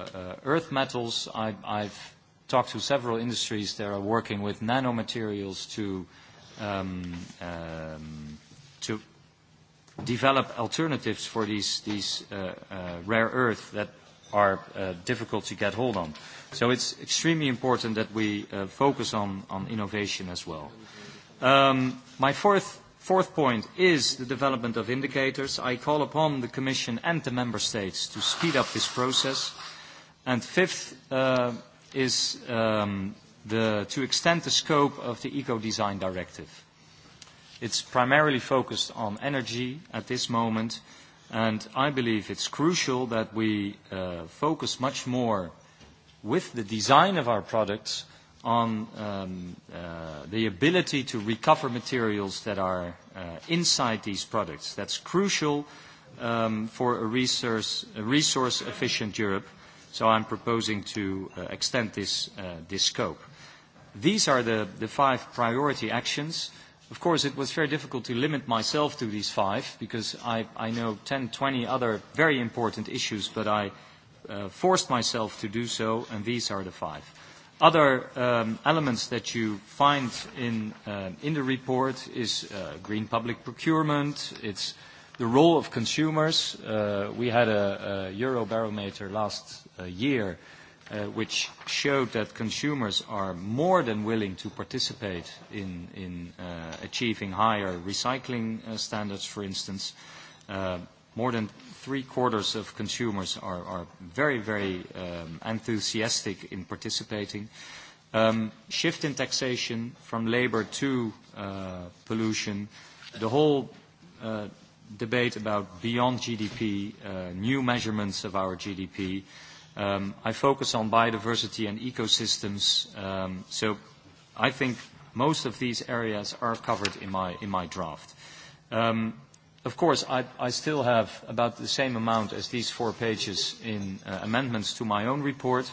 Uh, uh, earth metals. I, I've talked to several industries that are working with nanomaterials to, um, um, to develop alternatives for these, these uh, uh, rare earth that are uh, difficult to get hold on. So it's extremely important that we uh, focus on, on innovation as well. Um, my fourth, fourth point is the development of indicators. I call upon the Commission and the Member States to speed up this process. Uh, And fifth uh, is um, the, to extend the scope of the Eco-Design Directive. It's primarily focused on energy at this moment, and I believe it's crucial that we uh, focus much more with the design of our products on um, uh, the ability to recover materials that are uh, inside these products. That's crucial um, for a resource-efficient resource, a resource Europe, So I'm proposing to uh, extend this, uh, this scope. These are the, the five priority actions. Of course, it was very difficult to limit myself to these five because I, I know 10, 20 other very important issues, but I uh, forced myself to do so, and these are the five. Other um, elements that you find in, uh, in the report is uh, green public procurement. It's the role of consumers. Uh, we had a, a Eurobarometer last uh, year, uh, which showed that consumers are more than willing to participate in, in uh, achieving higher recycling uh, standards, for instance. Uh, more than three quarters of consumers are, are very, very um, enthusiastic in participating. Um, shift in taxation from labor to uh, pollution, the whole uh, debate about beyond GDP, uh, new measurements of our GDP, Um, I focus on biodiversity and ecosystems, um, so I think most of these areas are covered in my, in my draft. Um, of course, I, I still have about the same amount as these four pages in uh, amendments to my own report.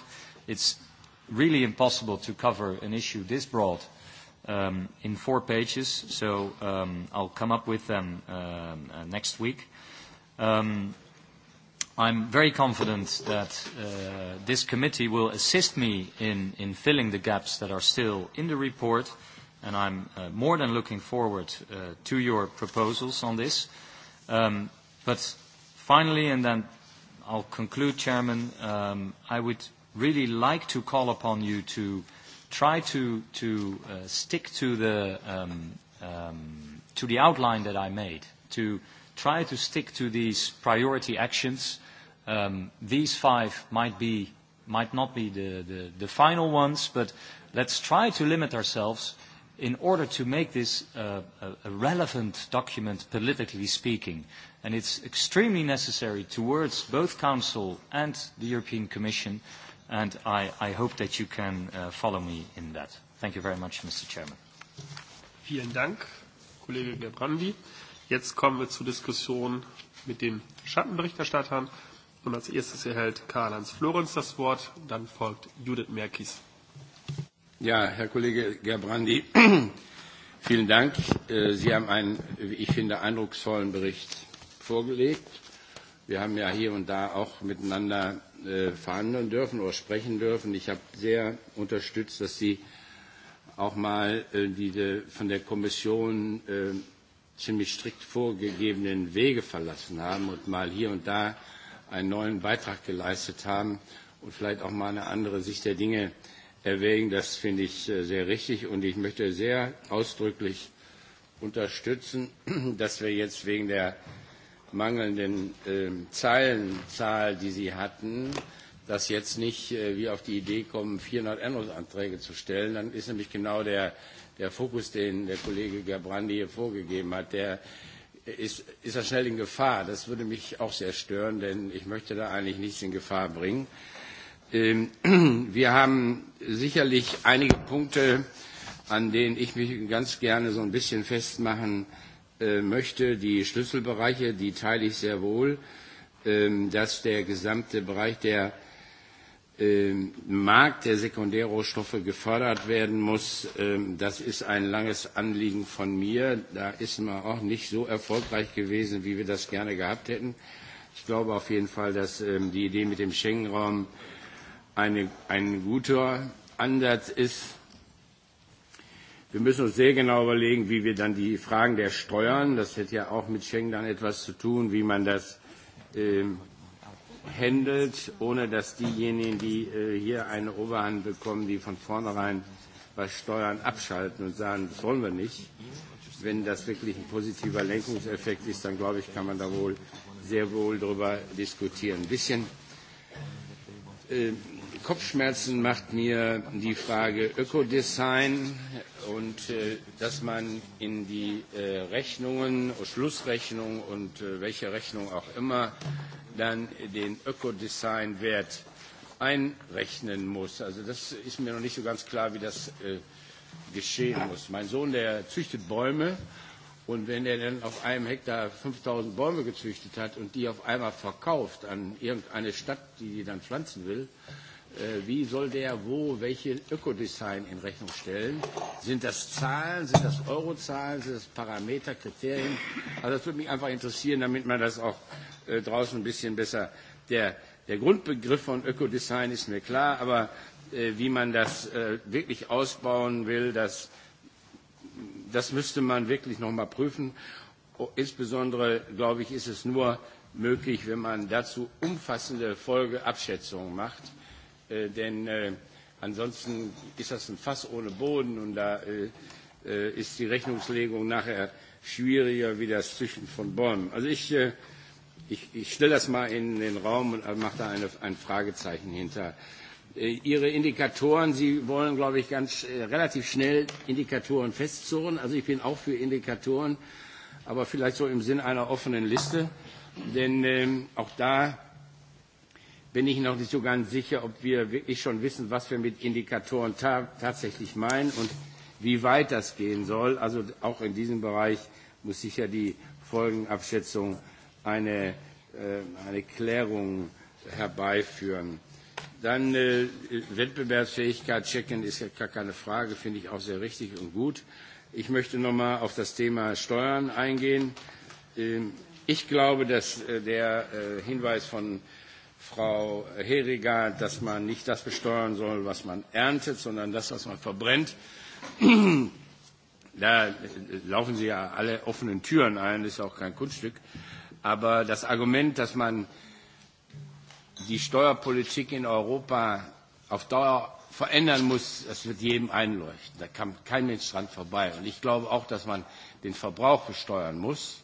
It's really impossible to cover an issue this broad um, in four pages, so um, I'll come up with them um, uh, next week. Um, I'm very confident that uh, this committee will assist me in, in filling the gaps that are still in the report, and I'm uh, more than looking forward uh, to your proposals on this. Um, but finally, and then I'll conclude, Chairman, um, I would really like to call upon you to try to, to uh, stick to the, um, um, to the outline that I made, to try to stick to these priority actions Um, these five might, be, might not be the, the, the final ones, but let's try to limit ourselves in order to make this uh, a relevant document politically speaking. And it's extremely necessary towards both Council and the European Commission, and I, I hope that you can uh, follow me in that. Thank you very much, Mr. Chairman. Vielen Dank, Kollege Gerbrandy. Jetzt kommen wir zur Diskussion mit den Schattenberichterstattern. Und als erstes erhält Karl-Heinz Florenz das Wort, dann folgt Judith Merkis. Ja, Herr Kollege Gerbrandi, vielen Dank. Äh, Sie haben einen, wie ich finde, eindrucksvollen Bericht vorgelegt. Wir haben ja hier und da auch miteinander äh, verhandeln dürfen oder sprechen dürfen. Ich habe sehr unterstützt, dass Sie auch mal äh, diese von der Kommission äh, ziemlich strikt vorgegebenen Wege verlassen haben und mal hier und da einen neuen Beitrag geleistet haben und vielleicht auch mal eine andere Sicht der Dinge erwägen. Das finde ich äh, sehr richtig und ich möchte sehr ausdrücklich unterstützen, dass wir jetzt wegen der mangelnden äh, Zeilenzahl, die Sie hatten, dass jetzt nicht äh, wir auf die Idee kommen, 400 Änderungsanträge zu stellen. Dann ist nämlich genau der, der Fokus, den der Kollege Gabrandi hier vorgegeben hat, der ist, ist er schnell in Gefahr. Das würde mich auch sehr stören, denn ich möchte da eigentlich nichts in Gefahr bringen. Ähm, wir haben sicherlich einige Punkte, an denen ich mich ganz gerne so ein bisschen festmachen äh, möchte. Die Schlüsselbereiche, die teile ich sehr wohl, ähm, dass der gesamte Bereich der Ähm, Markt der Sekundärrohstoffe gefördert werden muss. Ähm, das ist ein langes Anliegen von mir. Da ist man auch nicht so erfolgreich gewesen, wie wir das gerne gehabt hätten. Ich glaube auf jeden Fall, dass ähm, die Idee mit dem Schengen-Raum eine, ein guter Ansatz ist. Wir müssen uns sehr genau überlegen, wie wir dann die Fragen der Steuern, das hätte ja auch mit Schengen dann etwas zu tun, wie man das handelt, ohne dass diejenigen, die äh, hier eine Oberhand bekommen, die von vornherein bei Steuern abschalten und sagen, das wollen wir nicht. Wenn das wirklich ein positiver Lenkungseffekt ist, dann glaube ich, kann man da wohl sehr wohl darüber diskutieren. Ein bisschen äh, Kopfschmerzen macht mir die Frage Ökodesign und äh, dass man in die äh, Rechnungen, Schlussrechnungen und äh, welche Rechnung auch immer dann den Ökodesign-Wert einrechnen muss. Also das ist mir noch nicht so ganz klar, wie das äh, geschehen muss. Mein Sohn, der züchtet Bäume und wenn er dann auf einem Hektar 5000 Bäume gezüchtet hat und die auf einmal verkauft an irgendeine Stadt, die die dann pflanzen will, äh, Äh, wie soll der wo welche Ökodesign in Rechnung stellen? Sind das Zahlen, sind das Eurozahlen, sind das Parameter, Kriterien? Also das würde mich einfach interessieren, damit man das auch äh, draußen ein bisschen besser. Der, der Grundbegriff von Ökodesign ist mir klar, aber äh, wie man das äh, wirklich ausbauen will, das, das müsste man wirklich nochmal prüfen. Insbesondere, glaube ich, ist es nur möglich, wenn man dazu umfassende Folgeabschätzungen macht Äh, denn äh, ansonsten ist das ein Fass ohne Boden und da äh, äh, ist die Rechnungslegung nachher schwieriger wie das Züchten von Bäumen. Also ich, äh, ich, ich stelle das mal in den Raum und mache da eine, ein Fragezeichen hinter. Äh, Ihre Indikatoren, Sie wollen, glaube ich, ganz äh, relativ schnell Indikatoren festzurren. Also ich bin auch für Indikatoren, aber vielleicht so im Sinn einer offenen Liste. Denn ähm, auch da bin ich noch nicht so ganz sicher, ob wir wirklich schon wissen, was wir mit Indikatoren ta tatsächlich meinen und wie weit das gehen soll. Also auch in diesem Bereich muss sicher die Folgenabschätzung eine, äh, eine Klärung herbeiführen. Dann äh, Wettbewerbsfähigkeit checken ist ja gar keine Frage, finde ich auch sehr richtig und gut. Ich möchte nochmal auf das Thema Steuern eingehen. Ähm, ich glaube, dass äh, der äh, Hinweis von äh, Frau Heriger, dass man nicht das besteuern soll, was man erntet, sondern das, was man verbrennt. Da laufen Sie ja alle offenen Türen ein, das ist auch kein Kunststück. Aber das Argument, dass man die Steuerpolitik in Europa auf Dauer verändern muss, das wird jedem einleuchten. Da kann kein Mensch dran vorbei. Und ich glaube auch, dass man den Verbrauch besteuern muss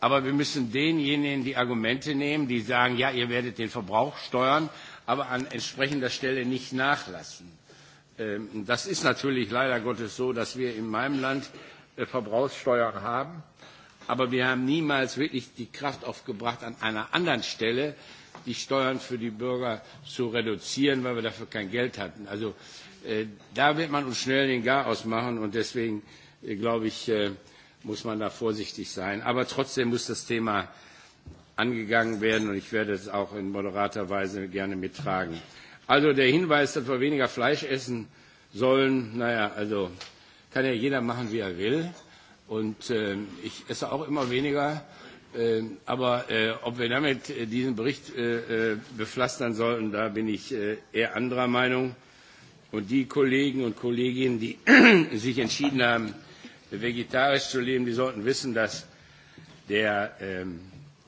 Aber wir müssen denjenigen die Argumente nehmen, die sagen, ja, ihr werdet den Verbrauch steuern, aber an entsprechender Stelle nicht nachlassen. Ähm, das ist natürlich leider Gottes so, dass wir in meinem Land äh, Verbrauchssteuern haben, aber wir haben niemals wirklich die Kraft aufgebracht, an einer anderen Stelle die Steuern für die Bürger zu reduzieren, weil wir dafür kein Geld hatten. Also äh, da wird man uns schnell den Garaus machen und deswegen äh, glaube ich, äh, muss man da vorsichtig sein. Aber trotzdem muss das Thema angegangen werden und ich werde es auch in moderater Weise gerne mittragen. Also der Hinweis, dass wir weniger Fleisch essen sollen, naja, also kann ja jeder machen, wie er will. Und äh, ich esse auch immer weniger. Äh, aber äh, ob wir damit äh, diesen Bericht äh, äh, bepflastern sollten, da bin ich äh, eher anderer Meinung. Und die Kollegen und Kolleginnen, die sich entschieden haben, vegetarisch zu leben, die sollten wissen, dass der ähm,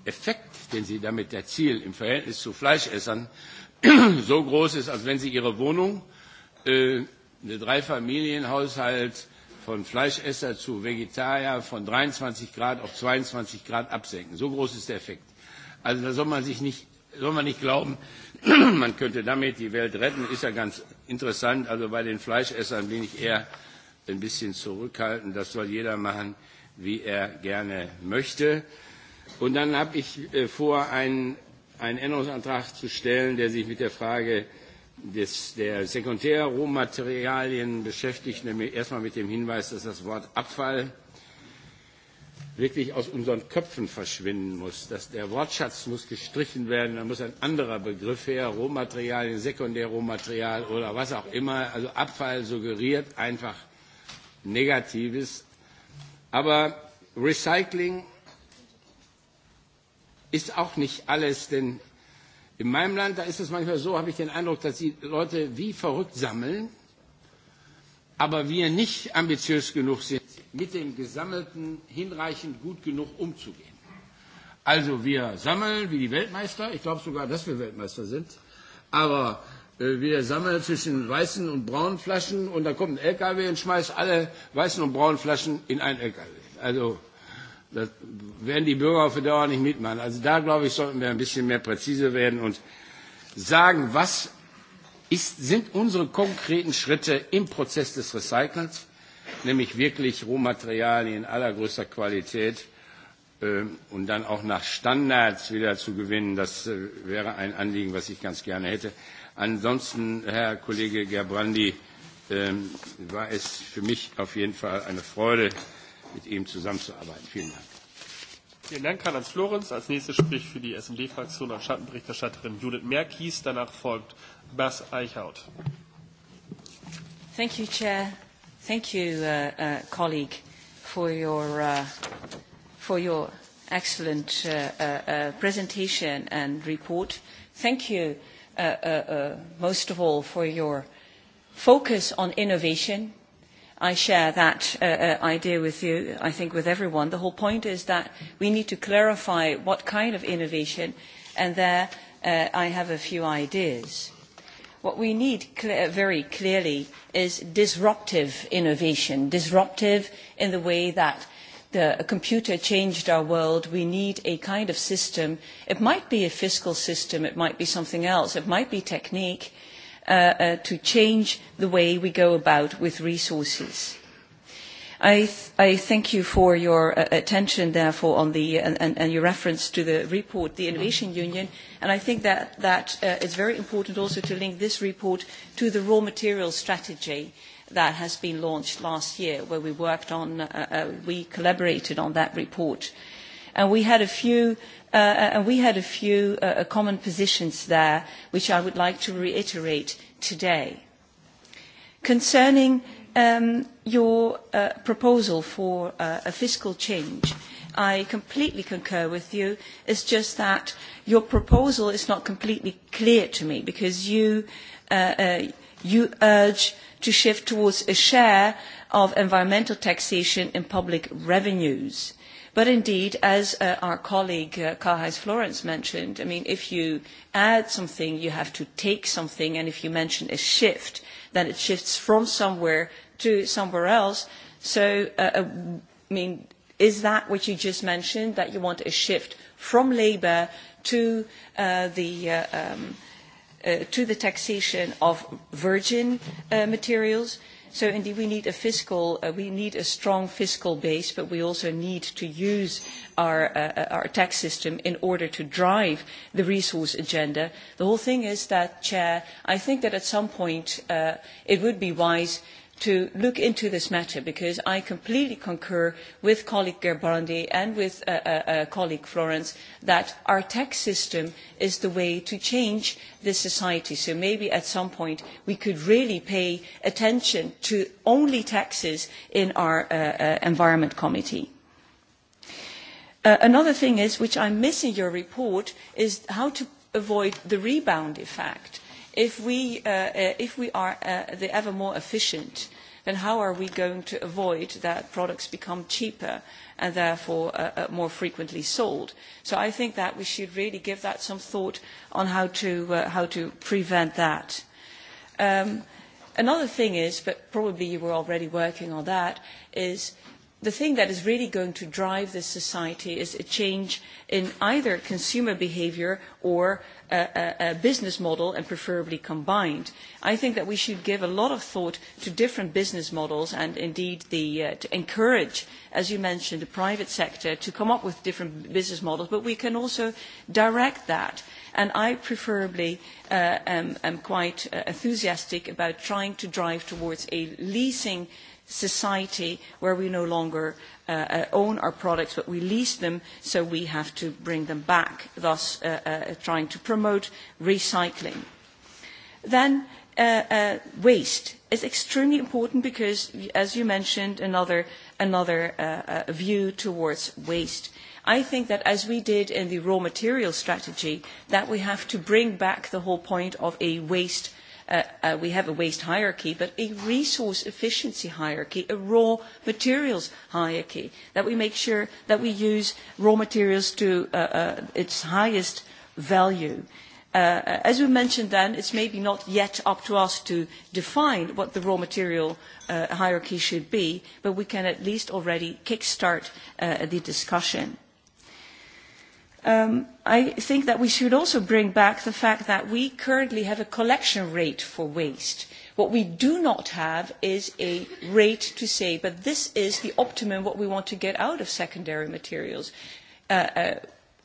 Effekt, den sie damit erzielen im Verhältnis zu Fleischessern, so groß ist, als wenn sie ihre Wohnung, äh, eine Dreifamilienhaushalt von Fleischesser zu Vegetarier von 23 Grad auf 22 Grad absenken. So groß ist der Effekt. Also da soll man sich nicht, soll man nicht glauben, man könnte damit die Welt retten. Ist ja ganz interessant. Also bei den Fleischessern bin ich eher ein bisschen zurückhalten. Das soll jeder machen, wie er gerne möchte. Und dann habe ich äh, vor, einen, einen Änderungsantrag zu stellen, der sich mit der Frage des, der Sekundärrohmaterialien beschäftigt, nämlich erstmal mit dem Hinweis, dass das Wort Abfall wirklich aus unseren Köpfen verschwinden muss. Dass der Wortschatz muss gestrichen werden, da muss ein anderer Begriff her, Rohmaterialien, Sekundärrohmaterial oder was auch immer. Also Abfall suggeriert einfach Negatives. Aber Recycling ist auch nicht alles, denn in meinem Land, da ist es manchmal so, habe ich den Eindruck, dass die Leute wie verrückt sammeln, aber wir nicht ambitiös genug sind, mit dem Gesammelten hinreichend gut genug umzugehen. Also wir sammeln wie die Weltmeister, ich glaube sogar, dass wir Weltmeister sind, aber Äh, wir sammeln zwischen weißen und braunen Flaschen und dann kommt ein LKW und schmeißt alle weißen und braunen Flaschen in einen LKW. Also das werden die Bürger auf Dauer nicht mitmachen. Also da, glaube ich, sollten wir ein bisschen mehr präzise werden und sagen, was ist, sind unsere konkreten Schritte im Prozess des Recyclings, nämlich wirklich Rohmaterialien aller größter Qualität äh, und dann auch nach Standards wieder zu gewinnen. Das äh, wäre ein Anliegen, was ich ganz gerne hätte. Ansonsten, Herr Kollege Gerbrandi, ähm, war es für mich auf jeden Fall eine Freude, mit ihm zusammenzuarbeiten. Vielen Dank. Vielen Dank, Karl-Heinz Florenz. Als nächstes spricht für die SMD-Fraktion als Schattenberichterstatterin Judith Merkies. Danach folgt Bas Eichhaut. Thank you, Chair. Thank you, uh, uh, colleague, for your, uh, for your excellent uh, uh, uh presentation and report. Thank you. Uh, uh, uh, uh, most of all for your focus on innovation. I share that uh, uh, idea with you, I think with everyone. The whole point is that we need to clarify what kind of innovation, and there uh, I have a few ideas. What we need cl- uh, very clearly is disruptive innovation, disruptive in the way that the a computer changed our world. We need a kind of system. It might be a fiscal system. It might be something else. It might be technique uh, uh, to change the way we go about with resources. I, th I thank you for your uh, attention, therefore, on the, and, and, and your reference to the report, the Innovation Union, and I think that, that uh, it's very important also to link this report to the raw material strategy. Uh, that has been launched last year, where we worked on, uh, uh, we collaborated on that report. And we had a few, uh, uh and we had a few uh, uh, common positions there, which I would like to reiterate today. Concerning um, your uh, proposal for uh, a fiscal change, I completely concur with you. It's just that your proposal is not completely clear to me because you, uh, uh, you urge to shift towards a share of environmental taxation in public revenues. But indeed, as uh, our colleague uh, Karl-Heinz Florence mentioned, I mean, if you add something, you have to take something, and if you mention a shift, then it shifts from somewhere to somewhere else. So, uh, uh, I mean, is that what you just mentioned, that you want a shift from labour to uh, the uh, um, uh, uh, to the taxation of virgin uh, materials. So indeed, we need a fiscal, uh, we need a strong fiscal base, but we also need to use our, uh, uh our tax system in order to drive the resource agenda. The whole thing is that, Chair, I think that at some point uh, it would be wise uh, to look into this matter because I completely concur with colleague Gerbrandi and with uh, uh, uh, colleague Florence that our tax system is the way to change the society. So maybe at some point we could really pay attention to only taxes in our uh, uh, environment committee. Uh, another thing is, which I miss in your report, is how to avoid the rebound effect if we, uh, uh, if we are uh, the ever more efficient, then how are we going to avoid that products become cheaper and therefore uh, uh, more frequently sold? So I think that we should really give that some thought on how to, uh, how to prevent that. Um, another thing is, but probably you were already working on that, is uh, the thing that is really going to drive this society is a change in either consumer behavior or a, a, a business model and preferably combined. I think that we should give a lot of thought to different business models and indeed the, uh, to encourage, as you mentioned, the private sector to come up with different business models, but we can also direct that and I preferably uh, am, am quite uh, enthusiastic about trying to drive towards a leasing uh, society where we no longer uh, uh, own our products but we lease them so we have to bring them back, thus uh, uh, trying to promote recycling. Then uh, uh, waste is extremely important because, as you mentioned, another, another uh, uh, view towards waste. I think that as we did in the raw material strategy, that we have to bring back the whole point of a waste uh, uh, we have a waste hierarchy, but a resource efficiency hierarchy, a raw materials hierarchy, that we make sure that we use raw materials to uh, uh, its highest value. Uh, uh as we mentioned then, it's maybe not yet up to us to define what the raw material uh, hierarchy should be, but we can at least already kickstart uh, the discussion um, I think that we should also bring back the fact that we currently have a collection rate for waste. What we do not have is a rate to say, but this is the optimum what we want to get out of secondary materials. Uh, uh,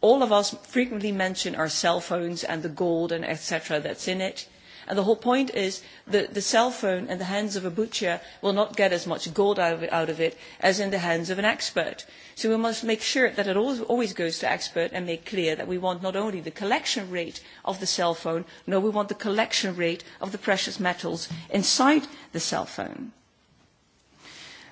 all of us frequently mention our cell phones and the gold and etc. that's in it And the whole point is that the cell phone in the hands of a butcher will not get as much gold out of it, out of it as in the hands of an expert. So we must make sure that it always goes to expert and make clear that we want not only the collection rate of the cell phone, no, we want the collection rate of the precious metals inside the cell phone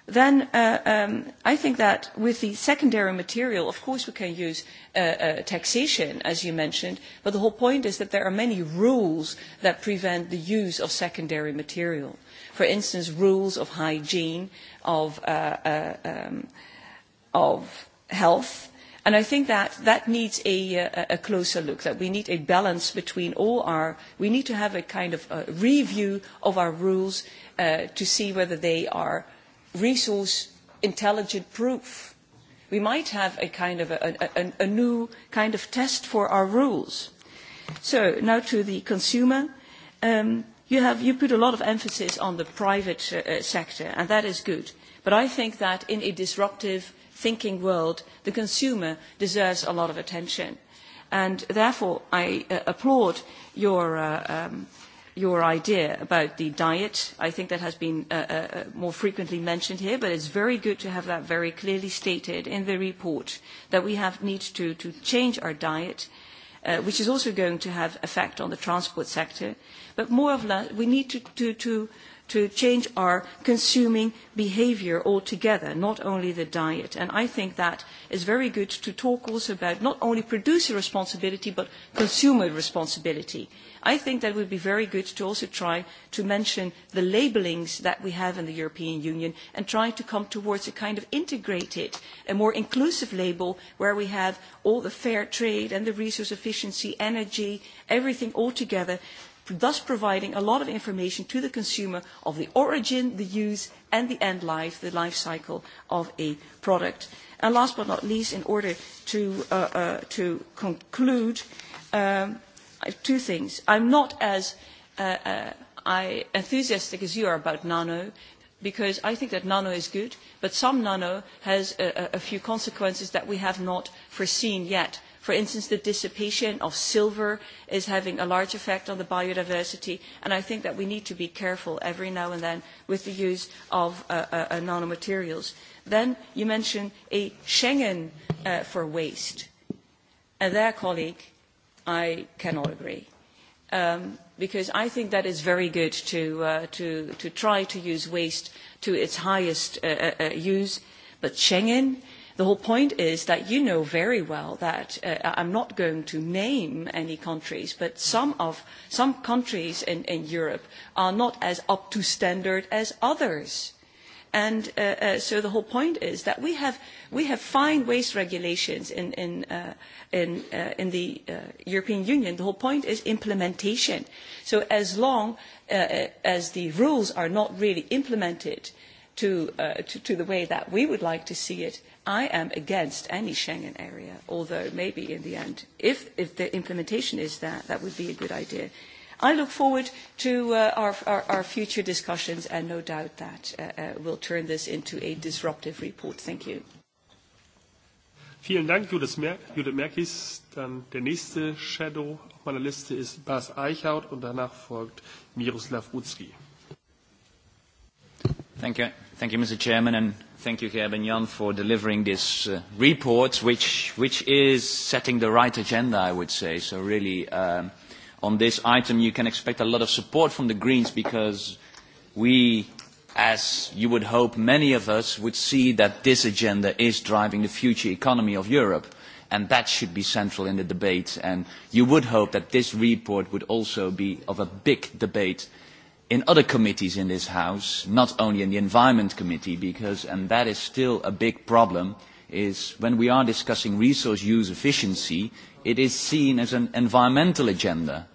then uh, um, I think that with the secondary material, of course we can use uh, uh, taxation, as you mentioned, but the whole point is that there are many rules that prevent the use of secondary material. For instance, rules of hygiene, of, uh, uh, um, of health, And I think that that needs a, a, uh, a closer look, that we need a balance between all our, we need to have a kind of a review of our rules uh, to see whether they are resource intelligent proof. We might have a kind of a, a, a new kind of test for our rules. So now to the consumer. Um, you, have, you put a lot of emphasis on the private uh, uh, sector, and that is good. But I think that in a disruptive thinking world, the consumer deserves a lot of attention. And therefore, I uh, applaud your uh, um, your idea about the diet. I think that has been uh, uh, uh, more frequently mentioned here, but it's very good to have that very clearly stated in the report that we have need to, to change our diet, uh, which is also going to have effect on the transport sector. But more of less, we need to, to, to uh, to change our consuming behavior altogether, not only the diet. And I think that is very good to talk also about not only producer responsibility, but consumer responsibility. I think that would be very good to also try to mention the labelings that we have in the European Union and try to come towards a kind of integrated, a more inclusive label where we have all the fair trade and the resource efficiency, energy, everything all together thus providing a lot of information to the consumer of the origin, the use, and the end life, the life cycle of a product. And last but not least, in order to, uh, uh, to conclude, um, two things. I'm not as uh, uh, I, enthusiastic as you are about nano, because I think that nano is good, but some nano has a, a, a few consequences that we have not foreseen yet For instance, the dissipation of silver is having a large effect on the biodiversity, and I think that we need to be careful every now and then with the use of uh, uh, uh, nanomaterials. Then you mentioned a Schengen uh, for waste. And there, colleague, I cannot agree. Um, because I think that is very good to, uh, to, to try to use waste to its highest uh, uh, uh use. But Schengen The whole point is that you know very well that uh, I'm not going to name any countries, but some of some countries in, in Europe are not as up to standard as others. And uh, uh, so the whole point is that we have we have fine waste regulations in in uh, in uh, in the uh, European Union. The whole point is implementation. So as long uh, uh as the rules are not really implemented, uh, to, uh, to, to the way that we would like to see it, I am against any Schengen area, although maybe in the end, if, if the implementation is that, that would be a good idea. I look forward to uh, our, our, our future discussions and no doubt that uh, uh, we'll turn this into a disruptive report. Thank you. Vielen Dank, Judith, Mer Judith Merkis. Dann der nächste Shadow auf meiner Liste ist Bas Eichhaut und danach folgt Miroslav Utski. Thank you. Thank you, Mr. Chairman, and thank you, Gerben Jan, for delivering this uh, report, which, which is setting the right agenda, I would say. So really, um, on this item, you can expect a lot of support from the Greens because we, as you would hope, many of us would see that this agenda is driving the future economy of Europe. And that should be central in the debate. And you would hope that this report would also be of a big debate in other committees in this House, not only in the Environment Committee, because, and that is still a big problem, is when we are discussing resource use efficiency, it is seen as an environmental agenda,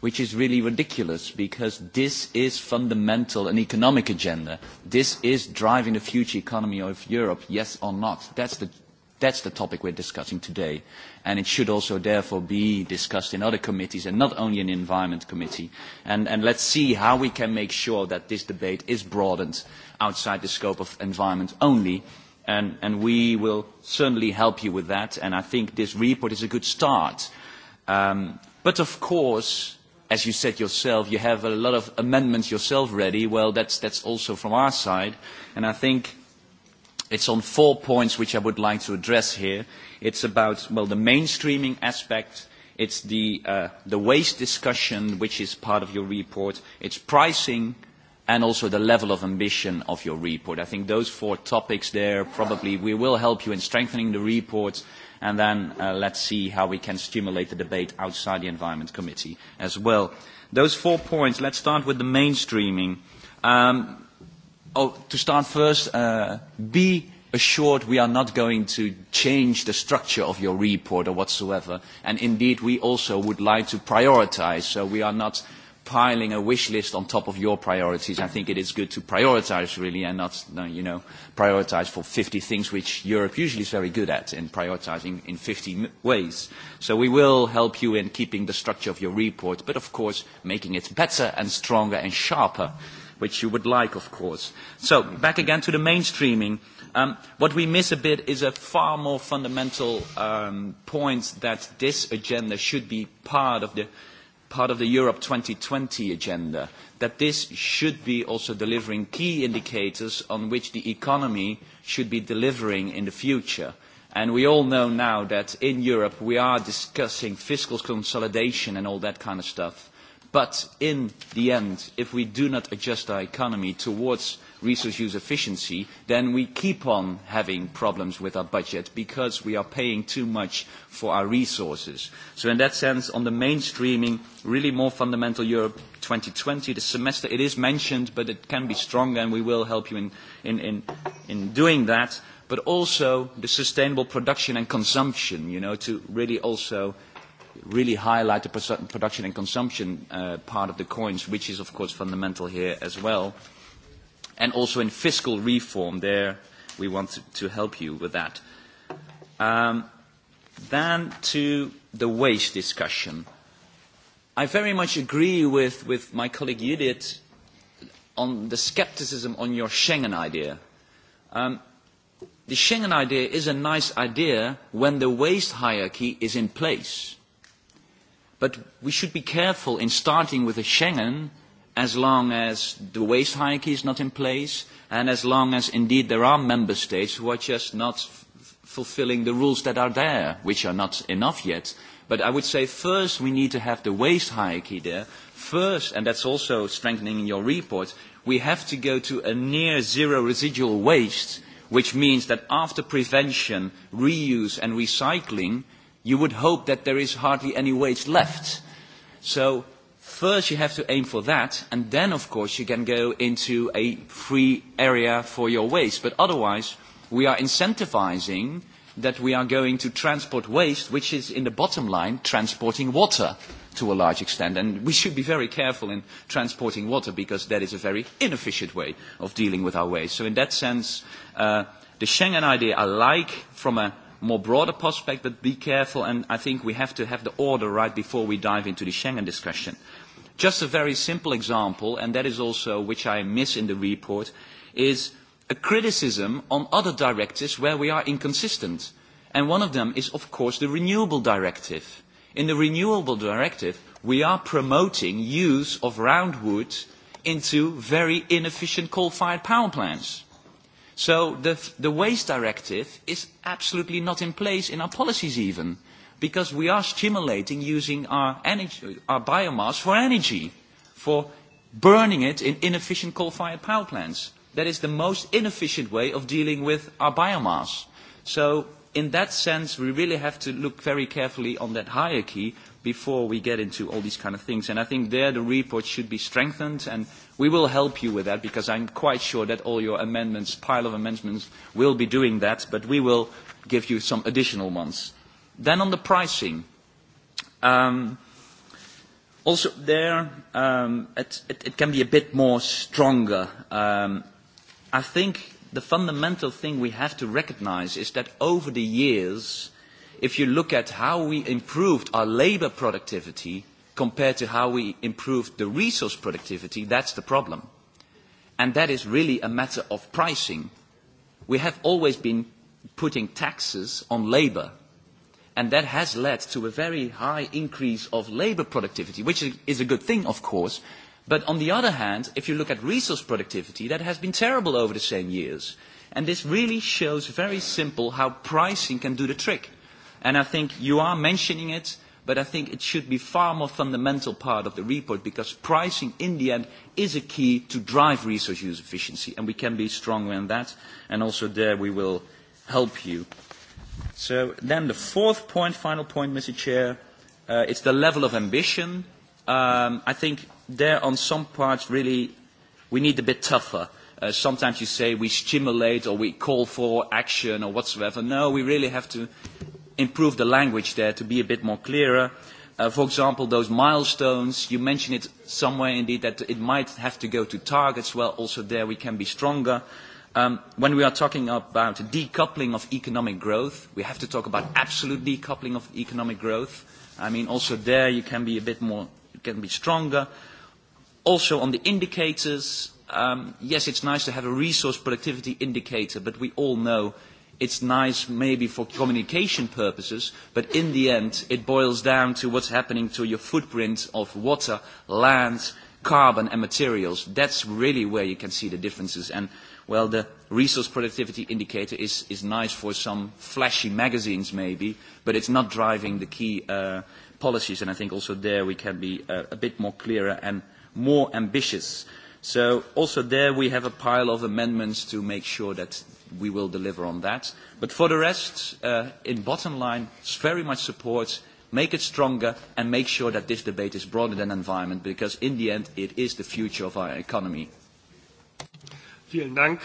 which is really ridiculous because this is fundamental an economic agenda. This is driving the future economy of Europe, yes or not. That's the, that's the topic we're discussing today and it should also therefore be discussed in other committees and not only in the Environment Committee. And, and let's see how we can make sure that this debate is broadened outside the scope of environment only, and, and we will certainly help you with that, and I think this report is a good start. Um, but of course, as you said yourself, you have a lot of amendments yourself ready. Well, that's, that's also from our side, and I think – It's on four points which I would like to address here. It's about, well, the mainstreaming aspect, it's the, uh, the waste discussion, which is part of your report, it's pricing, and also the level of ambition of your report. I think those four topics there probably we will help you in strengthening the report, and then uh, let's see how we can stimulate the debate outside the Environment Committee as well. Those four points, let's start with the mainstreaming. Um, oh, to start first, uh, be assured we are not going to change the structure of your report or whatsoever. And indeed, we also would like to prioritize, so we are not piling a wish list on top of your priorities. I think it is good to prioritize, really, and not, you know, prioritize for 50 things, which Europe usually is very good at in prioritizing in 50 ways. So we will help you in keeping the structure of your report, but of course, making it better and stronger and sharper. Mm-hmm which you would like, of course. So, back again to the mainstreaming. Um, what we miss a bit is a far more fundamental um, point that this agenda should be part of the part of the Europe 2020 agenda, that this should be also delivering key indicators on which the economy should be delivering in the future. And we all know now that in Europe we are discussing fiscal consolidation and all that kind of stuff. But in the end, if we do not adjust our economy towards resource use efficiency, then we keep on having problems with our budget because we are paying too much for our resources. So in that sense, on the mainstreaming, really more fundamental Europe 2020, the semester, it is mentioned, but it can be stronger, and we will help you in, in, in, in doing that. But also the sustainable production and consumption, you know, to really also really highlight the production and consumption uh, part of the coins, which is, of course, fundamental here as well. And also in fiscal reform, there we want to, to help you with that. Um, then to the waste discussion. I very much agree with, with my colleague Judith on the skepticism on your Schengen idea. Um, the Schengen idea is a nice idea when the waste hierarchy is in place. But we should be careful in starting with a Schengen as long as the waste hierarchy is not in place and as long as indeed there are member states who are just not f- fulfilling the rules that are there, which are not enough yet. But I would say first we need to have the waste hierarchy there. First, and that's also strengthening in your report, we have to go to a near zero residual waste, which means that after prevention, reuse and recycling – you would hope that there is hardly any wage left. So first you have to aim for that, and then of course you can go into a free area for your waste. But otherwise, we are incentivizing that we are going to transport waste, which is in the bottom line transporting water to a large extent. And we should be very careful in transporting water because that is a very inefficient way of dealing with our waste. So in that sense, uh, the Schengen idea I like from a more broader prospect, but be careful, and I think we have to have the order right before we dive into the Schengen discussion. Just a very simple example, and that is also which I miss in the report, is a criticism on other directives where we are inconsistent. And one of them is, of course, the Renewable Directive. In the Renewable Directive, we are promoting use of round wood into very inefficient coal-fired power plants. So the, the waste directive is absolutely not in place in our policies even, because we are stimulating using our, energy, our biomass for energy, for burning it in inefficient coal-fired power plants. That is the most inefficient way of dealing with our biomass. So in that sense, we really have to look very carefully on that hierarchy before we get into all these kind of things. And I think there the report should be strengthened and We will help you with that because I'm quite sure that all your amendments, pile of amendments, will be doing that, but we will give you some additional ones. Then on the pricing, um, also there, um, it, it, it can be a bit more stronger. Um, I think the fundamental thing we have to recognize is that over the years, if you look at how we improved our labor productivity, compared to how we improve the resource productivity, that's the problem. And that is really a matter of pricing. We have always been putting taxes on labor, and that has led to a very high increase of labor productivity, which is a good thing, of course. But on the other hand, if you look at resource productivity, that has been terrible over the same years. And this really shows very simple how pricing can do the trick. And I think you are mentioning it, but I think it should be far more fundamental part of the report because pricing in the end is a key to drive resource use efficiency and we can be stronger in that and also there we will help you. So then the fourth point, final point, Mr. Chair, uh, it's the level of ambition. Um, I think there on some parts really we need a bit tougher. Uh, sometimes you say we stimulate or we call for action or whatsoever. No, we really have to improve the language there to be a bit more clearer. Uh, for example, those milestones, you mentioned it somewhere indeed that it might have to go to targets. Well, also there we can be stronger. Um, when we are talking about decoupling of economic growth, we have to talk about absolute decoupling of economic growth. I mean, also there you can be a bit more, you can be stronger. Also on the indicators, um, yes, it's nice to have a resource productivity indicator, but we all know it's nice maybe for communication purposes, but in the end it boils down to what's happening to your footprint of water, land, carbon and materials. That's really where you can see the differences. And well, the resource productivity indicator is, is nice for some flashy magazines maybe, but it's not driving the key uh, policies. And I think also there we can be uh, a bit more clearer and more ambitious. Uh, So also there we have a pile of amendments to make sure that we will deliver on that. But for the rest, uh, in bottom line, very much support, make it stronger and make sure that this debate is broader than environment because in the end it is the future of our economy. Vielen Dank,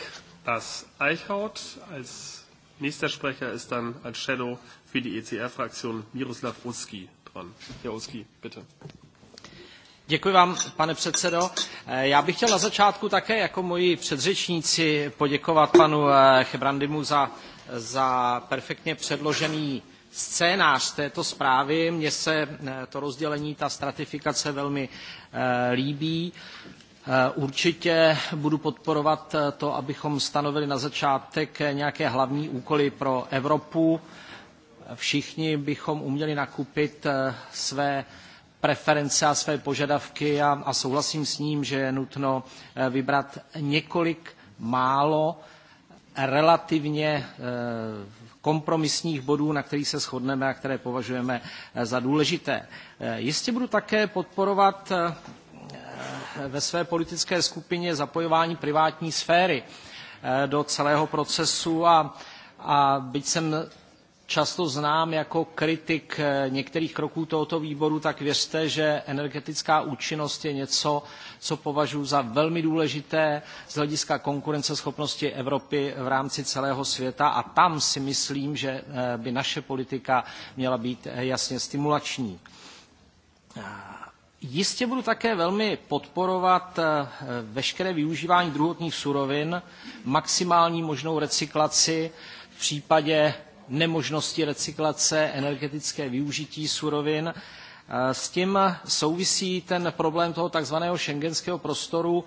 Bas Eichhaut. Als nächster Sprecher ist dann als Shadow für die ECR-Fraktion Miroslav Uski dran. Herr Uski, bitte. Děkuji vám, pane předsedo. Eh, já bych chtěl na začátku také jako moji předřečníci poděkovat panu eh, Chebrandimu za, za perfektně předložený scénář této zprávy. Mně se eh, to rozdělení, ta stratifikace velmi líbí. Určitě budu podporovat to, abychom stanovili na začátek nějaké hlavní úkoly pro Evropu. Všichni bychom uměli nakupit své preference a své požadavky a, a souhlasím s ním, že je nutno eh, vybrat několik málo eh, relativně eh, kompromisních bodů, na kterých se shodneme a které považujeme za důležité. Jistě budu také podporovat ve své politické skupině zapojování privátní sféry do celého procesu a, a byť jsem často znám jako kritik eh, některých kroků tohoto výboru, tak věřte, že energetická účinnost je něco, co považuji za velmi důležité z hlediska konkurenceschopnosti Evropy v rámci celého světa a tam si myslím, že eh, by naše politika měla být eh, jasně stimulační. Jistě budu také velmi podporovat veškeré využívání druhotných surovin, maximální možnou recyklaci v případě nemožnosti recyklace, energetické využití surovin. Eh, s tím souvisí ten problém toho takzvaného šengenského prostoru.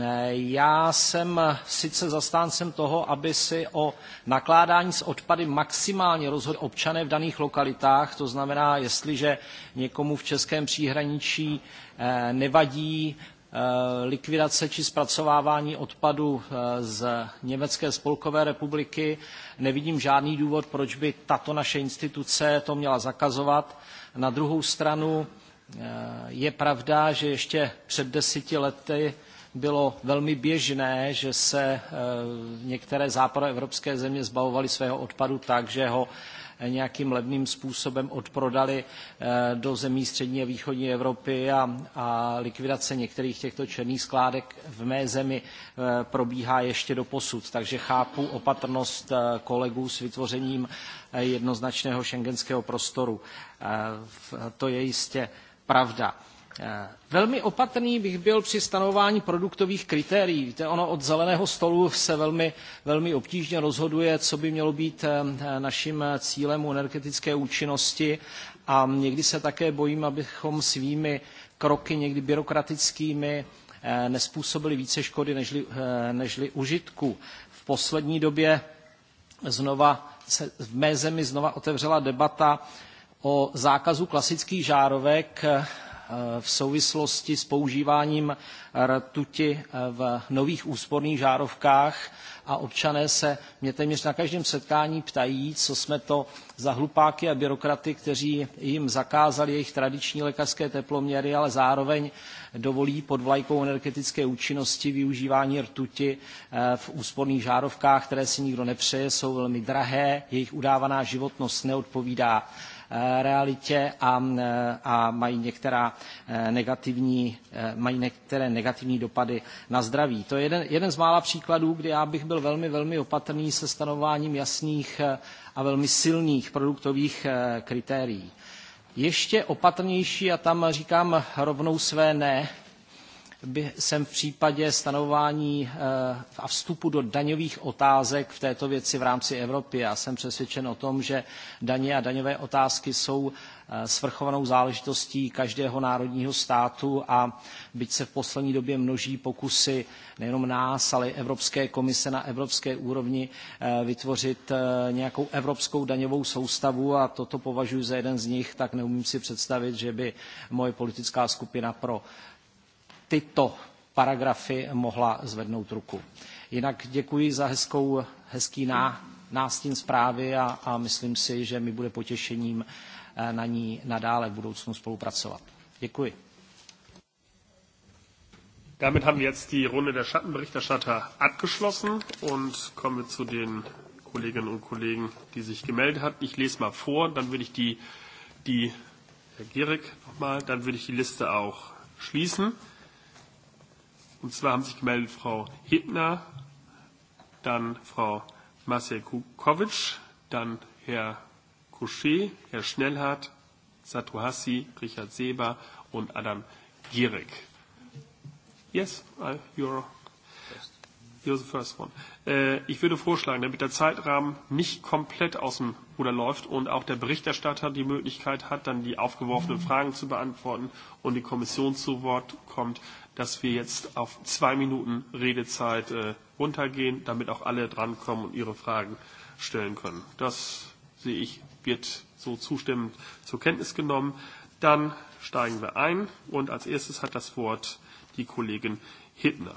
Eh, já jsem sice zastáncem toho, aby si o nakládání s odpady maximálně rozhodli občané v daných lokalitách, to znamená, jestliže někomu v českém příhraničí eh, nevadí Eh, likvidace či zpracovávání odpadu eh, z Německé spolkové republiky. Nevidím žádný důvod, proč by tato naše instituce to měla zakazovat. Na druhou stranu eh, je pravda, že ještě před deseti lety bylo velmi běžné, že se eh, některé západoevropské země zbavovaly svého odpadu tak, že ho eh, nějakým levným způsobem odprodali eh, do zemí střední a východní Evropy a, a likvidace některých těchto černých skládek v mé zemi probíhá ještě do posud. Takže chápu opatrnost kolegů s vytvořením jednoznačného šengenského prostoru. To je jistě pravda. Eh, velmi opatrný bych byl při stanování produktových kritérií. Víte, ono od zeleného stolu se velmi, velmi obtížně rozhoduje, co by mělo být eh, naším cílem u energetické účinnosti a někdy se také bojím, abychom svými kroky, někdy byrokratickými, eh, nespůsobili více škody nežli, nežli užitku. V poslední době znova se v mé zemi znova otevřela debata o zákazu klasických žárovek Eh, v souvislosti s používáním rtuti eh, v nových úsporných žárovkách a občané se mě téměř na každém setkání ptají, co jsme to za hlupáky a byrokraty, kteří jim zakázali jejich tradiční lékařské teploměry, ale zároveň dovolí pod vlajkou energetické účinnosti využívání rtuti eh, v úsporných žárovkách, které si nikdo nepřeje, jsou velmi drahé, jejich udávaná životnost neodpovídá Eh, realitě a, eh, a mají, některá eh, negativní, mají některé negativní dopady na zdraví. To je jeden, jeden z mála příkladů, kdy já bych byl velmi, velmi opatrný se stanováním jasných a velmi silných produktových kritérií. Ještě opatrnější, a tam říkám rovnou své ne, jsem v případě stanování eh, a vstupu do daňových otázek v této věci v rámci Evropy. Já jsem přesvědčen o tom, že daně a daňové otázky jsou eh, svrchovanou záležitostí každého národního státu a byť se v poslední době množí pokusy nejenom nás, ale i Evropské komise na evropské úrovni eh, vytvořit nějakou evropskou daňovou soustavu a toto považuji za jeden z nich, tak neumím si představit, že by moje politická skupina pro tyto paragrafy mohla zvednout ruku. Jinak děkuji za hezkou, hezký ná, nástin zprávy a, a myslím si, že mi bude potěšením eh, na ní nadále v budoucnu spolupracovat. Děkuji. Damit haben wir jetzt die Runde der Schattenberichterstatter abgeschlossen und kommen zu den Kolleginnen und Kollegen, die sich gemeldet hatten. Ich lese mal vor, dann würde ich die, die Herr Gierig nochmal, dann würde ich die Liste auch schließen. Und zwar haben sich gemeldet Frau Hittner, dann Frau Masekukovic, dann Herr Couchet, Herr Schnellhardt, Satuhassi, Richard Seber und Adam Gierig. Yes, I, you're, you're the first one. Äh, ich würde vorschlagen, damit der Zeitrahmen nicht komplett aus dem Ruder läuft und auch der Berichterstatter die Möglichkeit hat, dann die aufgeworfenen Fragen zu beantworten und die Kommission zu Wort kommt, dass wir jetzt auf zwei Minuten Redezeit äh, runtergehen, damit auch alle drankommen und ihre Fragen stellen können. Das sehe ich, wird so zustimmend zur Kenntnis genommen. Dann steigen wir ein und als erstes hat das Wort die Kollegin Hittner.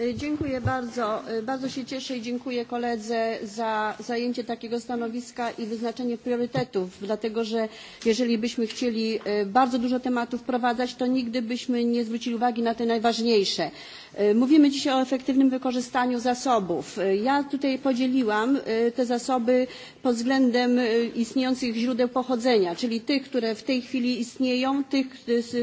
E, dziękuję bardzo. E, bardzo się cieszę i dziękuję koledze za zajęcie takiego stanowiska i wyznaczenie priorytetów, dlatego że jeżeli byśmy chcieli e, bardzo dużo tematów wprowadzać, to nigdy byśmy nie zwrócili uwagi na te najważniejsze. Mówimy dzisiaj o efektywnym wykorzystaniu zasobów. Ja tutaj podzieliłam te zasoby pod względem istniejących źródeł pochodzenia, czyli tych, które w tej chwili istnieją, tych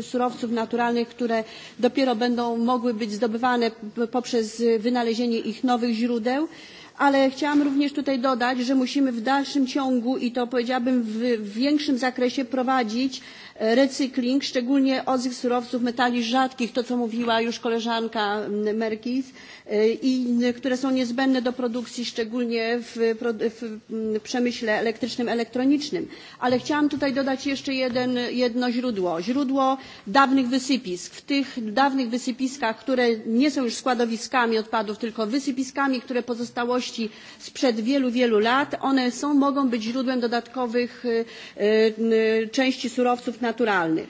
surowców naturalnych, które dopiero będą mogły być zdobywane poprzez poprzez wynalezienie ich nowych źródeł, ale chciałam również tutaj dodać, że musimy w dalszym ciągu i to powiedziałabym w większym zakresie prowadzić recykling, szczególnie odzysk surowców metali rzadkich, to co mówiła już koleżanka mm, Merkis, i które są niezbędne do produkcji, szczególnie w, w mm, przemyśle elektrycznym, elektronicznym. Ale chciałam tutaj dodać jeszcze jeden, jedno źródło. Źródło dawnych wysypisk. W tych dawnych wysypiskach, które nie są już składowiskami odpadów, tylko wysypiskami, które pozostałości sprzed wielu, wielu lat, one są, mogą być źródłem dodatkowych y, y, części surowców naturalnych.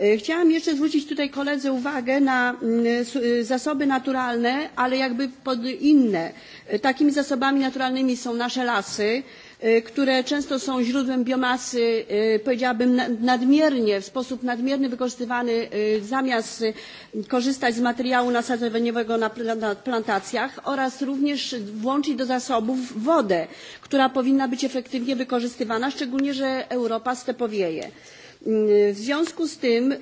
E, chciałam jeszcze zwrócić tutaj koledze uwagę na mm, e, e, zasoby naturalne, ale jakby pod inne. Takimi zasobami naturalnymi są nasze lasy, które często są źródłem biomasy, powiedziałabym nadmiernie, w sposób nadmierny wykorzystywany zamiast korzystać z materiału nasadzeniowego na plantacjach oraz również włączyć do zasobów wodę, która powinna być efektywnie wykorzystywana, szczególnie, że Europa stepowieje. W związku z tym e,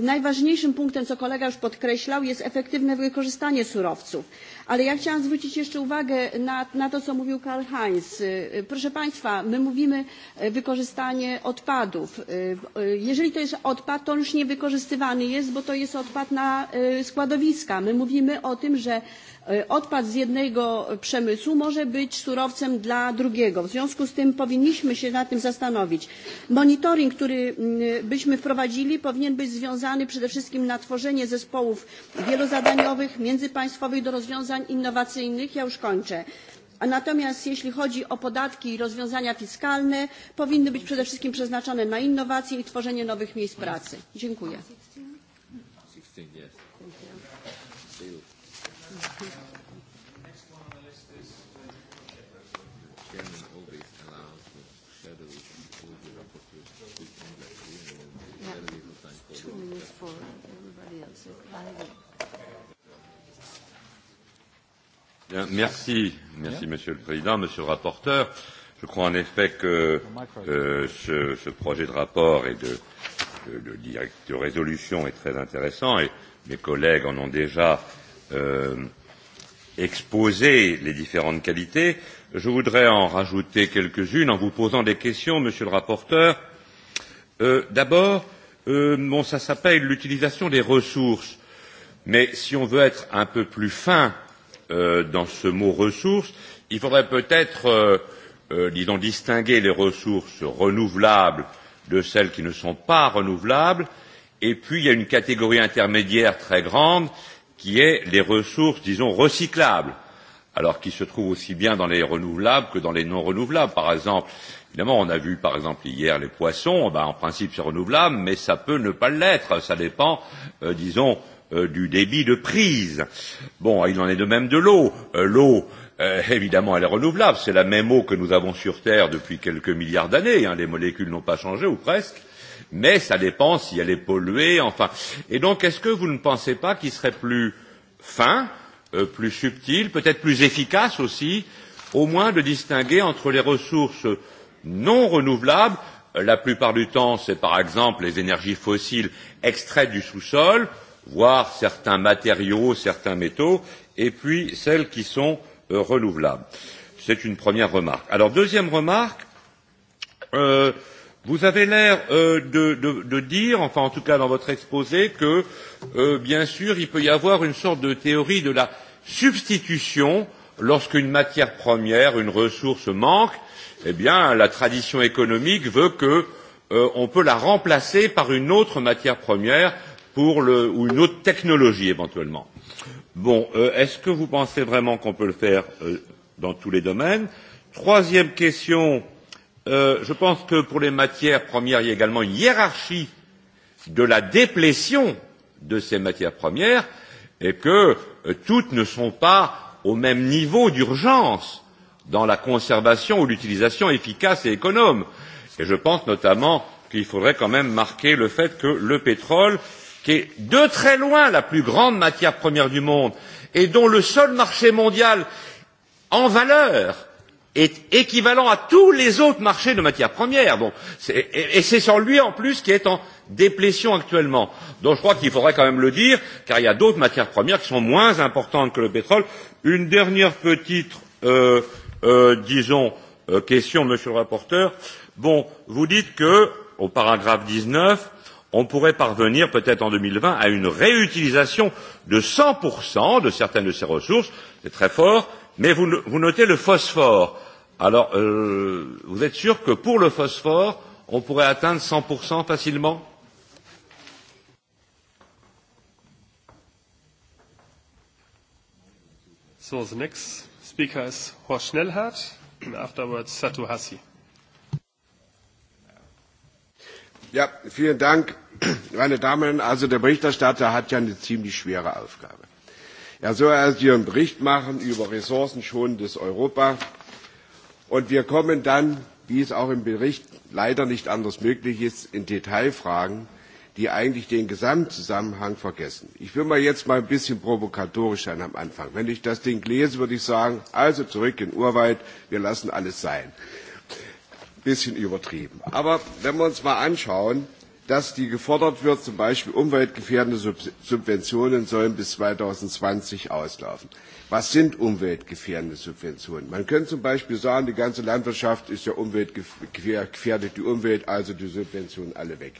najważniejszym punktem, co kolega już podkreślał, jest efektywne wykorzystanie surowców. Ale ja chciałam zwrócić jeszcze uwagę na, na to, co mówił Karl Heinz. E, proszę Państwa, my mówimy e, wykorzystanie odpadów. Jeżeli to jest odpad, to on już nie wykorzystywany jest, bo to jest odpad na składowiska. My mówimy o tym, że E, odpad z jednego przemysłu może być surowcem dla drugiego. W związku z tym powinniśmy się nad tym zastanowić. Monitoring, który mm, byśmy wprowadzili, powinien być związany przede wszystkim na tworzenie zespołów wielozadaniowych, międzypaństwowych do rozwiązań innowacyjnych. Ja już kończę. A natomiast jeśli chodzi o podatki i rozwiązania fiskalne, powinny być przede wszystkim przeznaczone na innowacje i tworzenie nowych miejsc pracy. Dziękuję. 16, yes. Bien, merci, merci Monsieur le Président, Monsieur le rapporteur. Je crois en effet que euh, ce, ce projet de rapport et de, de, de, direct, de résolution est très intéressant et mes collègues en ont déjà euh, exposé les différentes qualités. Je voudrais en rajouter quelques-unes en vous posant des questions, Monsieur le rapporteur. Euh, D'abord, euh, euh, bon, ça s'appelle l'utilisation des ressources. Mais si on veut être un peu plus fin euh, dans ce mot ressources, il faudrait peut-être, euh, euh, disons, distinguer les ressources renouvelables de celles qui ne sont pas renouvelables. Et puis, il y a une catégorie intermédiaire très grande qui est les ressources, disons, recyclables, alors qui se trouvent aussi bien dans les renouvelables que dans les non renouvelables. Par exemple, Évidemment, on a vu par exemple hier les poissons, ben, en principe c'est renouvelable, mais ça peut ne pas l'être, ça dépend, euh, disons, euh, du débit de prise. Bon, il en est de même de l'eau. Euh, l'eau, euh, évidemment, elle est renouvelable, c'est la même eau que nous avons sur Terre depuis quelques milliards d'années, hein. les molécules n'ont pas changé, ou presque, mais ça dépend si elle est polluée, enfin. Et donc, est-ce que vous ne pensez pas qu'il serait plus fin, euh, plus subtil, peut-être plus efficace aussi, au moins de distinguer entre les ressources euh, non renouvelables euh, la plupart du temps c'est par exemple les énergies fossiles extraites du sous sol voire certains matériaux certains métaux et puis celles qui sont euh, renouvelables. c'est une première remarque. alors deuxième remarque euh, vous avez l'air euh, de, de, de dire enfin en tout cas dans votre exposé que euh, bien sûr il peut y avoir une sorte de théorie de la substitution euh, lorsqu'une matière première, une ressource manque, eh bien, la tradition économique veut que euh, on peut la remplacer par une autre matière première pour le, ou une autre technologie éventuellement. Bon, euh, est-ce que vous pensez vraiment qu'on peut le faire euh, dans tous les domaines Troisième question, euh, je pense que pour les matières premières, il y a également une hiérarchie de la déplétion de ces matières premières et que euh, toutes ne sont pas au même niveau d'urgence dans la conservation ou l'utilisation efficace et économe. Et je pense notamment qu'il faudrait quand même marquer le fait que le pétrole, qui est de très loin la plus grande matière première du monde et dont le seul marché mondial en valeur est équivalent à tous les autres marchés de matières premières. Bon, et, et c'est sur lui en plus qui est en déplétion actuellement. Donc je crois qu'il faudrait quand même le dire, car il y a d'autres matières premières qui sont moins importantes que le pétrole. Une dernière petite, euh, euh, disons, euh, question, monsieur le rapporteur. Bon, vous dites que, au paragraphe 19, on pourrait parvenir peut-être en 2020 à une réutilisation de 100% de certaines de ces ressources, c'est très fort, Mais vous, vous notez le phosphore. Alors, euh, vous êtes sûr que pour le phosphore, on pourrait atteindre 100% facilement So the next speaker is Horst Schnellhardt and afterwards Satu Hassi. Ja, vielen Dank, meine Damen. Also der Berichterstatter hat ja eine ziemlich schwere Aufgabe. Er soll also Ihren Bericht machen über ressourcenschonendes Europa. Und wir kommen dann, wie es auch im Bericht leider nicht anders möglich ist, in Detailfragen, die eigentlich den Gesamtzusammenhang vergessen. Ich will mal jetzt mal ein bisschen provokatorisch sein am Anfang. Wenn ich das Ding lese, würde ich sagen, also zurück in Urwald, wir lassen alles sein. Bisschen übertrieben. Aber wenn wir uns mal anschauen, dass die gefordert wird, zum Beispiel umweltgefährdende Subventionen sollen bis 2020 auslaufen. Was sind umweltgefährdende Subventionen? Man könnte zum Beispiel sagen, die ganze Landwirtschaft ist ja umweltgefährdet, die Umwelt, also die Subventionen alle weg.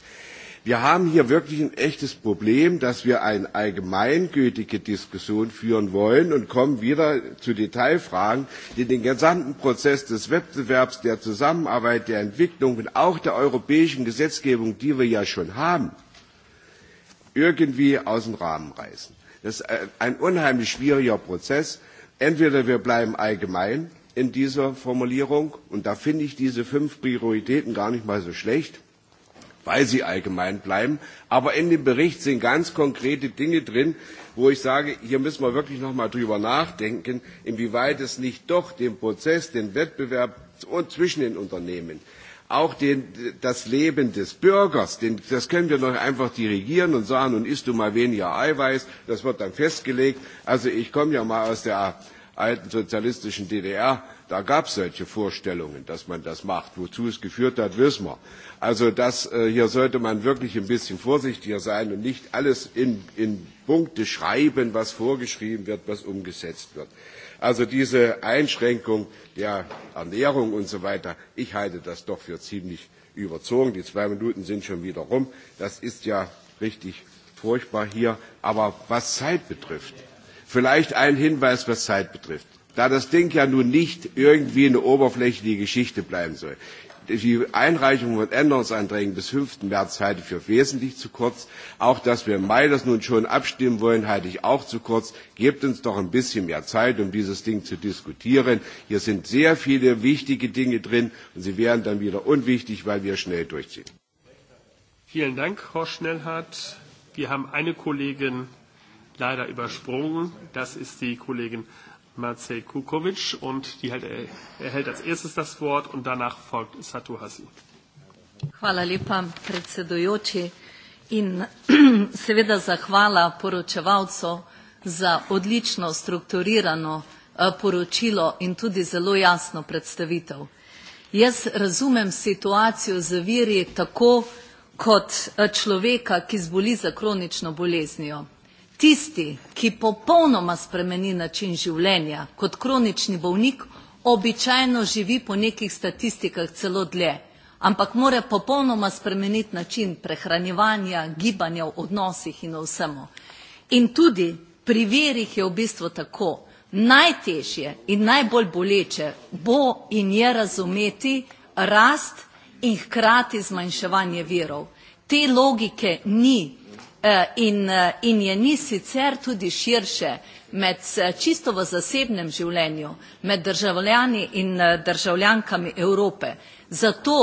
Wir haben hier wirklich ein echtes Problem, dass wir eine allgemeingültige Diskussion führen wollen und kommen wieder zu Detailfragen, die den gesamten Prozess des Wettbewerbs, der Zusammenarbeit, der Entwicklung und auch der europäischen Gesetzgebung, die wir ja schon haben, irgendwie aus dem Rahmen reißen. Das ist ein unheimlich schwieriger Prozess. Entweder wir bleiben allgemein in dieser Formulierung, und da finde ich diese fünf Prioritäten gar nicht mal so schlecht, weil sie allgemein bleiben. Aber in dem Bericht sind ganz konkrete Dinge drin, wo ich sage, hier müssen wir wirklich noch mal drüber nachdenken, inwieweit es nicht doch den Prozess, den Wettbewerb zwischen den Unternehmen, auch den, das Leben des Bürgers, den, das können wir doch einfach dirigieren und sagen, nun isst du mal weniger Eiweiß, das wird dann festgelegt. Also ich komme ja mal aus der alten sozialistischen DDR, da gab es solche Vorstellungen, dass man das macht. Wozu es geführt hat, wissen wir. Also das, äh, hier sollte man wirklich ein bisschen vorsichtiger sein und nicht alles in, in Punkte schreiben, was vorgeschrieben wird, was umgesetzt wird. Also diese Einschränkung der Ernährung und so weiter, ich halte das doch für ziemlich überzogen. Die zwei Minuten sind schon wieder rum. Das ist ja richtig furchtbar hier. Aber was Zeit betrifft, vielleicht ein Hinweis, was Zeit betrifft. Da das Ding ja nun nicht irgendwie eine oberflächliche Geschichte bleiben soll die Einreichung von Änderungsanträgen bis 5. März halte ich für wesentlich zu kurz. Auch, dass wir im Mai das nun schon abstimmen wollen, halte ich auch zu kurz. Gebt uns doch ein bisschen mehr Zeit, um dieses Ding zu diskutieren. Hier sind sehr viele wichtige Dinge drin und sie wären dann wieder unwichtig, weil wir schnell durchziehen. Vielen Dank, Horst Schnellhardt. Wir haben eine Kollegin leider übersprungen. Das ist die Kollegin Marcel Kukovic und die halt, erhält er als erstes das Wort und danach folgt Satu Hasi. Hvala lepa, predsedujoči. In seveda zahvala poročevalcu za odlično strukturirano eh, poročilo in tudi zelo jasno predstavitev. Jaz razumem situacijo z viri tako kot eh, človeka, ki zboli za kronično boleznijo tisti, ki popolnoma spremeni način življenja kot kronični bolnik, običajno živi po nekih statistikah celo dlje, ampak mora popolnoma spremeniti način prehranjevanja, gibanja v odnosih in v vsemu. In tudi pri verih je v bistvu tako. Najtežje in najbolj boleče bo in je razumeti rast in hkrati zmanjševanje virov. Te logike ni Eh, in, eh, in je ni sicer tudi širše med eh, čisto v zasebnem življenju, med državljani in državljankami Evrope. Zato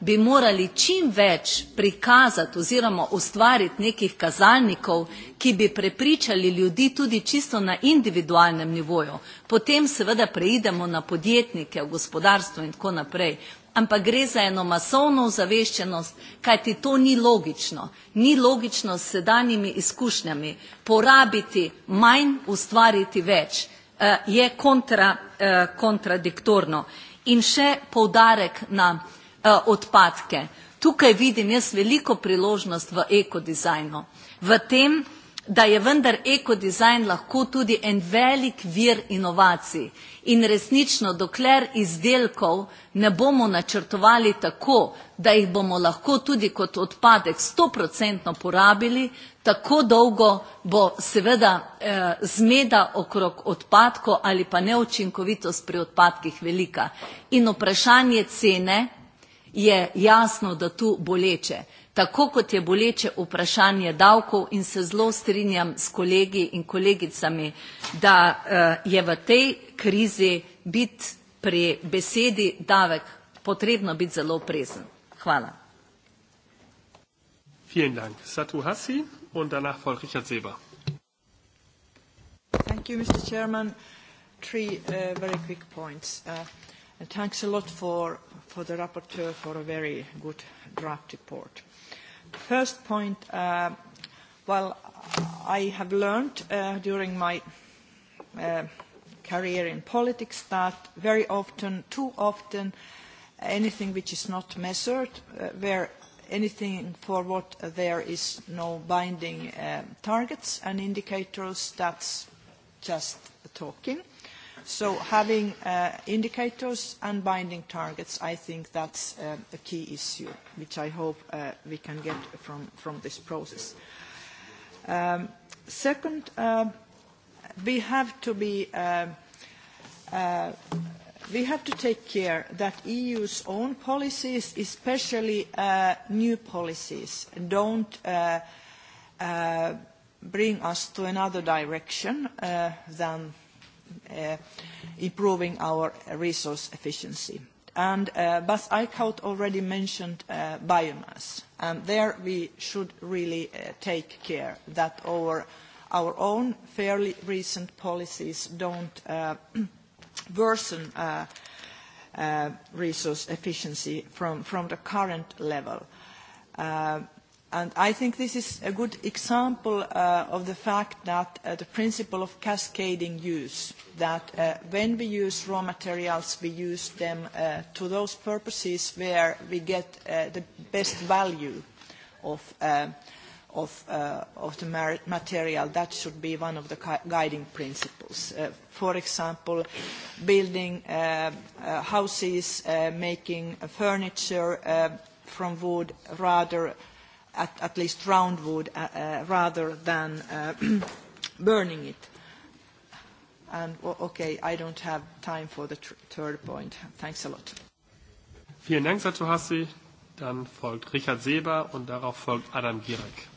bi morali čim več prikazati oziroma ustvariti nekih kazalnikov, ki bi prepričali ljudi tudi čisto na individualnem nivoju. Potem seveda preidemo na podjetnike, v gospodarstvo in tako naprej ampak gre za eno masovno ozaveščenost, kajti to ni logično. Ni logično s sedanjimi izkušnjami. Porabiti manj, ustvariti več eh, je kontra, eh, kontradiktorno. In še poudarek na eh, odpadke. Tukaj vidim jaz veliko priložnost v ekodizajnu. V tem, da je vendar ekodizajn lahko tudi en velik vir inovacij. In resnično, dokler izdelkov ne bomo načrtovali tako, da jih bomo lahko tudi kot odpadek stoprocentno porabili, tako dolgo bo seveda eh, zmeda okrog odpadkov ali pa neučinkovitost pri odpadkih velika. In vprašanje cene je jasno, da tu boleče tako kot je boleče vprašanje davkov in se zelo strinjam s kolegi in kolegicami, da eh, je v tej krizi biti pri besedi davek potrebno biti zelo prezen. Hvala. Vielen Dank. Satu Hassi und danach Frau Richard Seber. Thank you, Mr. Chairman. Three uh, very quick points. Uh, and thanks a lot for, for the rapporteur for a very good draft report. Uh, First point, uh, well, I have learned uh, during my uh, career in politics that very often, too often, anything which is not measured, uh, where anything for what there is no binding uh, targets and indicators, that's just talking. So having uh, indicators and binding targets, I think that's uh, a key issue, which I hope uh, we can get from, from this process. Um, second, uh, we have to be uh, uh, we have to take care that EU's own policies, especially uh, new policies, don't uh, uh, bring us to another direction uh, than uh, improving our resource efficiency. And uh, Bas Eickhout already mentioned uh, biomass, and there we should really uh, take care that our, our own fairly recent policies don't uh, worsen uh, uh, resource efficiency from, from the current level. Uh, And I think this is a good example uh, of the fact that uh, the principle of cascading use, that uh, when we use raw materials, we use them uh, to those purposes where we get uh, the best value of, uh, of, uh, of the material. That should be one of the guiding principles. Uh, for example, building uh, uh, houses, uh, making furniture uh, from wood rather at, at least round wood uh, uh, rather than uh, burning it. And, okay, I don't have time for the third point. Thanks a lot. Vielen Dank, Satu Hassi. Dann folgt Richard Seber und darauf folgt Adam Gierek.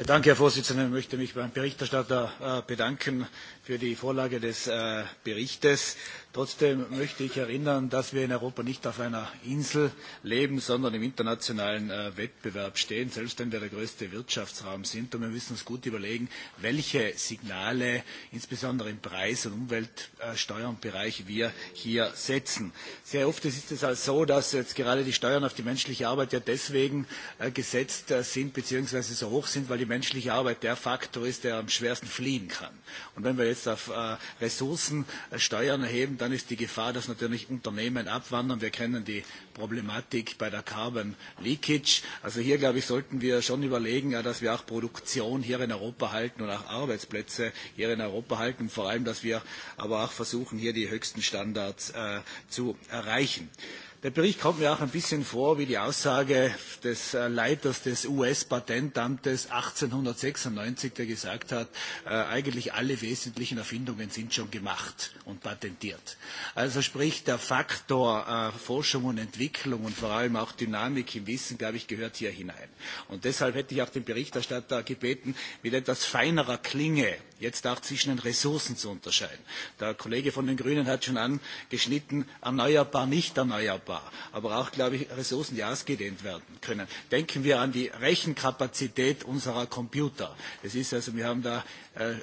Äh, danke, Herr Vorsitzender. Ich möchte mich beim Berichterstatter äh, bedanken für die Vorlage des äh, Berichtes. Trotzdem möchte ich erinnern, dass wir in Europa nicht auf einer Insel leben, sondern im internationalen Wettbewerb stehen, selbst wenn wir der größte Wirtschaftsraum sind. Und wir müssen uns gut überlegen, welche Signale, insbesondere im Preis- und Umweltsteuernbereich, wir hier setzen. Sehr oft ist es also so, dass jetzt gerade die Steuern auf die menschliche Arbeit ja deswegen gesetzt sind bzw. so hoch sind, weil die menschliche Arbeit der Faktor ist, der am schwersten fliehen kann. Und wenn wir jetzt auf äh, Ressourcen äh, Steuern erheben, dann ist die Gefahr, dass natürlich Unternehmen abwandern. Wir kennen die Problematik bei der Carbon Leakage. Also hier, glaube ich, sollten wir schon überlegen, ja, dass wir auch Produktion hier in Europa halten und auch Arbeitsplätze hier in Europa halten. Vor allem, dass wir aber auch versuchen, hier die höchsten Standards äh, zu erreichen. Äh, Der Bericht kommt mir auch ein bisschen vor wie die Aussage des äh, Leiters des US-Patentamtes 1896, der gesagt hat, äh, eigentlich alle wesentlichen Erfindungen sind schon gemacht und patentiert. Also sprich, der Faktor äh, Forschung und Entwicklung und vor allem auch Dynamik im Wissen, glaube ich, gehört hier hinein. Und deshalb hätte ich auch den Berichterstatter gebeten, mit etwas feinerer Klinge jetzt auch zwischen den Ressourcen zu unterscheiden. Der Kollege von den Grünen hat schon angeschnitten, erneuerbar, nicht erneuerbar, aber auch, glaube ich, Ressourcen, die ausgedehnt werden können. Denken wir an die Rechenkapazität unserer Computer. Das ist also, wir haben da äh,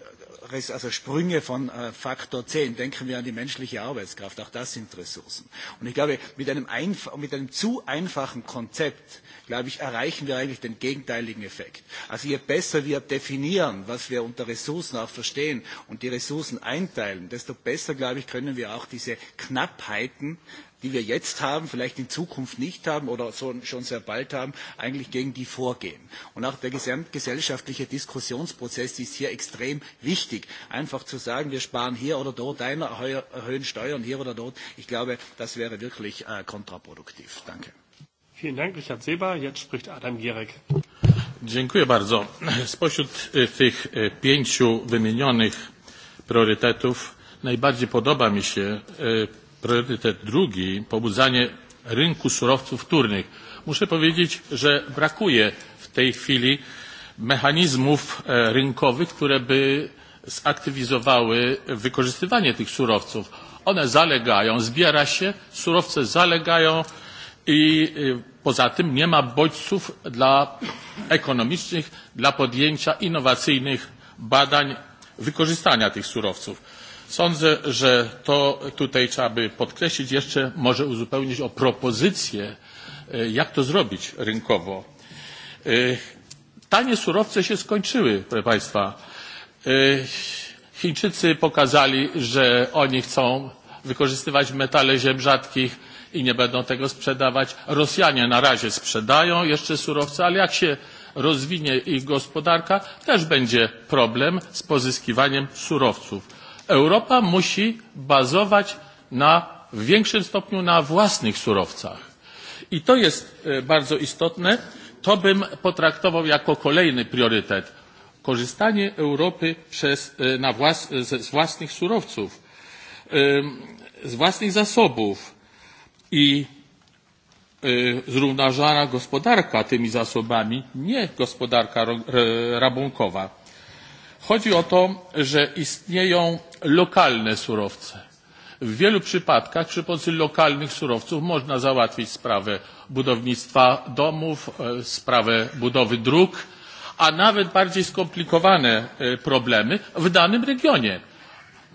also Sprünge von äh, Faktor 10. Denken wir an die menschliche Arbeitskraft. Auch das sind Ressourcen. Und ich glaube, mit einem, einf mit einem zu einfachen Konzept glaube ich, erreichen wir eigentlich den gegenteiligen Effekt. Also je besser wir definieren, was wir unter Ressourcen auch verstehen und die Ressourcen einteilen, desto besser, glaube ich, können wir auch diese Knappheiten die wir jetzt haben, vielleicht in Zukunft nicht haben oder so, schon sehr bald haben, eigentlich gegen die vorgehen. Und auch der gesamtgesellschaftliche Diskussionsprozess ist hier extrem wichtig. Einfach zu sagen, wir sparen hier oder dort ein, erhöhen Steuern hier oder dort, ich glaube, das wäre wirklich äh, kontraproduktiv. Danke. Vielen Dank, Richard Seber. Jetzt spricht Adam Gierek. Dziękuję bardzo. Spośród e, tych e, pięciu wymienionych priorytetów najbardziej podoba mi się e, priorytet drugi, pobudzanie rynku surowców wtórnych. Muszę powiedzieć, że brakuje w tej chwili mechanizmów rynkowych, które by zaktywizowały wykorzystywanie tych surowców. One zalegają, zbiera się, surowce zalegają, i poza tym nie ma bodźców dla ekonomicznych dla podjęcia innowacyjnych badań wykorzystania tych surowców. Sądzę, że to tutaj trzeba by podkreślić, jeszcze może uzupełnić o propozycję, jak to zrobić rynkowo. Tanie surowce się skończyły, proszę Państwa. Chińczycy pokazali, że oni chcą wykorzystywać metale ziem rzadkich i nie będą tego sprzedawać. Rosjanie na razie sprzedają jeszcze surowce, ale jak się rozwinie ich gospodarka, też będzie problem z pozyskiwaniem surowców. Europa musi bazować na, w większym stopniu na własnych surowcach. I to jest e, bardzo istotne. To bym potraktował jako kolejny priorytet. Korzystanie Europy przez, e, na włas, z własnych surowców, e, z własnych zasobów, i e, zrównoważona gospodarka tymi zasobami, nie gospodarka e, rabunkowa. Chodzi o to, że istnieją lokalne surowce. W wielu przypadkach przy pomocy lokalnych surowców można załatwić sprawę budownictwa domów, e, sprawę budowy dróg, a nawet bardziej skomplikowane problemy w danym regionie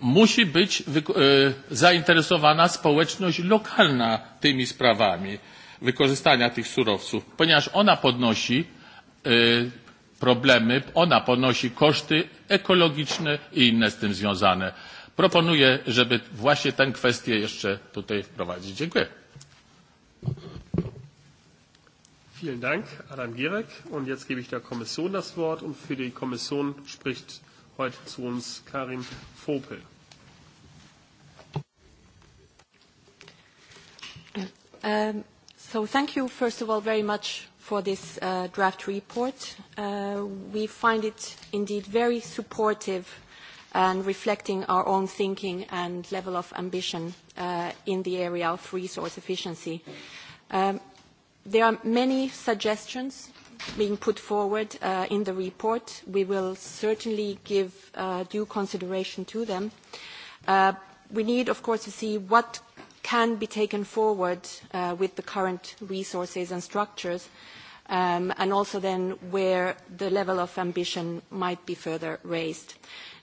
musi być e, zainteresowana społeczność lokalna tymi sprawami wykorzystania tych surowców, ponieważ ona podnosi e, problemy, ona ponosi koszty ekologiczne i inne z tym związane. Proponuję, żeby właśnie tę kwestię jeszcze tutaj wprowadzić. Dziękuję. Vielen Dank, Adam Gierek. Und jetzt gebe ich der Kommission das Wort. Und für die Kommission spricht heute zu uns Karin Vopel. Um, so thank you, first of all, very much for this uh, draft report. Uh, we find it indeed very supportive and reflecting our own thinking and level of ambition uh, in the area of resource efficiency. Um, there are many suggestions being put forward uh, in the report. We will certainly give uh, due consideration to them. Uh, we need, of course, to see what can be taken forward uh, with the current resources and structures, um, and also then where the level of ambition might be further raised.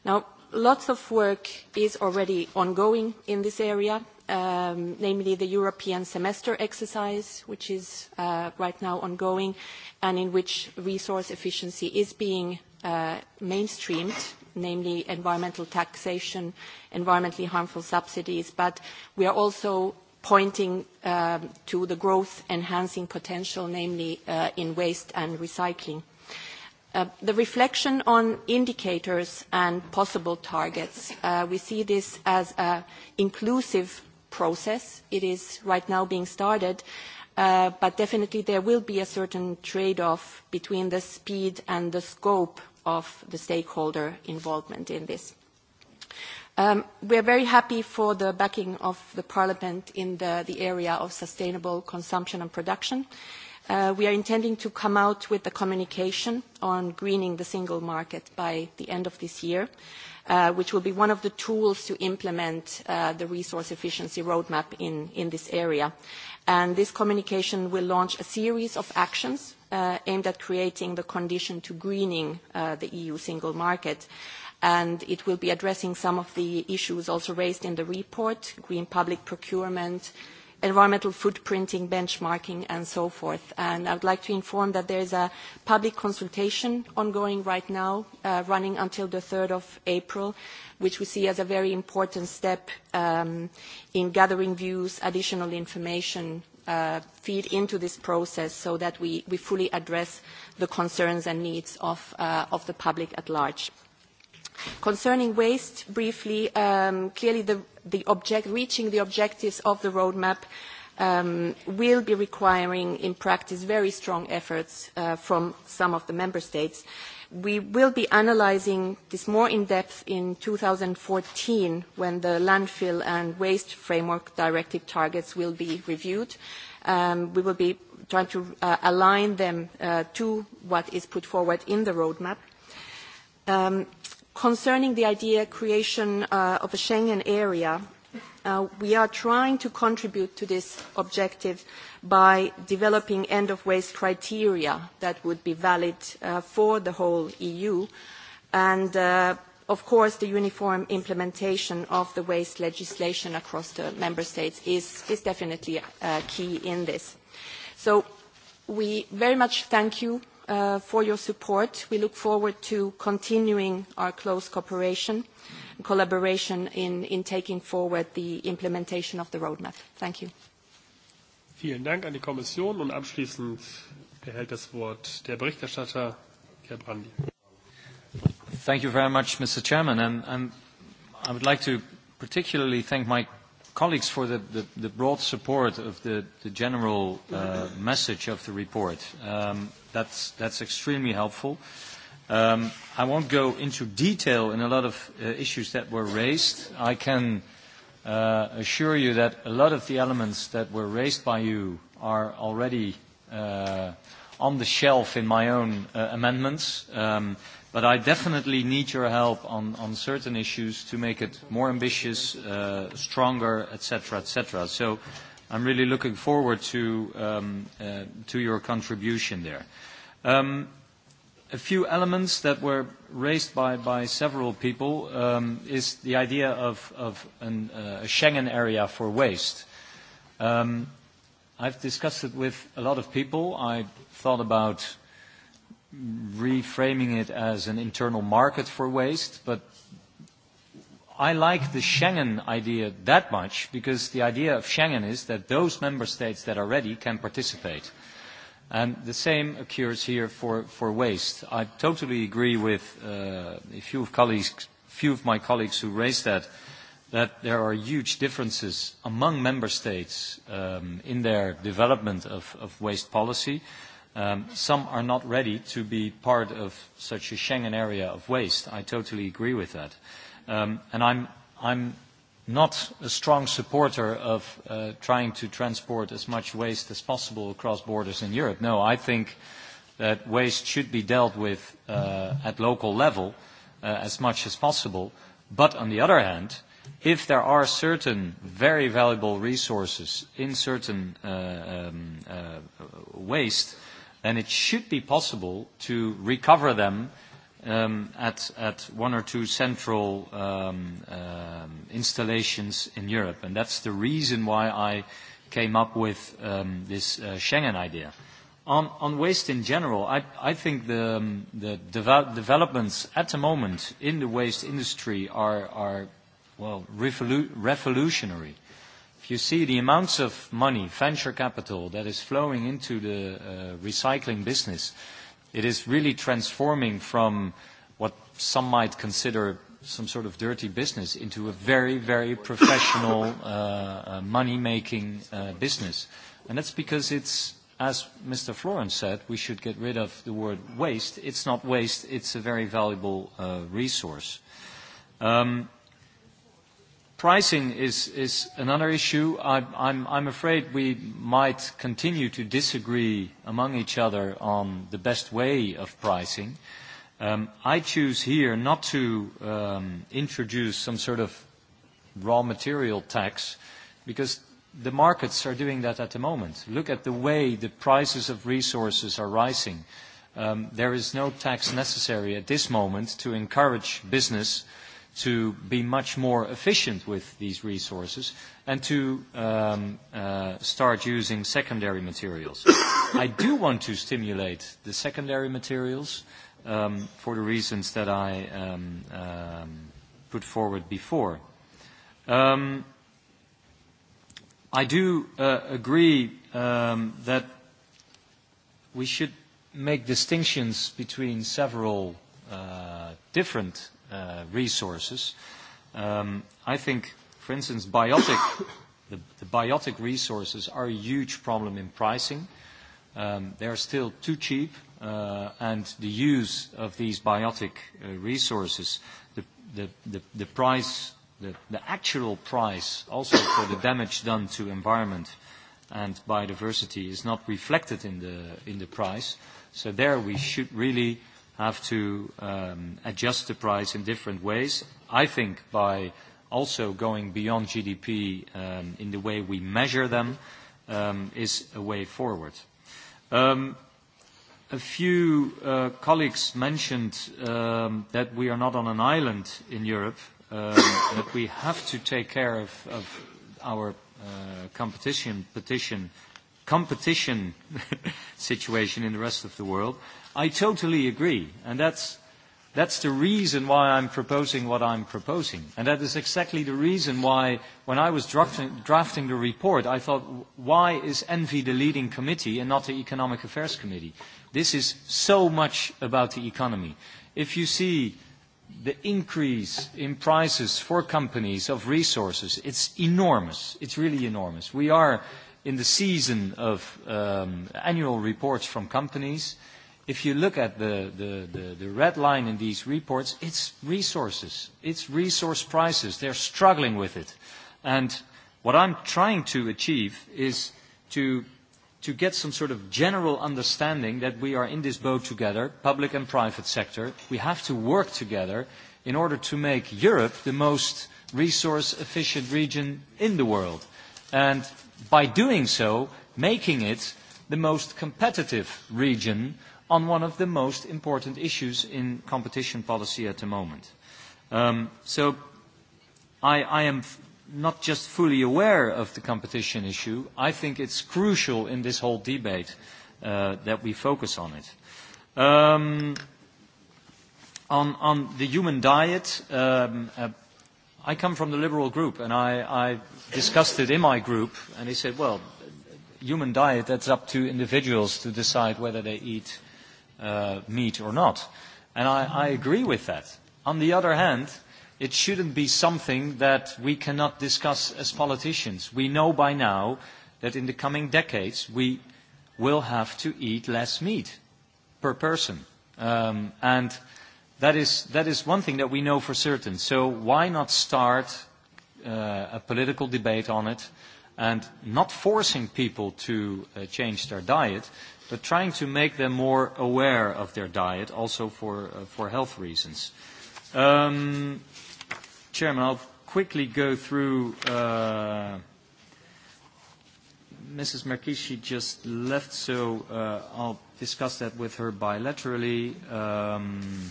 Now, lots of work is already ongoing in this area, um, namely the European semester exercise, which is uh, right now ongoing, and in which resource efficiency is being uh, mainstreamed namely environmental taxation, environmentally harmful subsidies, but we are also pointing uh, to the growth-enhancing potential, namely uh, in waste and recycling. Uh, the reflection on indicators and possible targets, uh, we see this as an inclusive process. It is right now being started, uh, but definitely there will be a certain trade-off between the speed and the scope of the stakeholder involvement in this. Um, we are very happy for the backing of the Parliament in the, the area of sustainable consumption and production. Uh, we are intending to come out with a communication on greening the single market by the end of this year, uh, which will be one of the tools to implement uh, the resource efficiency roadmap in, in this area. And this communication will launch a series of actions uh, aimed at creating the condition to greening uh, the EU single market. And it will be addressing some of the issues also raised in the report, green public procurement, uh, environmental footprinting, benchmarking, and so forth. And I would like to inform that there is a public consultation ongoing right now, uh, running until the 3rd of April, which we see as a very important step um, in gathering views, additional information, uh, feed into this process so that we, we fully address the concerns and needs of, uh, of the public at large. Uh, Concerning waste, briefly, um, clearly the, the object, reaching the objectives of the roadmap um, will be requiring, in practice, very strong efforts uh, from some of the member states. We will be analyzing this more in depth in 2014 when the landfill and waste framework directive targets will be reviewed. Um, we will be trying to uh, align them uh, to what is put forward in the roadmap. Um, concerning the idea creation uh, of a Schengen area, uh, we are trying to contribute to this objective by developing end-of-waste criteria that would be valid uh, for the whole EU. And uh, of course, the uniform implementation of the waste legislation across the member states is, is definitely uh, key in this. So we very much thank you uh, for your support. We look forward to continuing our close cooperation and collaboration in, in taking forward the implementation of the roadmap. Thank you. Vielen Dank an die Kommission und abschließend erhält das Wort der Berichterstatter, Herr Brandi. Thank you very much, Mr. Chairman, and, and I would like to particularly thank my colleagues for the, the, the broad support of the, the general uh, message of the report. Um, that's, that's extremely helpful. Um, I won't go into detail in a lot of uh, issues that were raised. I can uh, assure you that a lot of the elements that were raised by you are already uh, on the shelf in my own uh, amendments. Um, uh, But I definitely need your help on, on certain issues to make it more ambitious, uh, stronger, etc., etc. So I'm really looking forward to, um, uh, to your contribution there. Um, a few elements that were raised by, by several people um, is the idea of, of an, uh, a Schengen area for waste. Um, I've discussed it with a lot of people. I thought about reframing it as an internal market for waste, but I like the Schengen idea that much because the idea of Schengen is that those member states that are ready can participate. And the same occurs here for, for waste. I totally agree with uh, a few of, colleagues, few of my colleagues who raised that, that there are huge differences among member states um, in their development of, of waste policy. Uh, Um, some are not ready to be part of such a Schengen area of waste. I totally agree with that. Um, and I'm, I'm not a strong supporter of uh, trying to transport as much waste as possible across borders in Europe. No, I think that waste should be dealt with uh, at local level uh, as much as possible. But on the other hand, if there are certain very valuable resources in certain uh, um, uh, waste, uh, then it should be possible to recover them um, at, at one or two central um, um, installations in Europe. And that's the reason why I came up with um, this uh, Schengen idea. On, on waste in general, I, I think the, um, the devel developments at the moment in the waste industry are, are well, revolu revolutionary. Uh, If you see the amounts of money, venture capital, that is flowing into the uh, recycling business, it is really transforming from what some might consider some sort of dirty business into a very, very professional uh, uh, money-making uh, business. And that's because it's, as Mr. Florence said, we should get rid of the word waste. It's not waste. It's a very valuable uh, resource. Um, Pricing is, is another issue. I, I'm, I'm afraid we might continue to disagree among each other on the best way of pricing. Um, I choose here not to um, introduce some sort of raw material tax because the markets are doing that at the moment. Look at the way the prices of resources are rising. Um, there is no tax necessary at this moment to encourage business uh, to be much more efficient with these resources and to um, uh, start using secondary materials. I do want to stimulate the secondary materials um, for the reasons that I um, um, put forward before. Um, I do uh, agree um, that we should make distinctions between several uh, different uh, resources. Um, I think, for instance, biotic, the, the biotic resources are a huge problem in pricing. Um, they are still too cheap, uh, and the use of these biotic uh, resources, the, the, the, the price, the, the actual price also for the damage done to environment and biodiversity is not reflected in the, in the price. So there we should really uh, have to um, adjust the price in different ways. I think by also going beyond GDP um, in the way we measure them um, is a way forward. Um, a few uh, colleagues mentioned um, that we are not on an island in Europe, um, that we have to take care of, of our uh, competition, petition, competition situation in the rest of the world. I totally agree, and that's, that's the reason why I'm proposing what I'm proposing. And that is exactly the reason why, when I was drafting, drafting the report, I thought, why is ENVI the leading committee and not the Economic Affairs Committee? This is so much about the economy. If you see the increase in prices for companies of resources, it's enormous. It's really enormous. We are in the season of um, annual reports from companies. Uh, if you look at the, the, the, the red line in these reports, it's resources. It's resource prices. They're struggling with it. And what I'm trying to achieve is to, to get some sort of general understanding that we are in this boat together, public and private sector. We have to work together in order to make Europe the most resource-efficient region in the world. And by doing so, making it the most competitive region on one of the most important issues in competition policy at the moment. Um, so I, I am not just fully aware of the competition issue, I think it's crucial in this whole debate uh, that we focus on it. Um, on, on the human diet, um, uh, I come from the liberal group, and I, I discussed it in my group, and they said, well, human diet, that's up to individuals to decide whether they eat uh, meat or not. And I, I agree with that. On the other hand, it shouldn't be something that we cannot discuss as politicians. We know by now that in the coming decades we will have to eat less meat per person. Um, and that is, that is one thing that we know for certain. So why not start uh, a political debate on it and not forcing people to uh, change their diet, but trying to make them more aware of their diet, also for, uh, for health reasons. Um, Chairman, I'll quickly go through. Uh, Mrs. Merkishi just left, so uh, I'll discuss that with her bilaterally. Um,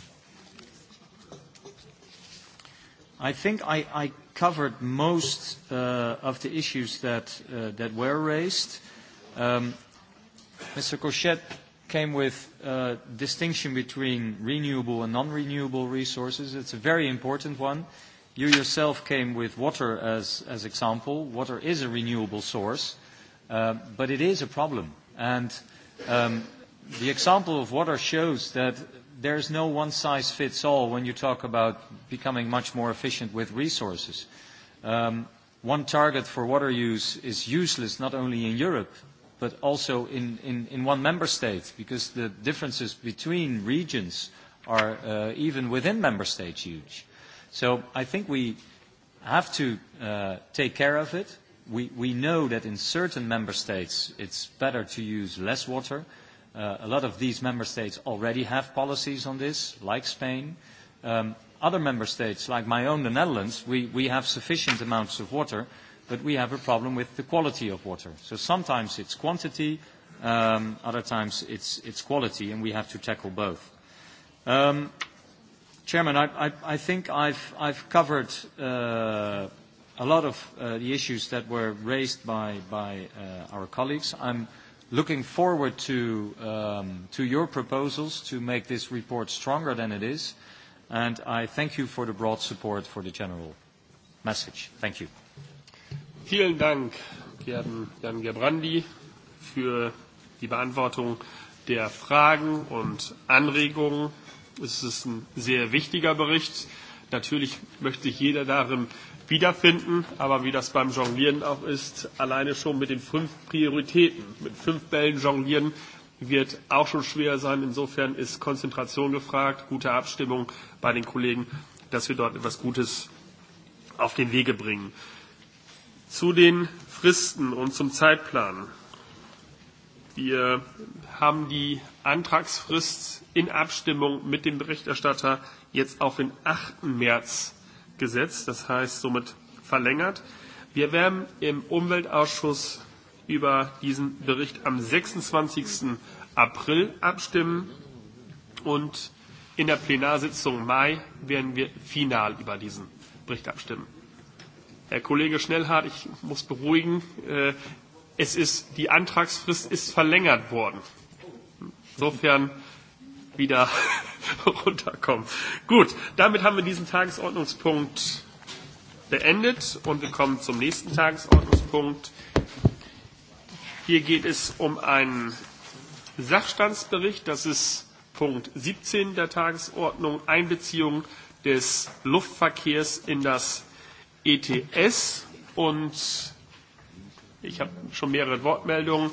I think I, I covered most uh, of the issues that, uh, that were raised. Um, Mr. Cochet came with a uh, distinction between renewable and non-renewable resources. It's a very important one. You yourself came with water as, as example. Water is a renewable source, uh, but it is a problem. And um, the example of water shows that there's no one-size-fits-all when you talk about becoming much more efficient with resources. Um, one target for water use is useless not only in Europe, but also in, in, in one member state, because the differences between regions are uh, even within member states huge. So I think we have to uh, take care of it. We, we know that in certain member states it's better to use less water. Uh, a lot of these member states already have policies on this, like Spain. Um, other member states, like my own, the Netherlands, we, we have sufficient amounts of water, uh, but we have a problem with the quality of water. So sometimes it's quantity, um, other times it's, it's quality, and we have to tackle both. Um, Chairman, I, I, I think I've, I've covered uh, a lot of uh, the issues that were raised by, by uh, our colleagues. I'm looking forward to, um, to your proposals to make this report stronger than it is, and I thank you for the broad support for the general message. Thank you. Vielen Dank, Herrn Jan Gebrandi, für die Beantwortung der Fragen und Anregungen. Es ist ein sehr wichtiger Bericht. Natürlich möchte sich jeder darin wiederfinden, aber wie das beim Jonglieren auch ist, alleine schon mit den fünf Prioritäten, mit fünf Bällen jonglieren, wird auch schon schwer sein. Insofern ist Konzentration gefragt, gute Abstimmung bei den Kollegen, dass wir dort etwas Gutes auf den Wege bringen. Zu den Fristen und zum Zeitplan. Wir haben die Antragsfrist in Abstimmung mit dem Berichterstatter jetzt auf den 8. März gesetzt, das heißt somit verlängert. Wir werden im Umweltausschuss über diesen Bericht am 26. April abstimmen und in der Plenarsitzung Mai werden wir final über diesen Bericht abstimmen. Herr Kollege Schnellhardt, ich muss beruhigen, äh, es ist, die Antragsfrist ist verlängert worden. Insofern wieder runterkommen. Gut, damit haben wir diesen Tagesordnungspunkt beendet und wir kommen zum nächsten Tagesordnungspunkt. Hier geht es um einen Sachstandsbericht. Das ist Punkt 17 der Tagesordnung, Einbeziehung des Luftverkehrs in das ETS und ich habe schon mehrere Wortmeldungen.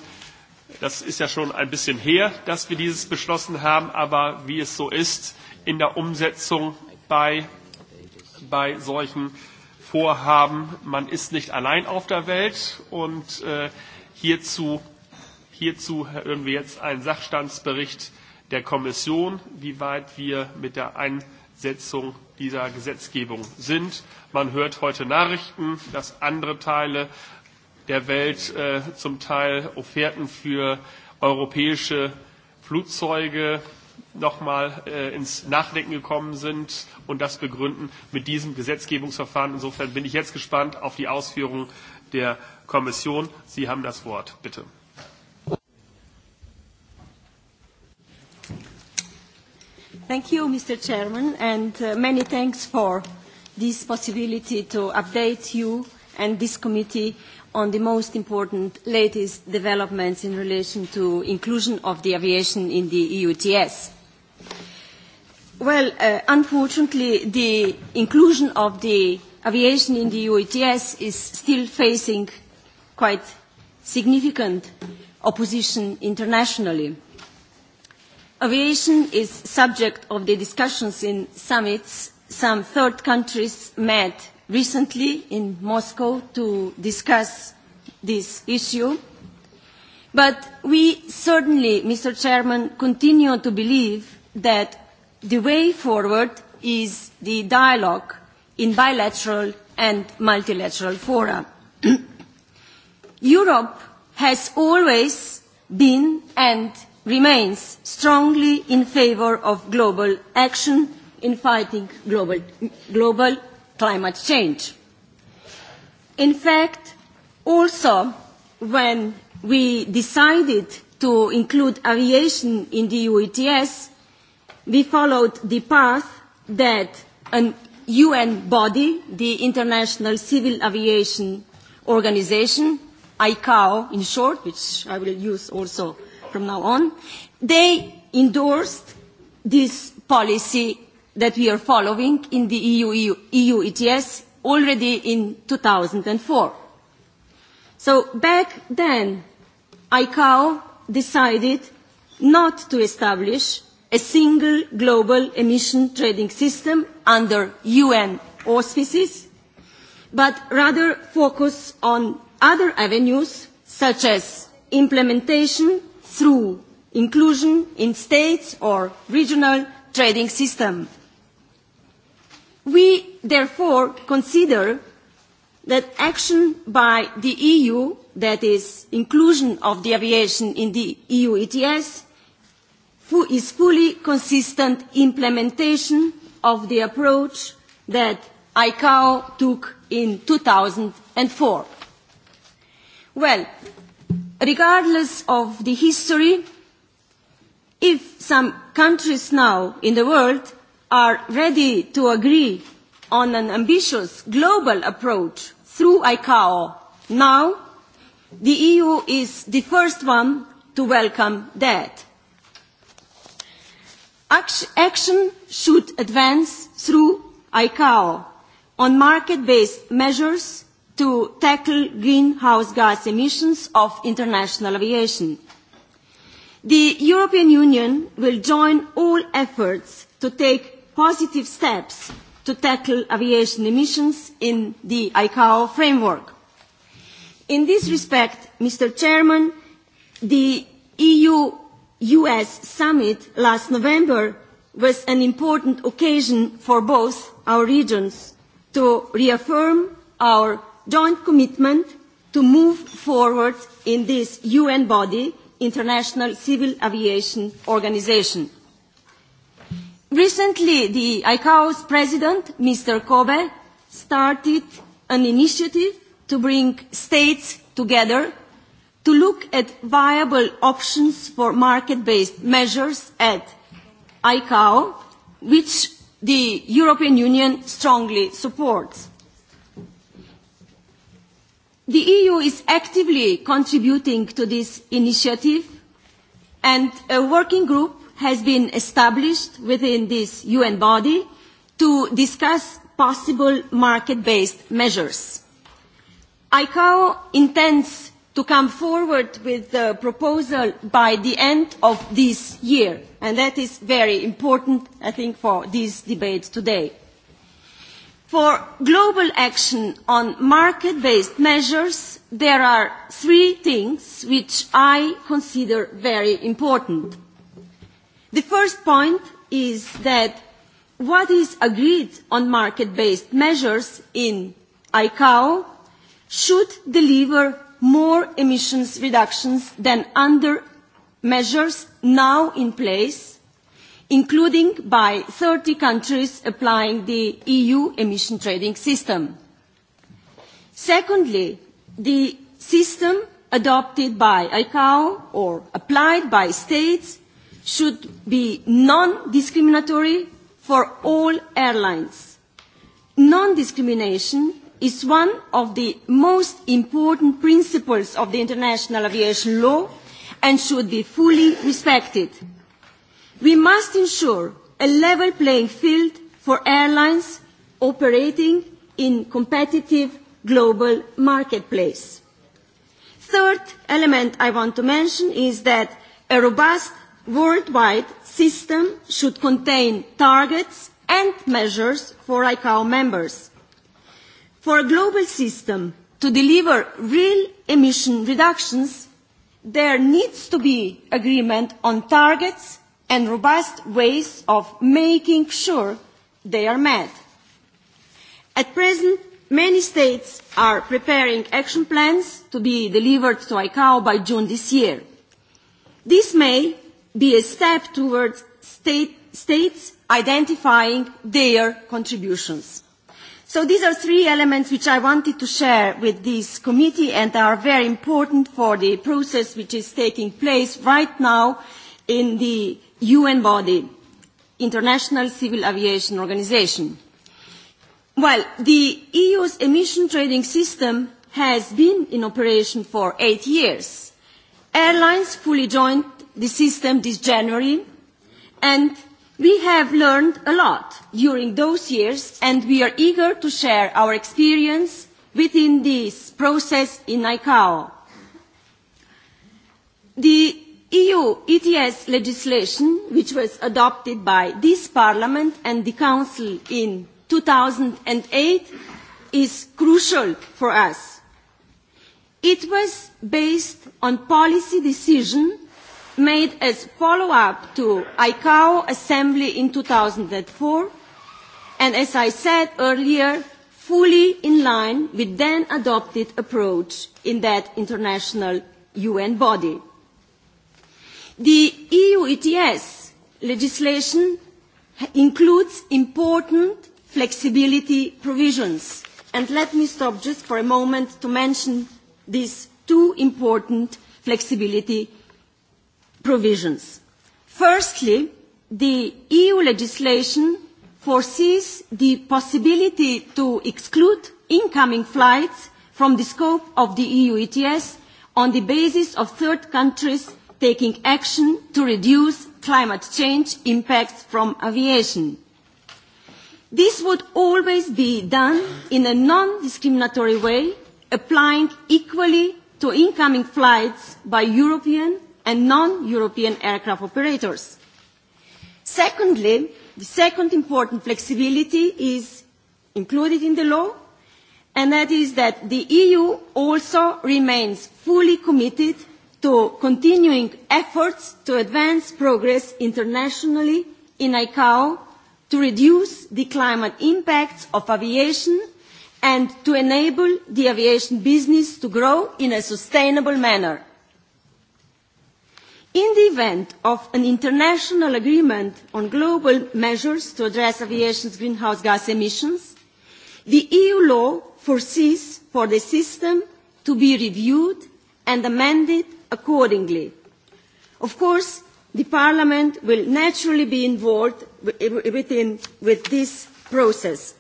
Das ist ja schon ein bisschen her, dass wir dieses beschlossen haben, aber wie es so ist in der Umsetzung bei, bei solchen Vorhaben, man ist nicht allein auf der Welt und äh, hierzu, hierzu hören wir jetzt einen Sachstandsbericht der Kommission, wie weit wir mit der Einführung Umsetzung dieser Gesetzgebung sind. Man hört heute Nachrichten, dass andere Teile der Welt äh, zum Teil Offerten für europäische Flugzeuge nochmal äh, ins Nachdenken gekommen sind und das begründen mit diesem Gesetzgebungsverfahren. Insofern bin ich jetzt gespannt auf die Ausführungen der Kommission. Sie haben das Wort, bitte. Thank you, Mr. Chairman, and uh, many thanks for this possibility to update you and this committee on the most important latest developments in relation to inclusion of the aviation in the EU EUTS. Well, uh, unfortunately, the inclusion of the aviation in the EU EUTS is still facing quite significant opposition internationally. Aviation is subject of the discussions in summits some third countries met recently in Moscow to discuss this issue. But we certainly, Mr. Chairman, continue to believe that the way forward is the dialogue in bilateral and multilateral fora. Europe has always been and remains strongly in favour of global action in fighting global, global climate change. In fact, also when we decided to include aviation in the EU ETS, we followed the path that an UN body, the International Civil Aviation Organization, ICAO in short, which I will use also from now on, they endorsed this policy that we are following in the EU, EU, EU ETS already in 2004. So back then, ICAO decided not to establish a single global emission trading system under UN auspices, but rather focus on other avenues such as implementation through inclusion in states or regional trading system. We therefore consider that action by the EU, that is inclusion of the aviation in the EU ETS, is fully consistent implementation of the approach that ICAO took in 2004. Well, regardless of the history, if some countries now in the world are ready to agree on an ambitious global approach through ICAO now, the EU is the first one to welcome that. Action should advance through ICAO on market-based measures to tackle greenhouse gas emissions of international aviation. The European Union will join all efforts to take positive steps to tackle aviation emissions in the ICAO framework. In this respect, Mr. Chairman, the EU-US summit last November was an important occasion for both our regions to reaffirm our joint commitment to move forward in this UN body, International Civil Aviation Organization. Recently, the ICAO's president, Mr. Kobe, started an initiative to bring states together to look at viable options for market-based measures at ICAO, which the European Union strongly supports. The EU is actively contributing to this initiative and a working group has been established within this UN body to discuss possible market-based measures. ICAO intends to come forward with the proposal by the end of this year, and that is very important, I think, for this debate today. For global action on market-based measures, there are three things which I consider very important. The first point is that what is agreed on market-based measures in ICAO should deliver more emissions reductions than under measures now in place including by 30 countries applying the EU emission trading system. Secondly, the system adopted by ICAO or applied by states should be non-discriminatory for all airlines. Non-discrimination is one of the most important principles of the international aviation law and should be fully respected. We must ensure a level playing field for airlines operating in competitive global marketplace. Third element I want to mention is that a robust worldwide system should contain targets and measures for ICAO members. For a global system to deliver real emission reductions, there needs to be agreement on targets and robust ways of making sure they are met. At present, many states are preparing action plans to be delivered to ICAO by June this year. This may be a step towards state, states identifying their contributions. So these are three elements which I wanted to share with this committee and are very important for the process which is taking place right now in the UN body, International Civil Aviation Organization. Well, the EU's emission trading system has been in operation for eight years. Airlines fully joined the system this January, and we have learned a lot during those years, and we are eager to share our experience within this process in ICAO. The EU ETS legislation, which was adopted by this Parliament and the Council in 2008, is crucial for us. It was based on policy decision made as follow-up to ICAO Assembly in 2004, and as I said earlier, fully in line with then adopted approach in that international UN body. The EU ETS legislation includes important flexibility provisions. And let me stop just for a moment to mention these two important flexibility provisions. Firstly, the EU legislation foresees the possibility to exclude incoming flights from the scope of the EU ETS on the basis of third countries' taking action to reduce climate change impacts from aviation. This would always be done in a non-discriminatory way, applying equally to incoming flights by European and non-European aircraft operators. Secondly, the second important flexibility is included in the law, and that is that the EU also remains fully committed to continuing efforts to advance progress internationally in ICAO to reduce the climate impacts of aviation and to enable the aviation business to grow in a sustainable manner. In the event of an international agreement on global measures to address aviation's greenhouse gas emissions, the EU law foresees for the system to be reviewed and amended accordingly. Of course, the Parliament will naturally be involved within, with this process.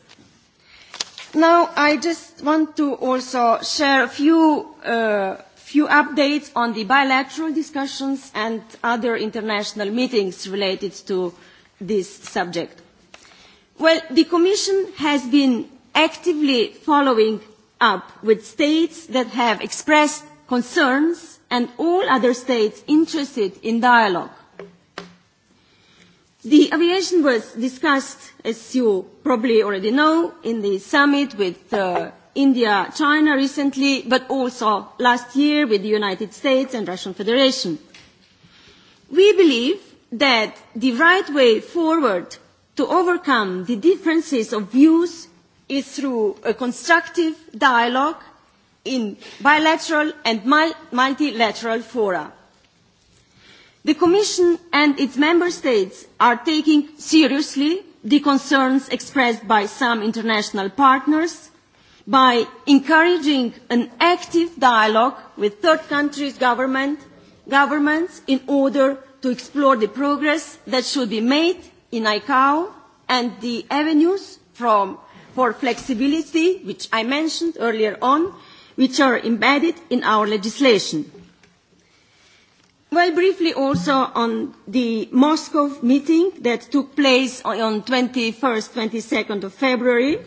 Now, I just want to also share a few, uh, few updates on the bilateral discussions and other international meetings related to this subject. Well, the Commission has been actively following up with states that have expressed concerns and all other states interested in dialogue. The aviation was discussed, as you probably already know, in the summit with uh, India, China recently, but also last year with the United States and Russian Federation. We believe that the right way forward to overcome the differences of views is through a constructive dialogue in bilateral and multilateral fora. The Commission and its member states are taking seriously the concerns expressed by some international partners by encouraging an active dialogue with third countries' government, governments in order to explore the progress that should be made in ICAO and the avenues from, for flexibility, which I mentioned earlier on, which are embedded in our legislation. Well, briefly also on the Moscow meeting that took place on 21st, 22nd of February,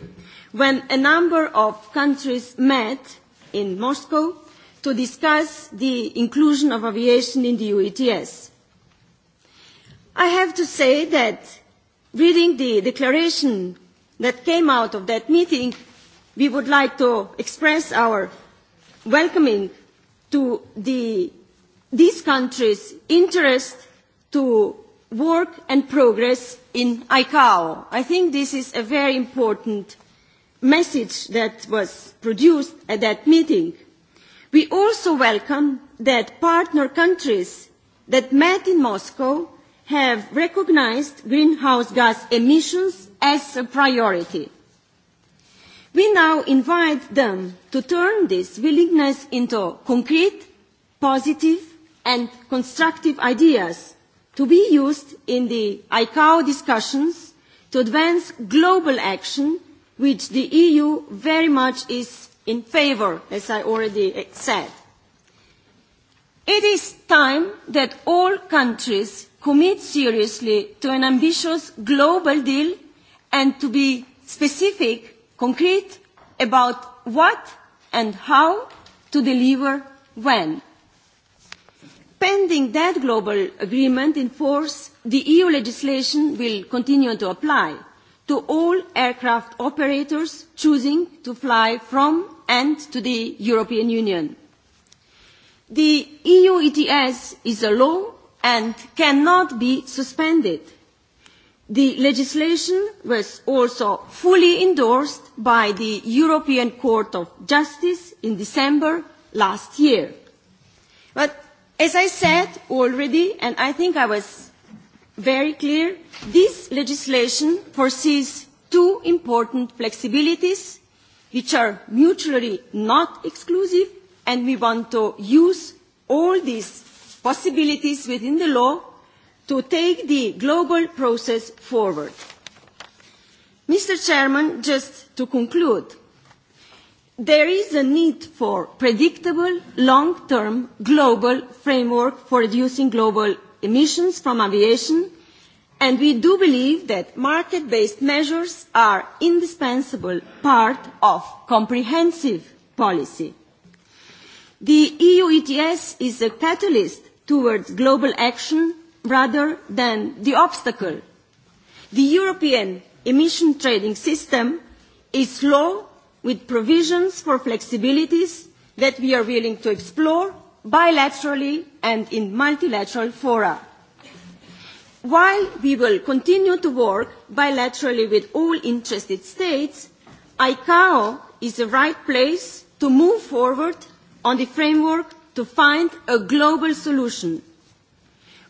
when a number of countries met in Moscow to discuss the inclusion of aviation in the EU ETS. I have to say that reading the declaration that came out of that meeting, we would like to express our welcoming to the, these countries' interest to work and progress in ICAO. I think this is a very important message that was produced at that meeting. We also welcome that partner countries that met in Moscow have recognized greenhouse gas emissions as a priority. We now invite them to turn this willingness into concrete, positive and constructive ideas to be used in the ICAO discussions to advance global action, which the EU very much is in favour, as I already said. It is time that all countries commit seriously to an ambitious global deal and to be specific concrete about what and how to deliver when. Pending that global agreement in force, the EU legislation will continue to apply to all aircraft operators choosing to fly from and to the European Union. The EU ETS is a law and cannot be suspended The legislation was also fully endorsed by the European Court of Justice in December last year. But as I said already, and I think I was very clear, this legislation foresees two important flexibilities which are mutually not exclusive and we want to use all these possibilities within the law to take the global process forward. Mr. Chairman, just to conclude, there is a need for predictable, long-term global framework for reducing global emissions from aviation, and we do believe that market-based measures are indispensable part of comprehensive policy. The EU ETS is a catalyst towards global action rather than the obstacle. The European emission trading system is law with provisions for flexibilities that we are willing to explore bilaterally and in multilateral fora. While we will continue to work bilaterally with all interested states, ICAO is the right place to move forward on the framework to find a global solution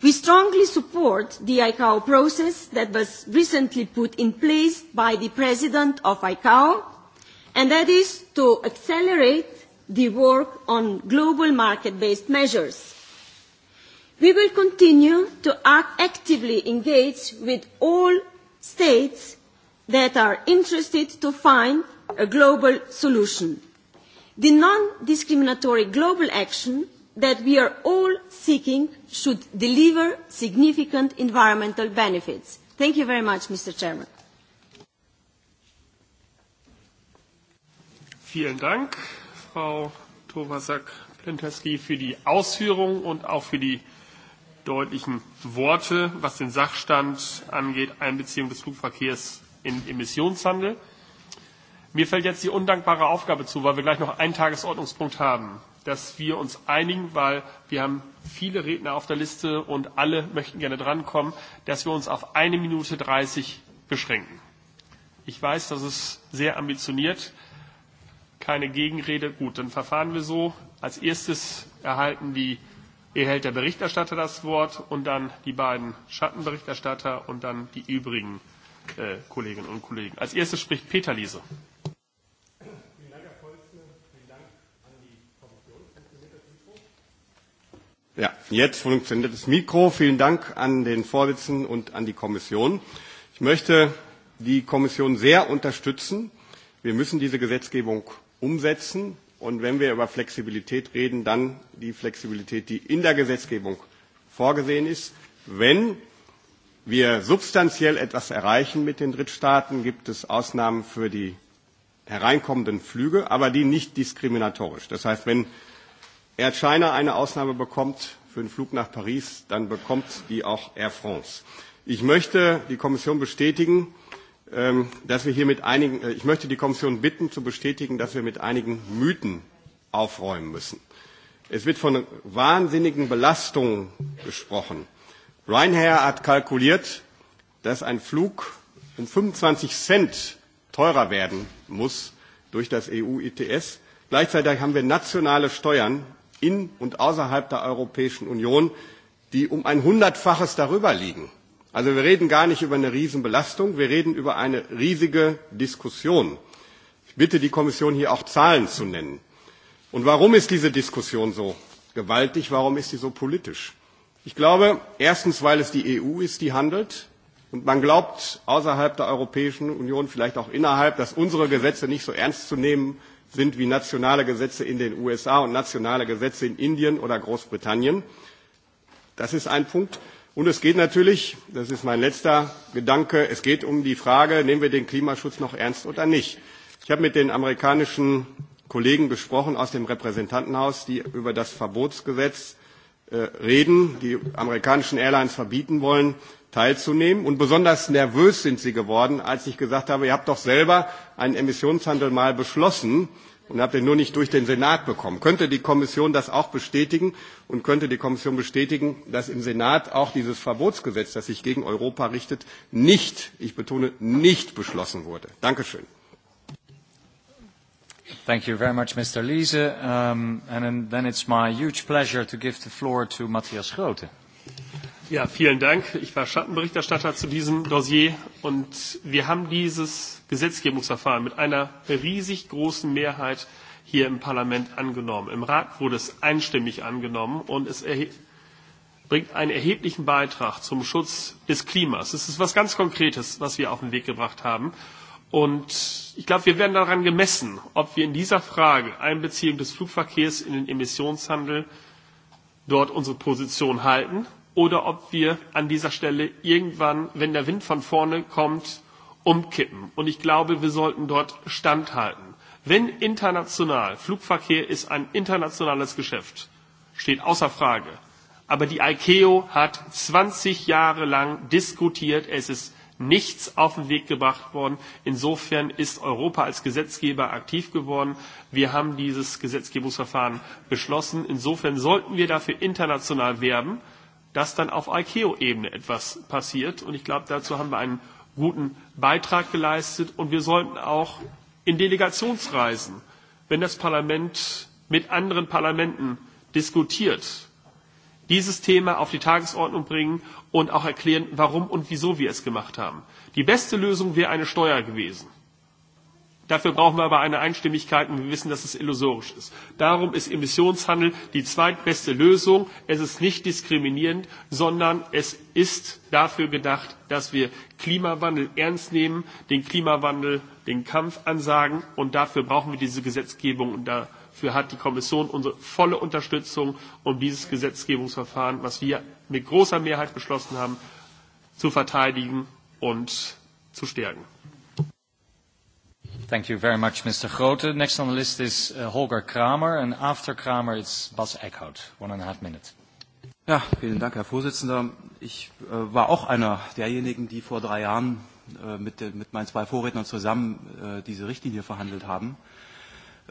We strongly support the ICAO process that was recently put in place by the President of ICAO, and that is to accelerate the work on global market-based measures. We will continue to act actively engage with all states that are interested to find a global solution. The non-discriminatory global action that we are all seeking should deliver significant environmental benefits. Thank you very much, Mr. Chairman. Vielen Dank, Frau Towasak-Plenterski, für die Ausführungen und auch für die deutlichen Worte, was den Sachstand angeht, Einbeziehung des Flugverkehrs in Emissionshandel. Mir fällt jetzt die undankbare Aufgabe zu, weil wir gleich noch einen Tagesordnungspunkt haben dass wir uns einigen, weil wir haben viele Redner auf der Liste und alle möchten gerne drankommen, dass wir uns auf eine Minute dreißig beschränken. Ich weiß, das ist sehr ambitioniert. Keine Gegenrede. Gut, dann verfahren wir so. Als erstes erhalten die erhält der Berichterstatter das Wort und dann die beiden Schattenberichterstatter und dann die übrigen äh, Kolleginnen und Kollegen. Als erstes spricht Peter Liese. Ja, jetzt funktioniert das Mikro. Vielen Dank an den Vorsitzenden und an die Kommission. Ich möchte die Kommission sehr unterstützen. Wir müssen diese Gesetzgebung umsetzen. Und wenn wir über Flexibilität reden, dann die Flexibilität, die in der Gesetzgebung vorgesehen ist. Wenn wir substanziell etwas erreichen mit den Drittstaaten, gibt es Ausnahmen für die hereinkommenden Flüge, aber die nicht diskriminatorisch. Das heißt, wenn Air China eine Ausnahme bekommt für den Flug nach Paris, dann bekommt die auch Air France. Ich möchte die Kommission bestätigen, ähm, dass wir hier mit einigen, äh, ich möchte die Kommission bitten zu bestätigen, dass wir mit einigen Mythen aufräumen müssen. Es wird von wahnsinnigen Belastungen gesprochen. Ryanair hat kalkuliert, dass ein Flug um 25 Cent teurer werden muss durch das EU-ETS. Gleichzeitig haben wir nationale Steuern in und außerhalb der Europäischen Union, die um ein Hundertfaches darüber liegen. Also wir reden gar nicht über eine Riesenbelastung, wir reden über eine riesige Diskussion. Ich bitte die Kommission hier auch Zahlen zu nennen. Und warum ist diese Diskussion so gewaltig? Warum ist sie so politisch? Ich glaube, erstens, weil es die EU ist, die handelt. Und man glaubt außerhalb der Europäischen Union, vielleicht auch innerhalb, dass unsere Gesetze nicht so ernst zu nehmen sind wie nationale Gesetze in den USA und nationale Gesetze in Indien oder Großbritannien. Das ist ein Punkt. Und es geht natürlich, das ist mein letzter Gedanke, es geht um die Frage, nehmen wir den Klimaschutz noch ernst oder nicht. Ich habe mit den amerikanischen Kollegen gesprochen aus dem Repräsentantenhaus, die über das Verbotsgesetz äh, reden, die amerikanischen Airlines verbieten wollen teilzunehmen. Und besonders nervös sind sie geworden, als ich gesagt habe, ihr habt doch selber einen Emissionshandel mal beschlossen und habt den nur nicht durch den Senat bekommen. Könnte die Kommission das auch bestätigen und könnte die Kommission bestätigen, dass im Senat auch dieses Verbotsgesetz, das sich gegen Europa richtet, nicht, ich betone, nicht beschlossen wurde? Dankeschön. Thank you very much, Mr. Liese. Um, and then it's my huge pleasure to give the floor to Matthias Grote. Ja, vielen Dank. Ich war Schattenberichterstatter zu diesem Dossier und wir haben dieses Gesetzgebungsverfahren mit einer riesig großen Mehrheit hier im Parlament angenommen. Im Rat wurde es einstimmig angenommen und es bringt einen erheblichen Beitrag zum Schutz des Klimas. Es ist was ganz Konkretes, was wir auf den Weg gebracht haben. Und ich glaube, wir werden daran gemessen, ob wir in dieser Frage Einbeziehung des Flugverkehrs in den Emissionshandel dort unsere Position halten oder ob wir an dieser Stelle irgendwann, wenn der Wind von vorne kommt, umkippen. Und ich glaube, wir sollten dort standhalten. Wenn international, Flugverkehr ist ein internationales Geschäft, steht außer Frage. Aber die ICAO hat 20 Jahre lang diskutiert. Es ist nichts auf den Weg gebracht worden. Insofern ist Europa als Gesetzgeber aktiv geworden. Wir haben dieses Gesetzgebungsverfahren beschlossen. Insofern sollten wir dafür international werben dass dann auf ICAO-Ebene etwas passiert. Und ich glaube, dazu haben wir einen guten Beitrag geleistet. Und wir sollten auch in Delegationsreisen, wenn das Parlament mit anderen Parlamenten diskutiert, dieses Thema auf die Tagesordnung bringen und auch erklären, warum und wieso wir es gemacht haben. Die beste Lösung wäre eine Steuer gewesen. Dafür brauchen wir aber eine Einstimmigkeit und wir wissen, dass es illusorisch ist. Darum ist Emissionshandel die zweitbeste Lösung. Es ist nicht diskriminierend, sondern es ist dafür gedacht, dass wir Klimawandel ernst nehmen, den Klimawandel den Kampf ansagen und dafür brauchen wir diese Gesetzgebung und dafür hat die Kommission unsere volle Unterstützung, um dieses Gesetzgebungsverfahren, was wir mit großer Mehrheit beschlossen haben, zu verteidigen und zu stärken. Thank you very much, Mr. Grote. Next on the list is uh, Holger Kramer, and after Kramer it's Bas Eckhout. One and a half minute. Ja, vielen Dank, Herr Vorsitzender. Ich äh, war auch einer derjenigen, die vor drei Jahren äh, mit, mit meinen zwei Vorrednern zusammen äh, diese Richtlinie verhandelt haben.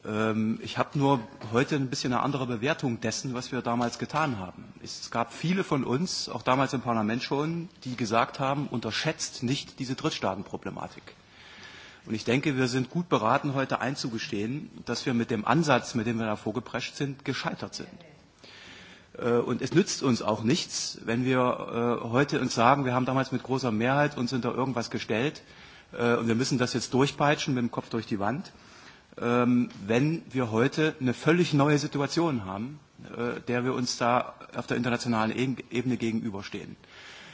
Ähm, ich habe nur heute ein bisschen eine andere Bewertung dessen, was wir damals getan haben. Es gab viele von uns, auch damals im Parlament schon, die gesagt haben, unterschätzt nicht diese Drittstaatenproblematik. Und ich denke, wir sind gut beraten, heute einzugestehen, dass wir mit dem Ansatz, mit dem wir da vorgeprescht sind, gescheitert sind. Äh, und es nützt uns auch nichts, wenn wir äh, heute uns sagen, wir haben damals mit großer Mehrheit uns hinter irgendwas gestellt äh, und wir müssen das jetzt durchpeitschen mit dem Kopf durch die Wand, ähm, wenn wir heute eine völlig neue Situation haben, der wir uns da auf der internationalen Ebene gegenüberstehen.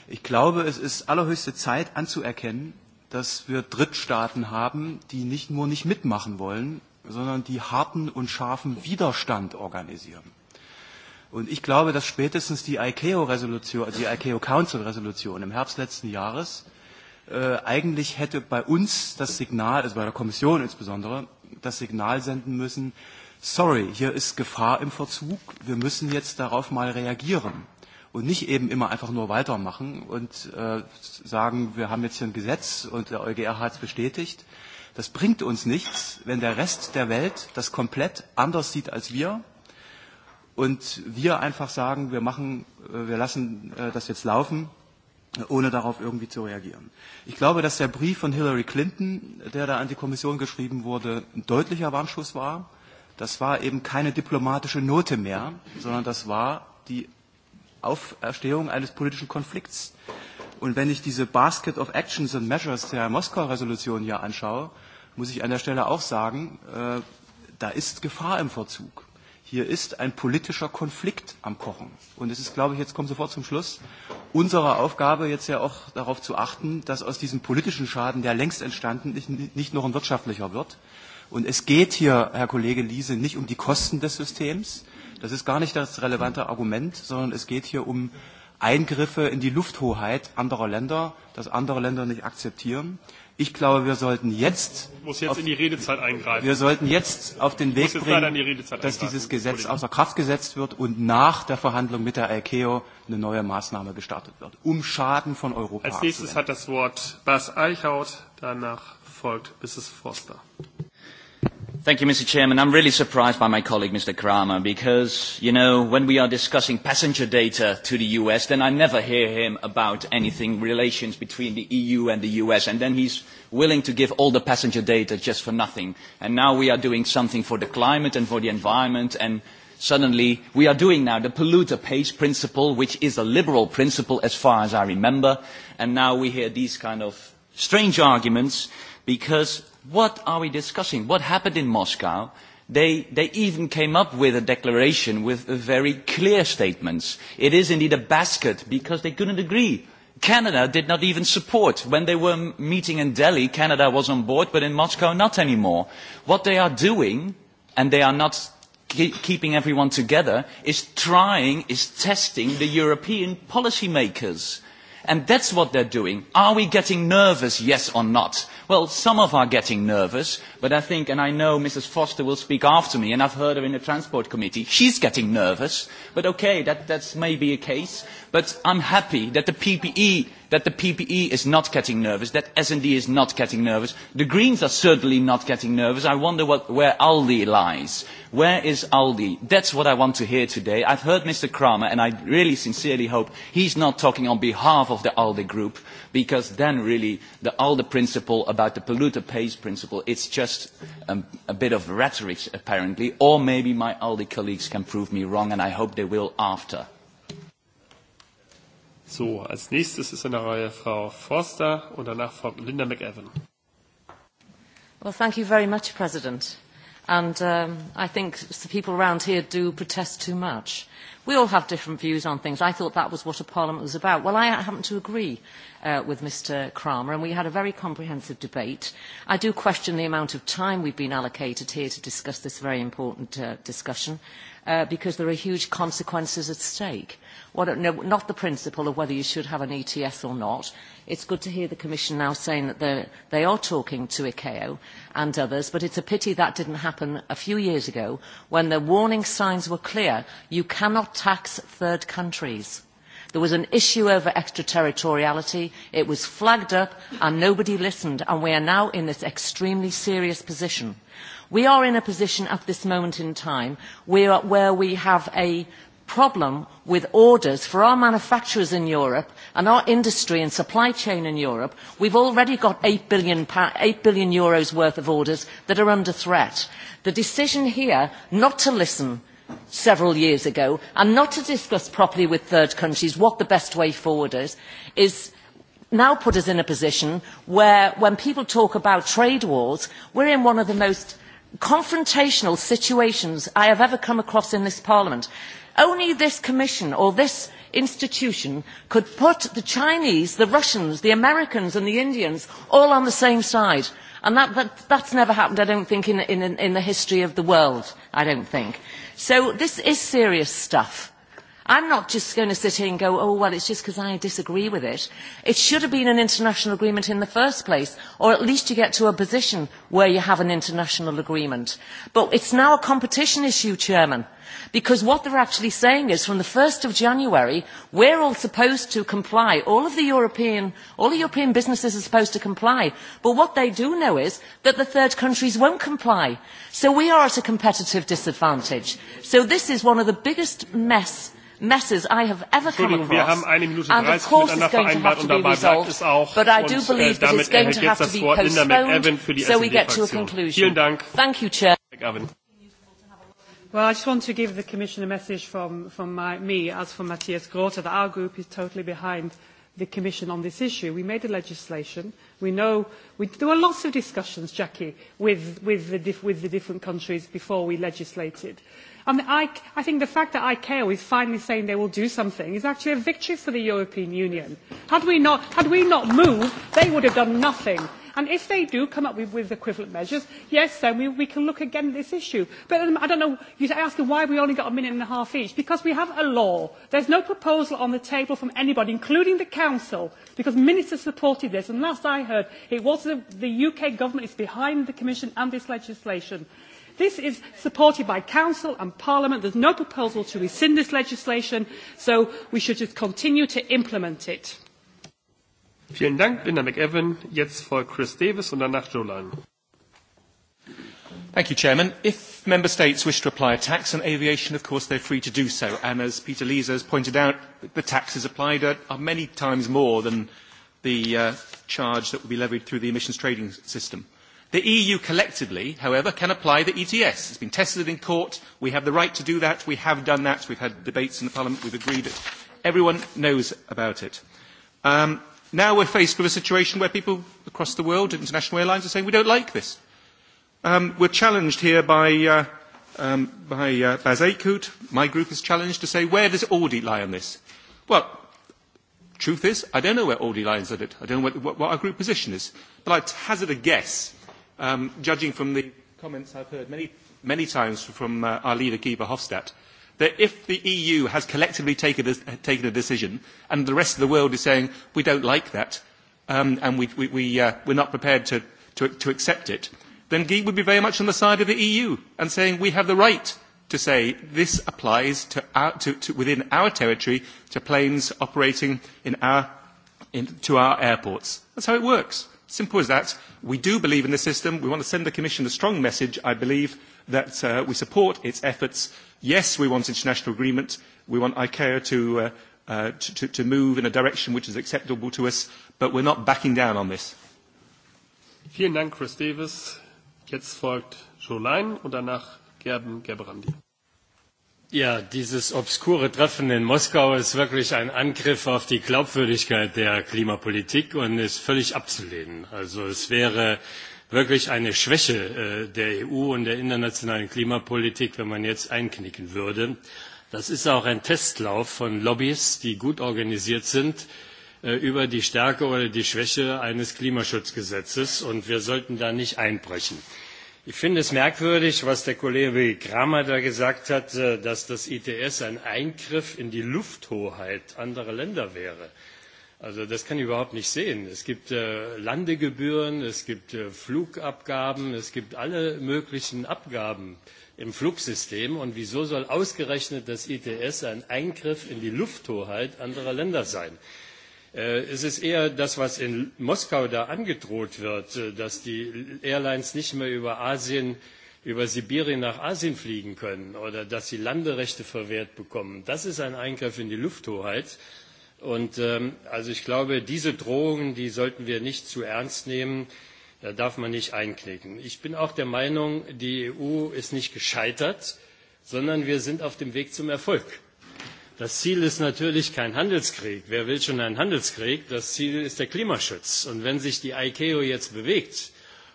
Ich glaube, es ist allerhöchste Zeit anzuerkennen, dass wir Drittstaaten haben, die nicht nur nicht mitmachen wollen, sondern die harten und scharfen Widerstand organisieren. Und ich glaube, dass spätestens die ICAO-Resolution, die ICAO-Council-Resolution im Herbst letzten Jahres äh, eigentlich hätte bei uns das Signal, also bei der Kommission insbesondere, das Signal senden müssen, sorry, hier ist Gefahr im Verzug, wir müssen jetzt darauf mal reagieren und nicht eben immer einfach nur weitermachen und äh, sagen, wir haben jetzt hier ein Gesetz und der EuGH hat es bestätigt. Das bringt uns nichts, wenn der Rest der Welt das komplett anders sieht als wir und wir einfach sagen, wir machen, äh, wir lassen äh, das jetzt laufen ohne darauf irgendwie zu reagieren. Ich glaube, dass der Brief von Hillary Clinton, der da an die Kommission geschrieben wurde, ein deutlicher Warnschuss war. Das war eben keine diplomatische Note mehr, sondern das war die Auferstehung eines politischen Konflikts. Und wenn ich diese Basket of Actions and Measures der Moskau-Resolution hier anschaue, muss ich an der Stelle auch sagen, äh, da ist Gefahr im Verzug. Hier ist ein politischer Konflikt am Kochen. Und es ist, glaube ich, jetzt kommt sofort zum Schluss, unsere Aufgabe jetzt ja auch darauf zu achten, dass aus diesem politischen Schaden, der längst entstanden, nicht, nicht noch ein wirtschaftlicher wird. Und es geht hier, Herr Kollege Liese, nicht um die Kosten des Systems, Das ist gar nicht das relevante Argument, sondern es geht hier um Eingriffe in die Lufthoheit anderer Länder, das andere Länder nicht akzeptieren. Ich glaube, wir sollten jetzt, muss jetzt auf, in die Redezeit eingreifen. Wir sollten jetzt auf den Weg bringen, die dass dieses Gesetz Kollegen. außer Kraft gesetzt wird und nach der Verhandlung mit der ICAO eine neue Maßnahme gestartet wird, um Schaden von Europa Als nächstes hat das Wort Bas Eichhaut, danach folgt Mrs. Forster. Thank you, Mr. Chairman. I'm really surprised by my colleague, Mr. Kramer, because, you know, when we are discussing passenger data to the US, then I never hear him about anything, relations between the EU and the US, and then he's willing to give all the passenger data just for nothing. And now we are doing something for the climate and for the environment, and suddenly we are doing now the polluter pays principle, which is a liberal principle as far as I remember, and now we hear these kind of strange arguments because What are we discussing? What happened in Moscow? They, they even came up with a declaration with very clear statements. It is indeed a basket because they couldn't agree. Canada did not even support. When they were meeting in Delhi, Canada was on board, but in Moscow, not anymore. What they are doing, and they are not keep, keeping everyone together, is trying, is testing the European policymakers. And that's what they're doing. Are we getting nervous, yes or not? Well, some of are getting nervous, but I think, and I know Mrs. Foster will speak after me, and I've heard her in the Transport Committee, she's getting nervous. But okay, that, that's maybe a case. But I'm happy that the PPE that the PPE is not getting nervous, that S&D is not getting nervous. The Greens are certainly not getting nervous. I wonder what, where ALDI lies. Where is ALDI? That's what I want to hear today. I've heard Mr. Kramer, and I really sincerely hope he's not talking on behalf of the ALDE group, because then really the ALDE principle about the polluter pays principle, it's just um, a bit of rhetoric, apparently. Or maybe my ALDE colleagues can prove me wrong, and I hope they will after. So, als nächstes ist in der Reihe Frau Forster und danach Frau Linda McEwan. Well, thank you very much, President. And um, I think the people around here do protest too much. We all have different views on things. I thought that was what a parliament was about. Well, I happen to agree uh, with Mr Cramer, and we had a very comprehensive debate. I do question the amount of time we've been allocated here to discuss this very important uh, discussion, uh, because there are huge consequences at stake what, no, not the principle of whether you should have an ETS or not. It's good to hear the Commission now saying that they are talking to ICAO and others, but it's a pity that didn't happen a few years ago when the warning signs were clear. You cannot tax third countries. There was an issue over extraterritoriality. It was flagged up and nobody listened, and we are now in this extremely serious position. We are in a position at this moment in time where, where we have a problem with orders for our manufacturers in Europe and our industry and supply chain in Europe, we've already got 8 billion, 8 billion euros worth of orders that are under threat. The decision here not to listen several years ago and not to discuss properly with third countries what the best way forward is, is now put us in a position where when people talk about trade wars, we're in one of the most confrontational situations I have ever come across in this parliament Only this Commission or this institution could put the Chinese, the Russians, the Americans and the Indians all on the same side. And that, that, that's never happened, I don't think, in, in, in the history of the world, I don't think. So this is serious stuff I'm not just going to sit here and go, oh, well, it's just because I disagree with it. It should have been an international agreement in the first place, or at least you get to a position where you have an international agreement. But it's now a competition issue, Chairman, because what they're actually saying is from the 1st of January, we're all supposed to comply. All of the European, all the European businesses are supposed to comply. But what they do know is that the third countries won't comply. So we are at a competitive disadvantage. So this is one of the biggest mess messes I have ever come across. And of course it's going to have to be resolved. But I do äh, believe that it's going to have to be postponed so we get to a conclusion. Thank you, Chair. Well, I just want to give the Commission a message from, from my, me, as from Matthias Grote, that our group is totally behind the Commission on this issue. We made the legislation We know we, there were lots of discussions, Jackie, with, with, the, diff, with the different countries before we legislated. And I, I think the fact that ICAO is finally saying they will do something is actually a victory for the European Union. Had we not, had we not moved, they would have done nothing And if they do come up with, with equivalent measures, yes, then we, we can look again at this issue. But um, I don't know, you ask why we only got a minute and a half each. Because we have a law. There's no proposal on the table from anybody, including the Council, because ministers supported this. And last I heard, it was the, the UK government is behind the Commission and this legislation. This is supported by Council and Parliament. There's no proposal to rescind this legislation, so we should just continue to implement it. Vielen Dank, Linda McEwan. Jetzt folgt Chris Davis und danach Jolan. Thank you, Chairman. If member states wish to apply a tax on aviation, of course, they're free to do so. And as Peter Lees has pointed out, the taxes applied are, are uh, many times more than the uh, charge that will be levied through the emissions trading system. The EU collectively, however, can apply the ETS. It's been tested in court. We have the right to do that. We have done that. We've had debates in the Parliament. We've agreed it. Everyone knows about it. Um, Now we're faced with a situation where people across the world, international airlines, are saying, we don't like this. Um, we're challenged here by, uh, um, by uh, Baz Aikut. My group is challenged to say, where does Audi lie on this? Well, truth is, I don't know where Audi lies on it. I don't know what, what, what our group position is. But I'd hazard a guess, um, judging from the comments I've heard many, many times from uh, our leader, Guy Verhofstadt, that if the EU has collectively taken a, taken a decision and the rest of the world is saying, we don't like that um, and we, we, we, uh, we're not prepared to, to, to accept it, then Guy would be very much on the side of the EU and saying we have the right to say this applies to our, to, to, within our territory to planes operating in our, in, to our airports. That's how it works. Simple as that. We do believe in the system. We want to send the Commission a strong message, I believe, that uh, we support its efforts. Yes, we want international agreement. We want ICAO e to, uh, uh, to, to move in a direction which is acceptable to us, but we're not backing down on this. Vielen Dank, Chris Davis. Jetzt folgt Joe Lein und danach Gerben Gerbrandi. Ja, dieses obskure Treffen in Moskau ist wirklich ein Angriff auf die Glaubwürdigkeit der Klimapolitik und ist völlig abzulehnen. Also es wäre wirklich eine Schwäche äh, der EU und der internationalen Klimapolitik, wenn man jetzt einknicken würde. Das ist auch ein Testlauf von Lobbys, die gut organisiert sind, äh, über die Stärke oder die Schwäche eines Klimaschutzgesetzes. Und wir sollten da nicht einbrechen. Ich finde es merkwürdig, was der Kollege Kramer da gesagt hat, äh, dass das ITS ein Eingriff in die Lufthoheit anderer Länder wäre. Also das kann ich überhaupt nicht sehen. Es gibt äh, Landegebühren, es gibt äh, Flugabgaben, es gibt alle möglichen Abgaben im Flugsystem. Und wieso soll ausgerechnet das ITS ein Eingriff in die Lufthoheit anderer Länder sein? Äh, es ist eher das, was in Moskau da angedroht wird, äh, dass die Airlines nicht mehr über Asien über Sibirien nach Asien fliegen können oder dass sie Landerechte verwehrt bekommen. Das ist ein Eingriff in die Lufthoheit. Äh, Und ähm, also ich glaube, diese Drohungen, die sollten wir nicht zu ernst nehmen. Da darf man nicht einknicken. Ich bin auch der Meinung, die EU ist nicht gescheitert, sondern wir sind auf dem Weg zum Erfolg. Das Ziel ist natürlich kein Handelskrieg. Wer will schon einen Handelskrieg? Das Ziel ist der Klimaschutz. Und wenn sich die ICAO jetzt bewegt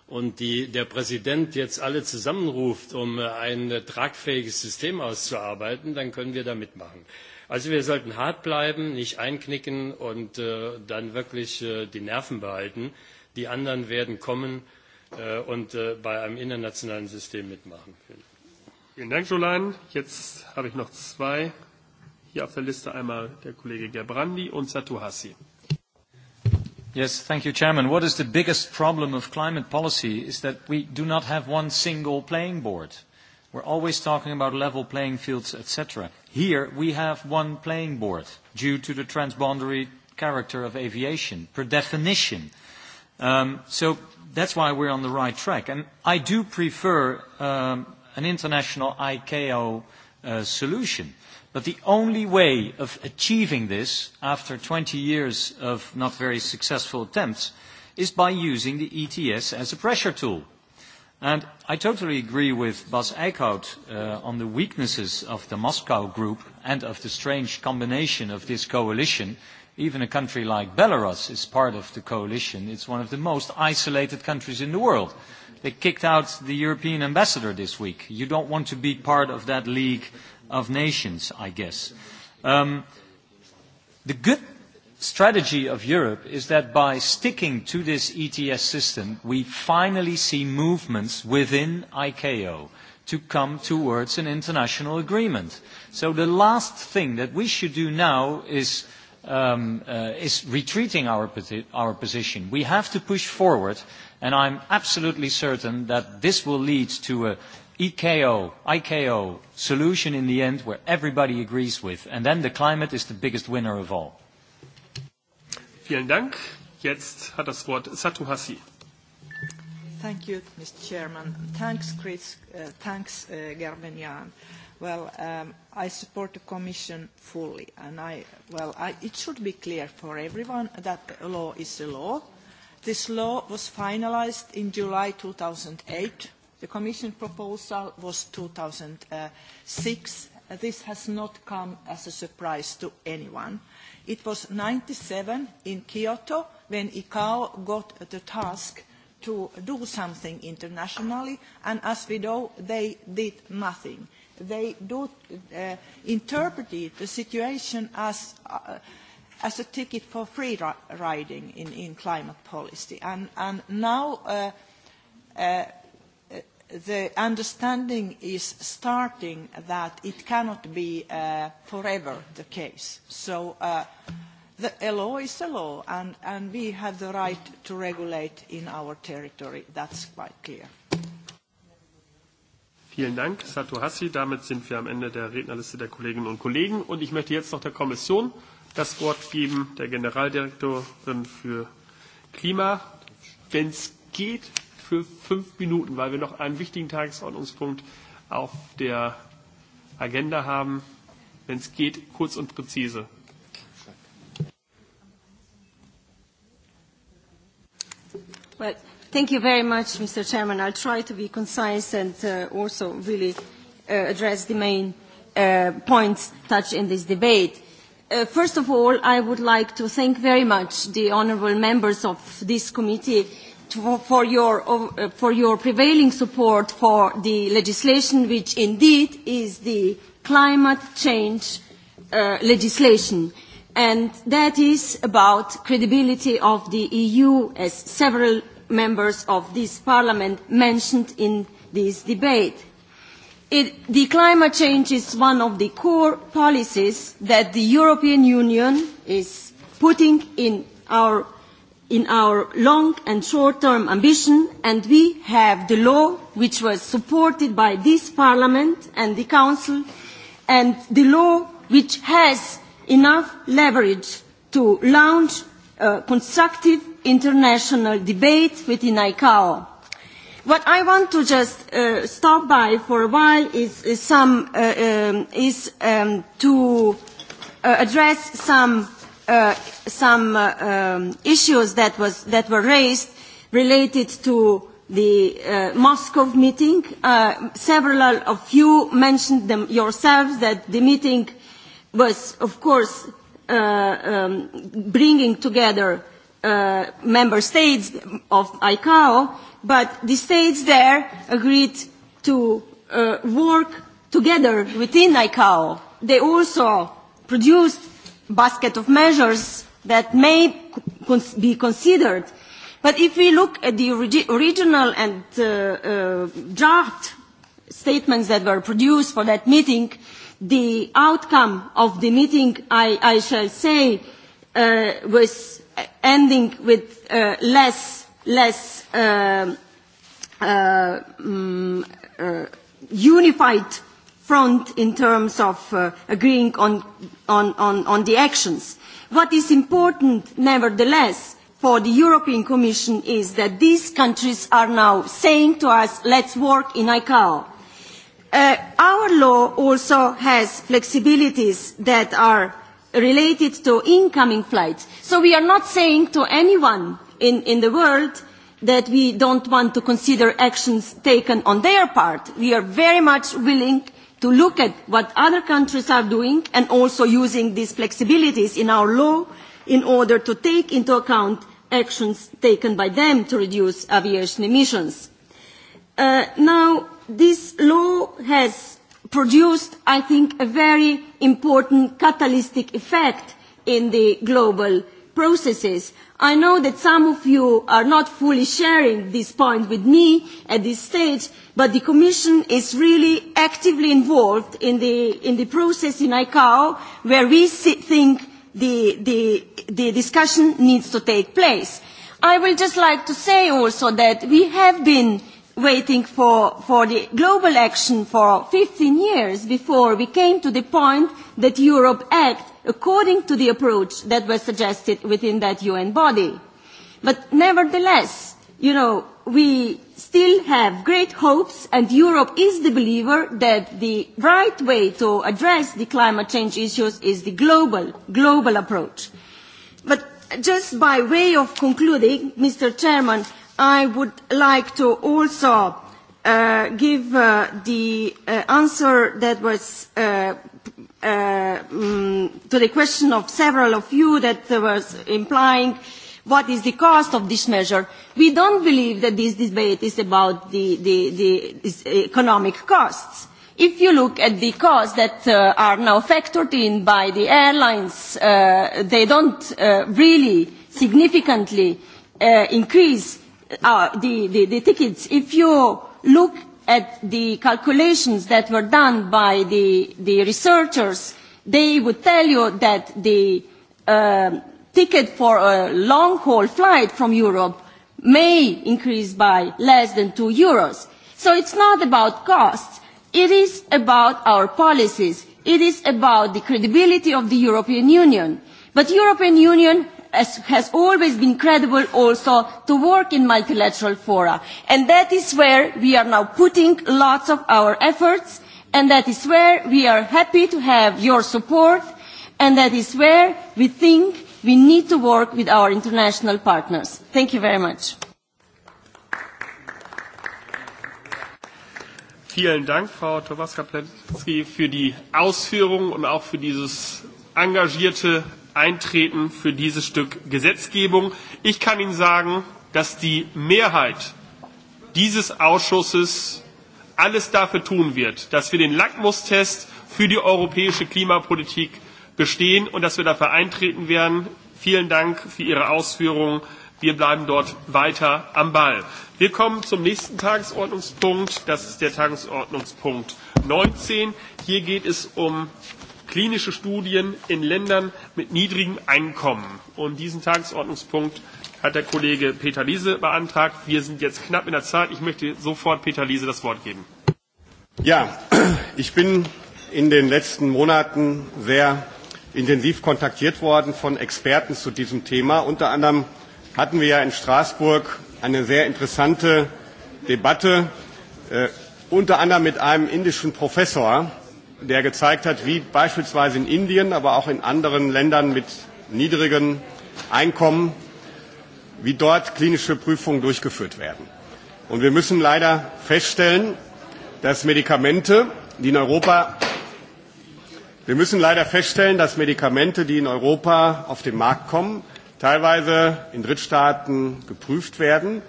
und die, der Präsident jetzt alle zusammenruft, um äh, ein äh, tragfähiges System auszuarbeiten, dann können wir da mitmachen. Äh, Also wir sollten hart bleiben, nicht einknicken und äh, dann wirklich äh, die Nerven behalten. Die anderen werden kommen äh, und äh, bei einem internationalen System mitmachen. Vielen, Vielen Dank, Jolain. Jetzt habe ich noch zwei hier auf der Liste. Einmal der Kollege Gerbrandi und Satu Hassi. Yes, thank you, Chairman. What is the biggest problem of climate policy is that we do not have one single playing board. We're always talking about level playing fields, etc. Here we have one playing board due to the transboundary character of aviation, per definition. Um, so that's why we're on the right track. And I do prefer um, an international ICAO uh, solution. But the only way of achieving this after 20 years of not very successful attempts is by using the ETS as a pressure tool. And I totally agree with Bas Eickhout uh, on the weaknesses of the Moscow group and of the strange combination of this coalition. Even a country like Belarus is part of the coalition. It's one of the most isolated countries in the world. They kicked out the European ambassador this week. You don't want to be part of that league of nations, I guess. Um, the good strategy of Europe is that by sticking to this ETS system, we finally see movements within ICAO to come towards an international agreement. So the last thing that we should do now is, um, uh, is retreating our, our position. We have to push forward, and I'm absolutely certain that this will lead to a EKO, IKO solution in the end where everybody agrees with, and then the climate is the biggest winner of all. Vielen Dank. Jetzt hat das Wort Satu Hassi. Thank you, Mr. Chairman. Thanks, Chris. Uh, thanks, uh, Garbanian. Well, um, I support the Commission fully, and I, well, I, it should be clear for everyone that a law is a law. This law was finalized in July 2008. The Commission proposal was 2006, this has not come as a surprise to anyone. It was 97 in Kyoto when ICAO got the task to do something internationally, and as we know, they did nothing. They do, uh, interpreted the situation as, uh, as a ticket for free ri riding in, in climate policy. And, and now uh, uh, the understanding is starting that it cannot be uh, forever the case. So uh, the a law is a law, and, and we have the right to regulate in our territory. That's quite clear. Vielen Dank, Satu Hassi. Damit sind wir am Ende der Rednerliste der Kolleginnen und Kollegen. Und ich möchte jetzt noch der Kommission das Wort geben, der Generaldirektorin für Klima. Wenn es geht, für fünf Minuten, weil wir noch einen wichtigen Tagesordnungspunkt auf der Agenda haben. Wenn es geht, kurz und präzise. Well, thank you very much, Mr. Chairman. I'll try to be concise and uh, also really uh, address the main uh, points touched in this debate. Uh, first of all, I would like to thank very much the honourable members of this committee uh, to, for, your, uh, for your prevailing support for the legislation, which indeed is the climate change uh, legislation. And that is about credibility of the EU, as several members of this parliament mentioned in this debate. It, the climate change is one of the core policies that the European Union is putting in our in our long and short-term ambition, and we have the law which was supported by this Parliament and the Council, and the law which has enough leverage to launch a constructive international debate within ICAO. What I want to just uh, stop by for a while is, is, some, uh, um, is um, to uh, address some uh, some uh, um, issues that, was, that were raised related to the uh, Moscow meeting. Uh, several of you mentioned them yourselves that the meeting was, of course, uh, um, bringing together uh, member states of ICAO, but the states there agreed to uh, work together within ICAO. They also produced basket of measures that may be considered. But if we look at the original and uh, uh, draft statements that were produced for that meeting, the outcome of the meeting, I, I shall say, uh, was ending with uh, less, less uh, uh, um, uh, unified front in terms of uh, agreeing on, on, on, on the actions. What is important, nevertheless, for the European Commission is that these countries are now saying to us, let's work in ICAO. Uh, our law also has flexibilities that are related to incoming flights. So we are not saying to anyone in, in the world that we don't want to consider actions taken on their part. We are very much willing to look at what other countries are doing and also using these flexibilities in our law in order to take into account actions taken by them to reduce aviation emissions. Uh, now, this law has produced, I think, a very important catalytic effect in the global processes I know that some of you are not fully sharing this point with me at this stage, but the Commission is really actively involved in the, in the process in ICAO where we think the, the, the discussion needs to take place. I would just like to say also that we have been waiting for, for the global action for 15 years before we came to the point that Europe Act according to the approach that was suggested within that UN body. But nevertheless, you know, we still have great hopes and Europe is the believer that the right way to address the climate change issues is the global, global approach. But just by way of concluding, Mr. Chairman, I would like to also uh, give uh, the uh, answer that was uh, uh, um, to the question of several of you that was implying what is the cost of this measure. We don't believe that this debate is about the, the, the, the economic costs. If you look at the costs that uh, are now factored in by the airlines, uh, they don't uh, really significantly uh, increase uh, the, the, the tickets. If you look at the calculations that were done by the, the researchers, they would tell you that the uh, ticket for a long-haul flight from Europe may increase by less than 2 euros. So it's not about costs. It is about our policies. It is about the credibility of the European Union. But the European Union as has always been credible also to work in multilateral fora. And that is where we are now putting lots of our efforts and that is where we are happy to have your support and that is where we think we need to work with our international partners. Thank you very much. Vielen Dank, Frau Towaska-Plenski, für die Ausführungen und auch für dieses engagierte Eintreten für dieses Stück Gesetzgebung. Ich kann Ihnen sagen, dass die Mehrheit dieses Ausschusses alles dafür tun wird, dass wir den Lackmustest für die europäische Klimapolitik bestehen und dass wir dafür eintreten werden. Vielen Dank für Ihre Ausführungen. Wir bleiben dort weiter am Ball. Wir kommen zum nächsten Tagesordnungspunkt. Das ist der Tagesordnungspunkt 19. Hier geht es um klinische Studien in Ländern mit niedrigem Einkommen. Und diesen Tagesordnungspunkt hat der Kollege Peter Liese beantragt. Wir sind jetzt knapp in der Zeit. Ich möchte sofort Peter Liese das Wort geben. Ja, ich bin in den letzten Monaten sehr intensiv kontaktiert worden von Experten zu diesem Thema. Unter anderem hatten wir ja in Straßburg eine sehr interessante Debatte, äh, unter anderem mit einem indischen Professor, der gezeigt hat, wie beispielsweise in Indien, aber auch in anderen Ländern mit niedrigen Einkommen, wie dort klinische Prüfungen durchgeführt werden. Und wir müssen leider feststellen, dass Medikamente, die in Europa wir müssen leider feststellen, dass Medikamente, die in Europa auf den Markt kommen, teilweise in Drittstaaten geprüft werden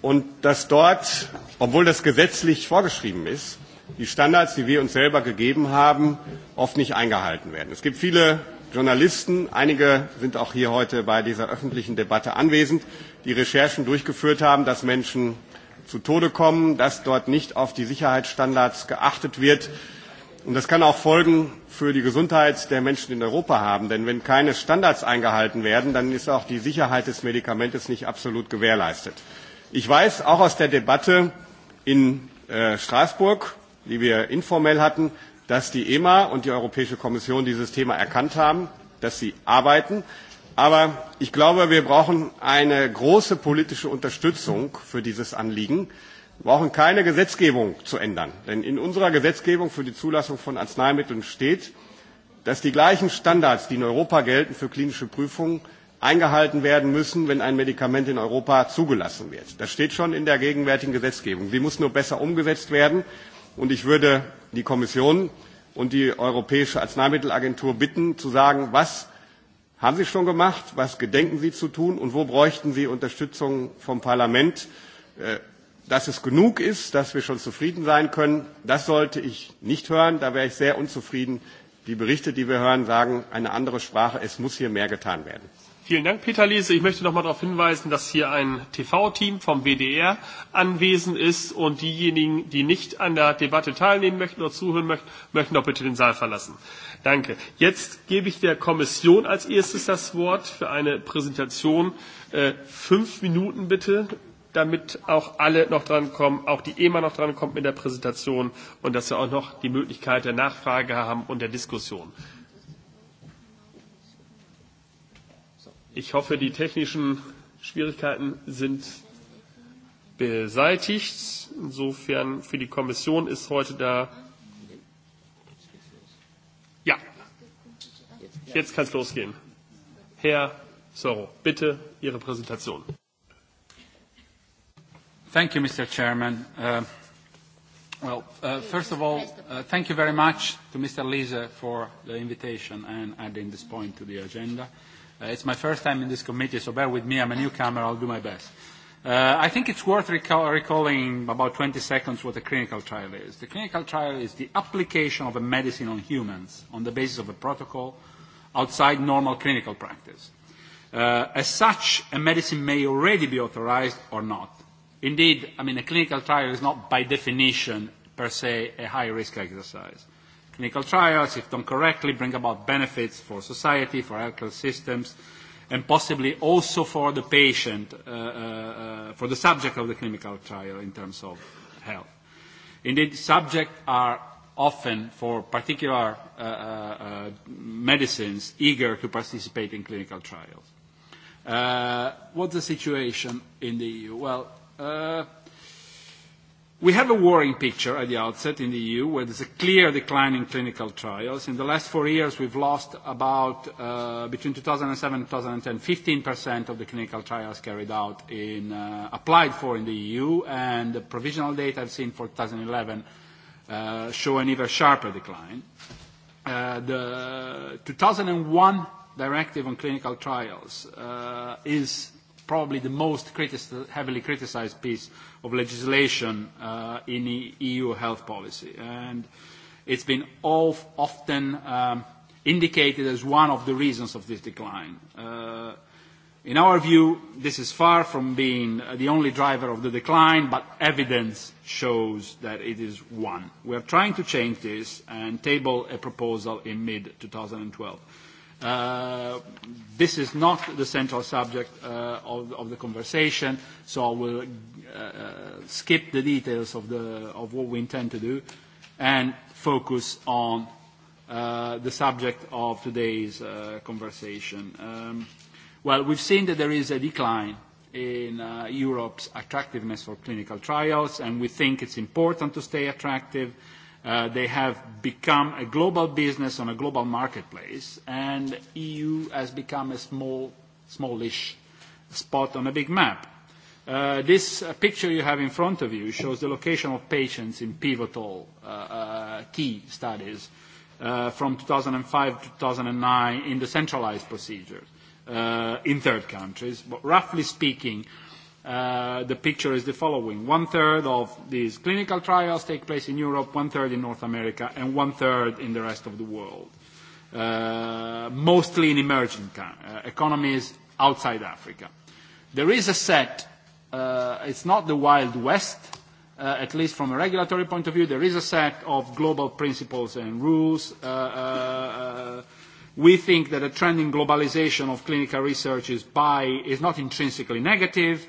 und dass dort, obwohl das gesetzlich vorgeschrieben ist, die Standards, die wir uns selber gegeben haben, oft nicht eingehalten werden. Es gibt viele Journalisten, einige sind auch hier heute bei dieser öffentlichen Debatte anwesend, die Recherchen durchgeführt haben, dass Menschen zu Tode kommen, dass dort nicht auf die Sicherheitsstandards geachtet wird. Und das kann auch Folgen für die Gesundheit der Menschen in Europa haben. Denn wenn keine Standards eingehalten werden, dann ist auch die Sicherheit des Medikamentes nicht absolut gewährleistet. Ich weiß auch aus der Debatte in äh, Straßburg, die wir informell hatten, dass die EMA und die Europäische Kommission dieses Thema erkannt haben, dass sie arbeiten. Aber ich glaube, wir brauchen eine große politische Unterstützung für dieses Anliegen. Wir brauchen keine Gesetzgebung zu ändern. Denn in unserer Gesetzgebung für die Zulassung von Arzneimitteln steht, dass die gleichen Standards, die in Europa gelten für klinische Prüfungen, eingehalten werden müssen, wenn ein Medikament in Europa zugelassen wird. Das steht schon in der gegenwärtigen Gesetzgebung. Sie muss nur besser umgesetzt werden. Und ich würde die Kommission und die Europäische Arzneimittelagentur bitten, zu sagen, was haben Sie schon gemacht, was gedenken Sie zu tun und wo bräuchten Sie Unterstützung vom Parlament, äh, dass es genug ist, dass wir schon zufrieden sein können. Das sollte ich nicht hören, da wäre ich sehr unzufrieden. Die Berichte, die wir hören, sagen eine andere Sprache, es muss hier mehr getan werden. Vielen Dank, Peter Lese. Ich möchte noch mal darauf hinweisen, dass hier ein TV-Team vom WDR anwesend ist und diejenigen, die nicht an der Debatte teilnehmen möchten oder zuhören möchten, möchten doch bitte den Saal verlassen. Danke. Jetzt gebe ich der Kommission als erstes das Wort für eine Präsentation. Äh, fünf Minuten bitte, damit auch alle noch drankommen, auch die EMA noch drankommt mit der Präsentation und dass wir auch noch die Möglichkeit der Nachfrage haben und der Diskussion. Ich hoffe, die technischen Schwierigkeiten sind beseitigt. Insofern für die Kommission ist heute da. Ja, jetzt kann es losgehen. Herr Soro, bitte Ihre Präsentation. Thank you, Mr. Chairman. Uh, well, uh, first of all, uh, thank you very much to Mr. Liese for the invitation and adding this point to the agenda. Uh, Uh, it's my first time in this committee, so bear with me. I'm a newcomer. I'll do my best. Uh, I think it's worth recall recalling about 20 seconds what a clinical trial is. The clinical trial is the application of a medicine on humans on the basis of a protocol outside normal clinical practice. Uh, as such, a medicine may already be authorized or not. Indeed, I mean, a clinical trial is not by definition per se a high-risk exercise clinical trials, if done correctly, bring about benefits for society, for healthcare systems, and possibly also for the patient, uh, uh, uh for the subject of the clinical trial in terms of health. Indeed, subjects are often, for particular uh, uh, uh medicines, eager to participate in clinical trials. Uh, what's the situation in the EU? Well, uh, We have a worrying picture at the outset in the EU, where there's a clear decline in clinical trials. In the last four years, we've lost about, uh, between 2007 and 2010, 15% of the clinical trials carried out in, uh, applied for in the EU, and the provisional data I've seen for 2011 uh, show an even sharper decline. Uh, the 2001 directive on clinical trials uh, is probably the most critici- heavily criticized piece of legislation uh, in e- EU health policy. And it's been all, often um, indicated as one of the reasons of this decline. Uh, in our view, this is far from being the only driver of the decline, but evidence shows that it is one. We are trying to change this and table a proposal in mid-2012. Uh, this is not the central subject uh, of, of the conversation, so I will uh, skip the details of, the, of what we intend to do and focus on uh, the subject of today's uh, conversation. Um, well, we've seen that there is a decline in uh, Europe's attractiveness for clinical trials, and we think it's important to stay attractive. Uh, Uh, they have become a global business on a global marketplace, and EU has become a small, smallish spot on a big map. Uh, this uh, picture you have in front of you shows the location of patients in pivotal uh, uh, key studies uh, from 2005 to 2009 in the centralized procedures in third countries. But roughly speaking, Uh, the picture is the following. One-third of these clinical trials take place in Europe, one-third in North America, and one-third in the rest of the world, uh, mostly in emerging uh, economies outside Africa. There is a set, uh, it's not the Wild West, uh, at least from a regulatory point of view, there is a set of global principles and rules. Uh, we think that a trend in globalization of clinical research is, by, is not intrinsically negative,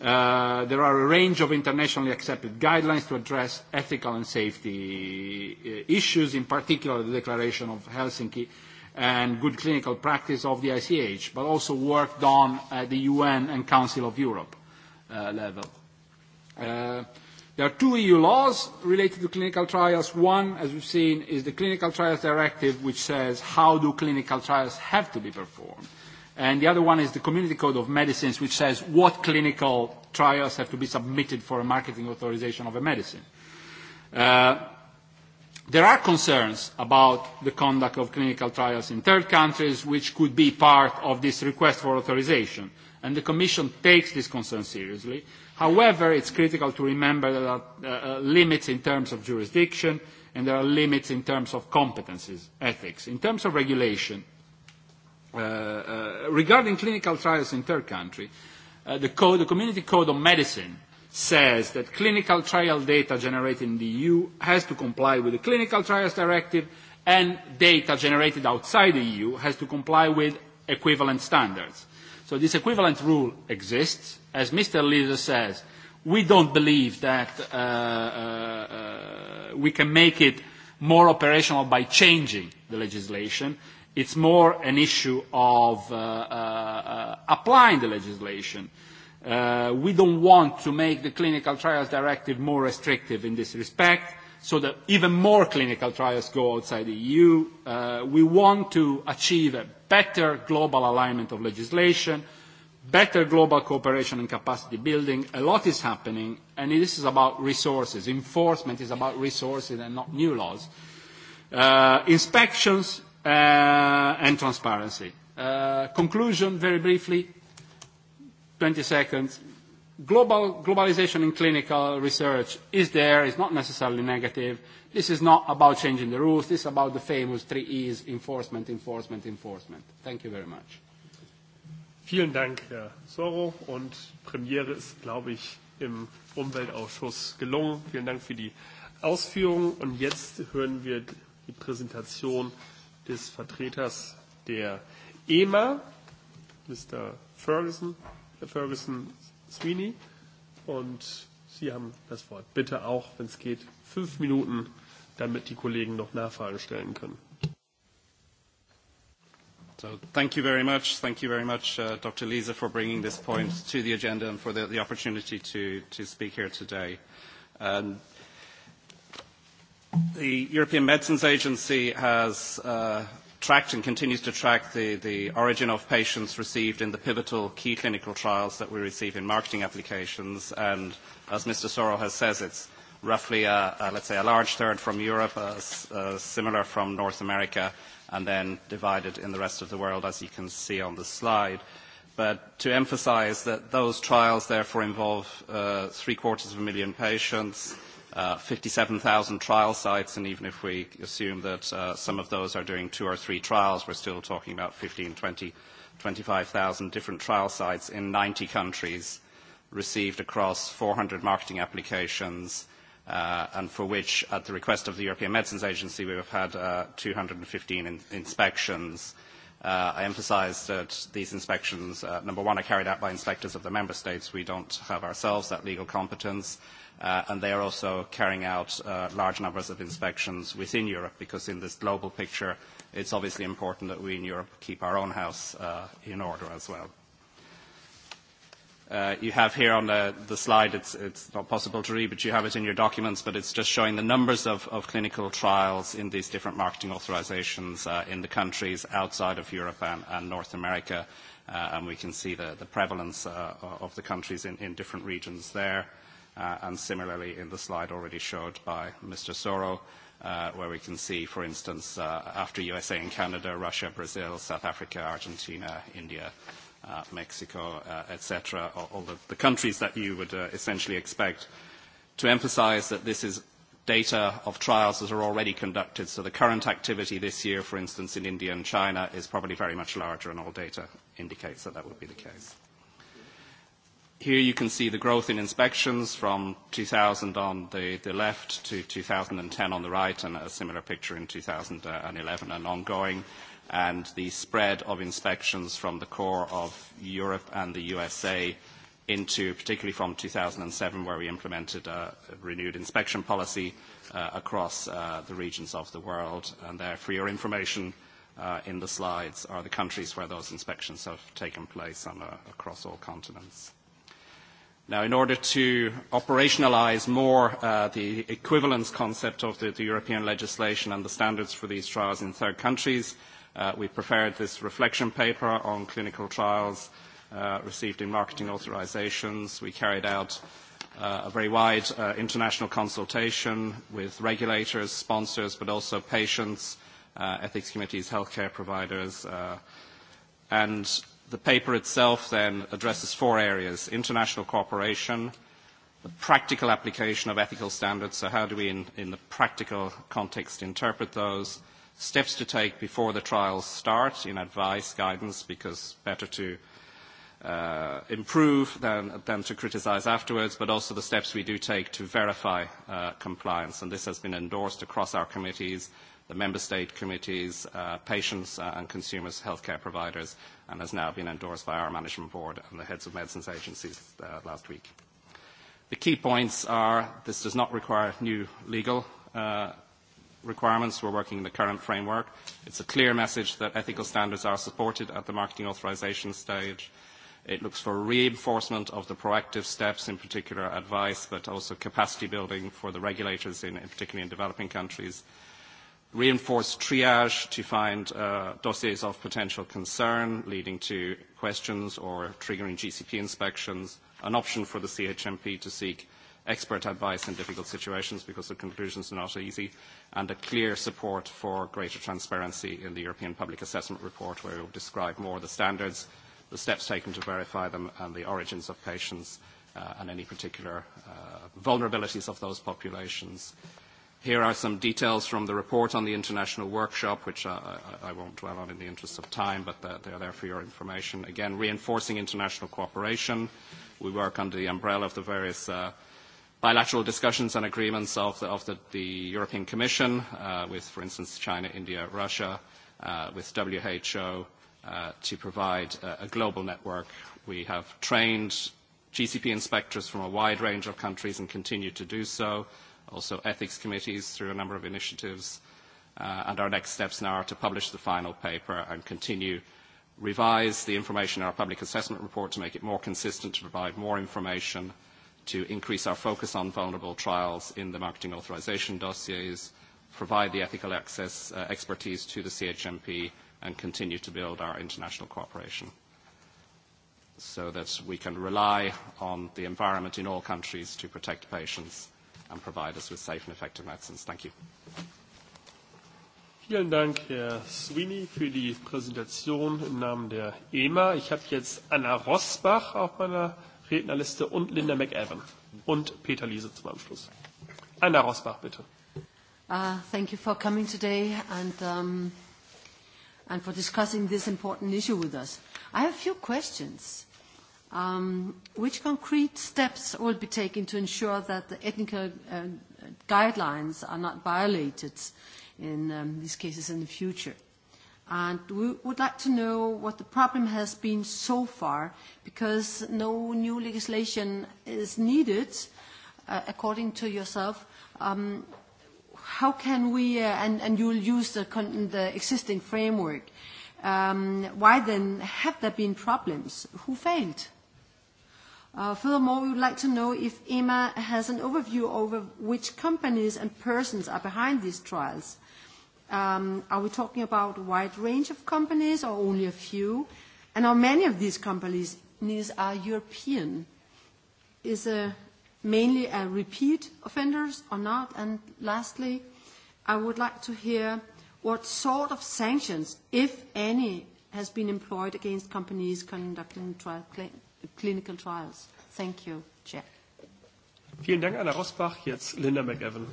Uh, there are a range of internationally accepted guidelines to address ethical and safety uh, issues, in particular the Declaration of Helsinki and good clinical practice of the ICH, but also work done at the UN and Council of Europe uh, level. Uh, there are two EU laws related to clinical trials. One, as we've seen, is the Clinical Trials Directive, which says how do clinical trials have to be performed. And the other one is the Community Code of Medicines, which says what clinical trials have to be submitted for a marketing authorization of a medicine. Uh, there are concerns about the conduct of clinical trials in third countries, which could be part of this request for authorization, and the Commission takes this concern seriously. However, it's critical to remember that there are uh, uh, limits in terms of jurisdiction, and there are limits in terms of competences, ethics. In terms of regulation, Uh, uh, regarding clinical trials in third country, uh, the, code, the Community Code on Medicine says that clinical trial data generated in the EU has to comply with the Clinical Trials Directive and data generated outside the EU has to comply with equivalent standards. So this equivalent rule exists. As Mr. Leader says, we don't believe that uh, uh, uh, we can make it more operational by changing the legislation. It's more an issue of uh, uh, applying the legislation. Uh, we don't want to make the clinical trials directive more restrictive in this respect so that even more clinical trials go outside the EU. Uh, we want to achieve a better global alignment of legislation, better global cooperation and capacity building. A lot is happening, and this is about resources. Enforcement is about resources and not new laws. Uh, inspections, uh, and transparency. Uh, conclusion, very briefly, 20 seconds. Global, globalization in clinical research is there, it's not necessarily negative. This is not about changing the rules, this is about the famous three E's, enforcement, enforcement, enforcement. Thank you very much. Vielen Dank, Herr Soro. Und Premiere ist, glaube ich, im Umweltausschuss gelungen. Vielen Dank für die Ausführungen. Und jetzt hören wir die Präsentation des Vertreters der EMA, Mr. Ferguson, Herr Ferguson Sweeney. Und Sie haben das Wort. Bitte auch, wenn es geht, fünf Minuten, damit die Kollegen noch Nachfragen stellen können. So thank you very much. Thank you very much, uh, Dr. Lisa, for bringing this point to the agenda and for the, the opportunity to, to speak here today. Um, The European Medicines Agency has uh, tracked and continues to track the, the origin of patients received in the pivotal key clinical trials that we receive in marketing applications. And as Mr. Soro has says, it's roughly, a, a, let's say, a large third from Europe, a, a similar from North America, and then divided in the rest of the world, as you can see on the slide. But to emphasize that those trials therefore involve uh, three-quarters of a million patients, uh, 57,000 trial sites, and even if we assume that uh, some of those are doing two or three trials, we're still talking about 15, 20, 25,000 different trial sites in 90 countries received across 400 marketing applications, uh, and for which, at the request of the European Medicines Agency, we have had uh, 215 in inspections. Uh, Uh, I emphasized that these inspections, uh, number one, are carried out by inspectors of the member states. We don't have ourselves that legal competence. Uh, and they are also carrying out uh, large numbers of inspections within Europe because in this global picture, it's obviously important that we in Europe keep our own house uh, in order as well. Uh, you have here on the, the slide, it's, it's not possible to read, but you have it in your documents, but it's just showing the numbers of, of clinical trials in these different marketing authorizations uh, in the countries outside of Europe and, and North America. Uh, and we can see the, the prevalence uh, of the countries in, in different regions there. Uh, and similarly, in the slide already showed by Mr. Soro, uh, where we can see, for instance, uh, after USA and Canada, Russia, Brazil, South Africa, Argentina, India, uh, Mexico, uh, etc., all the, the countries that you would uh, essentially expect, to emphasize that this is data of trials that are already conducted. So the current activity this year, for instance, in India and China, is probably very much larger, and all data indicates that that would be the case. Here you can see the growth in inspections from 2000 on the, the left to 2010 on the right, and a similar picture in 2011 uh, and ongoing and the spread of inspections from the core of Europe and the USA into, particularly from 2007, where we implemented a renewed inspection policy uh, across uh, the regions of the world. And there, for your information, uh, in the slides are the countries where those inspections have taken place on, uh, across all continents. Now, in order to operationalize more uh, the equivalence concept of the, the European legislation and the standards for these trials in third countries, uh, Uh, we prepared this reflection paper on clinical trials uh, received in marketing authorizations. We carried out uh, a very wide uh, international consultation with regulators, sponsors, but also patients, uh, ethics committees, healthcare providers. Uh, and the paper itself then addresses four areas, international cooperation, the practical application of ethical standards, so how do we in, in the practical context interpret those, uh, steps to take before the trials start in advice, guidance, because better to uh, improve than, than to criticize afterwards, but also the steps we do take to verify uh, compliance. And this has been endorsed across our committees, the member state committees, uh, patients uh, and consumers, healthcare providers, and has now been endorsed by our management board and the heads of medicines agencies uh, last week. The key points are this does not require new legal uh, requirements. We're working in the current framework. It's a clear message that ethical standards are supported at the marketing authorization stage. It looks for reinforcement of the proactive steps, in particular advice, but also capacity building for the regulators, in, in particularly in developing countries. Reinforce triage to find uh, dossiers of potential concern, leading to questions or triggering GCP inspections. An option for the CHMP to seek expert advice in difficult situations because the conclusions are not easy, and a clear support for greater transparency in the European Public Assessment Report, where it will describe more the standards, the steps taken to verify them, and the origins of patients, uh, and any particular uh, vulnerabilities of those populations. Here are some details from the report on the international workshop, which I, I, I won't dwell on in the interest of time, but they are there for your information. Again, reinforcing international cooperation. We work under the umbrella of the various uh, bilateral discussions and agreements of the, of the, the European Commission uh, with, for instance, China, India, Russia, uh, with WHO uh, to provide a, uh, a global network. We have trained GCP inspectors from a wide range of countries and continue to do so, also ethics committees through a number of initiatives. Uh, and our next steps now are to publish the final paper and continue revise the information in our public assessment report to make it more consistent, to provide more information uh, to increase our focus on vulnerable trials in the marketing authorization dossiers, provide the ethical access uh, expertise to the CHMP, and continue to build our international cooperation so that we can rely on the environment in all countries to protect patients and provide us with safe and effective medicines. Thank you. Vielen Dank, Herr Sweeney, für die Präsentation im Namen der EMA. Ich habe jetzt Anna Rosbach auf meiner Rednerliste und Linda McEwan und Peter Liese zum Abschluss. Anna Rosbach, bitte. Uh, thank you for coming today and, um, and for discussing this important issue with us. I have a few questions. Um, which concrete steps will be taken to ensure that the ethical uh, guidelines are not violated in um, these cases in the future? and we would like to know what the problem has been so far, because no new legislation is needed, uh, according to yourself. Um, how can we, uh, and, and you'll use the, con the existing framework, um, why then have there been problems? Who failed? Uh, furthermore, we would like to know if EMA has an overview over which companies and persons are behind these trials Um, are we talking about a wide range of companies or only a few? And how many of these companies are European? Is a, mainly a repeat offenders or not? And lastly, I would like to hear what sort of sanctions, if any, has been employed against companies conducting trial, cl clinical trials. Thank you, Chair. Vielen Dank, Anna Rosbach. Jetzt Linda McEwan.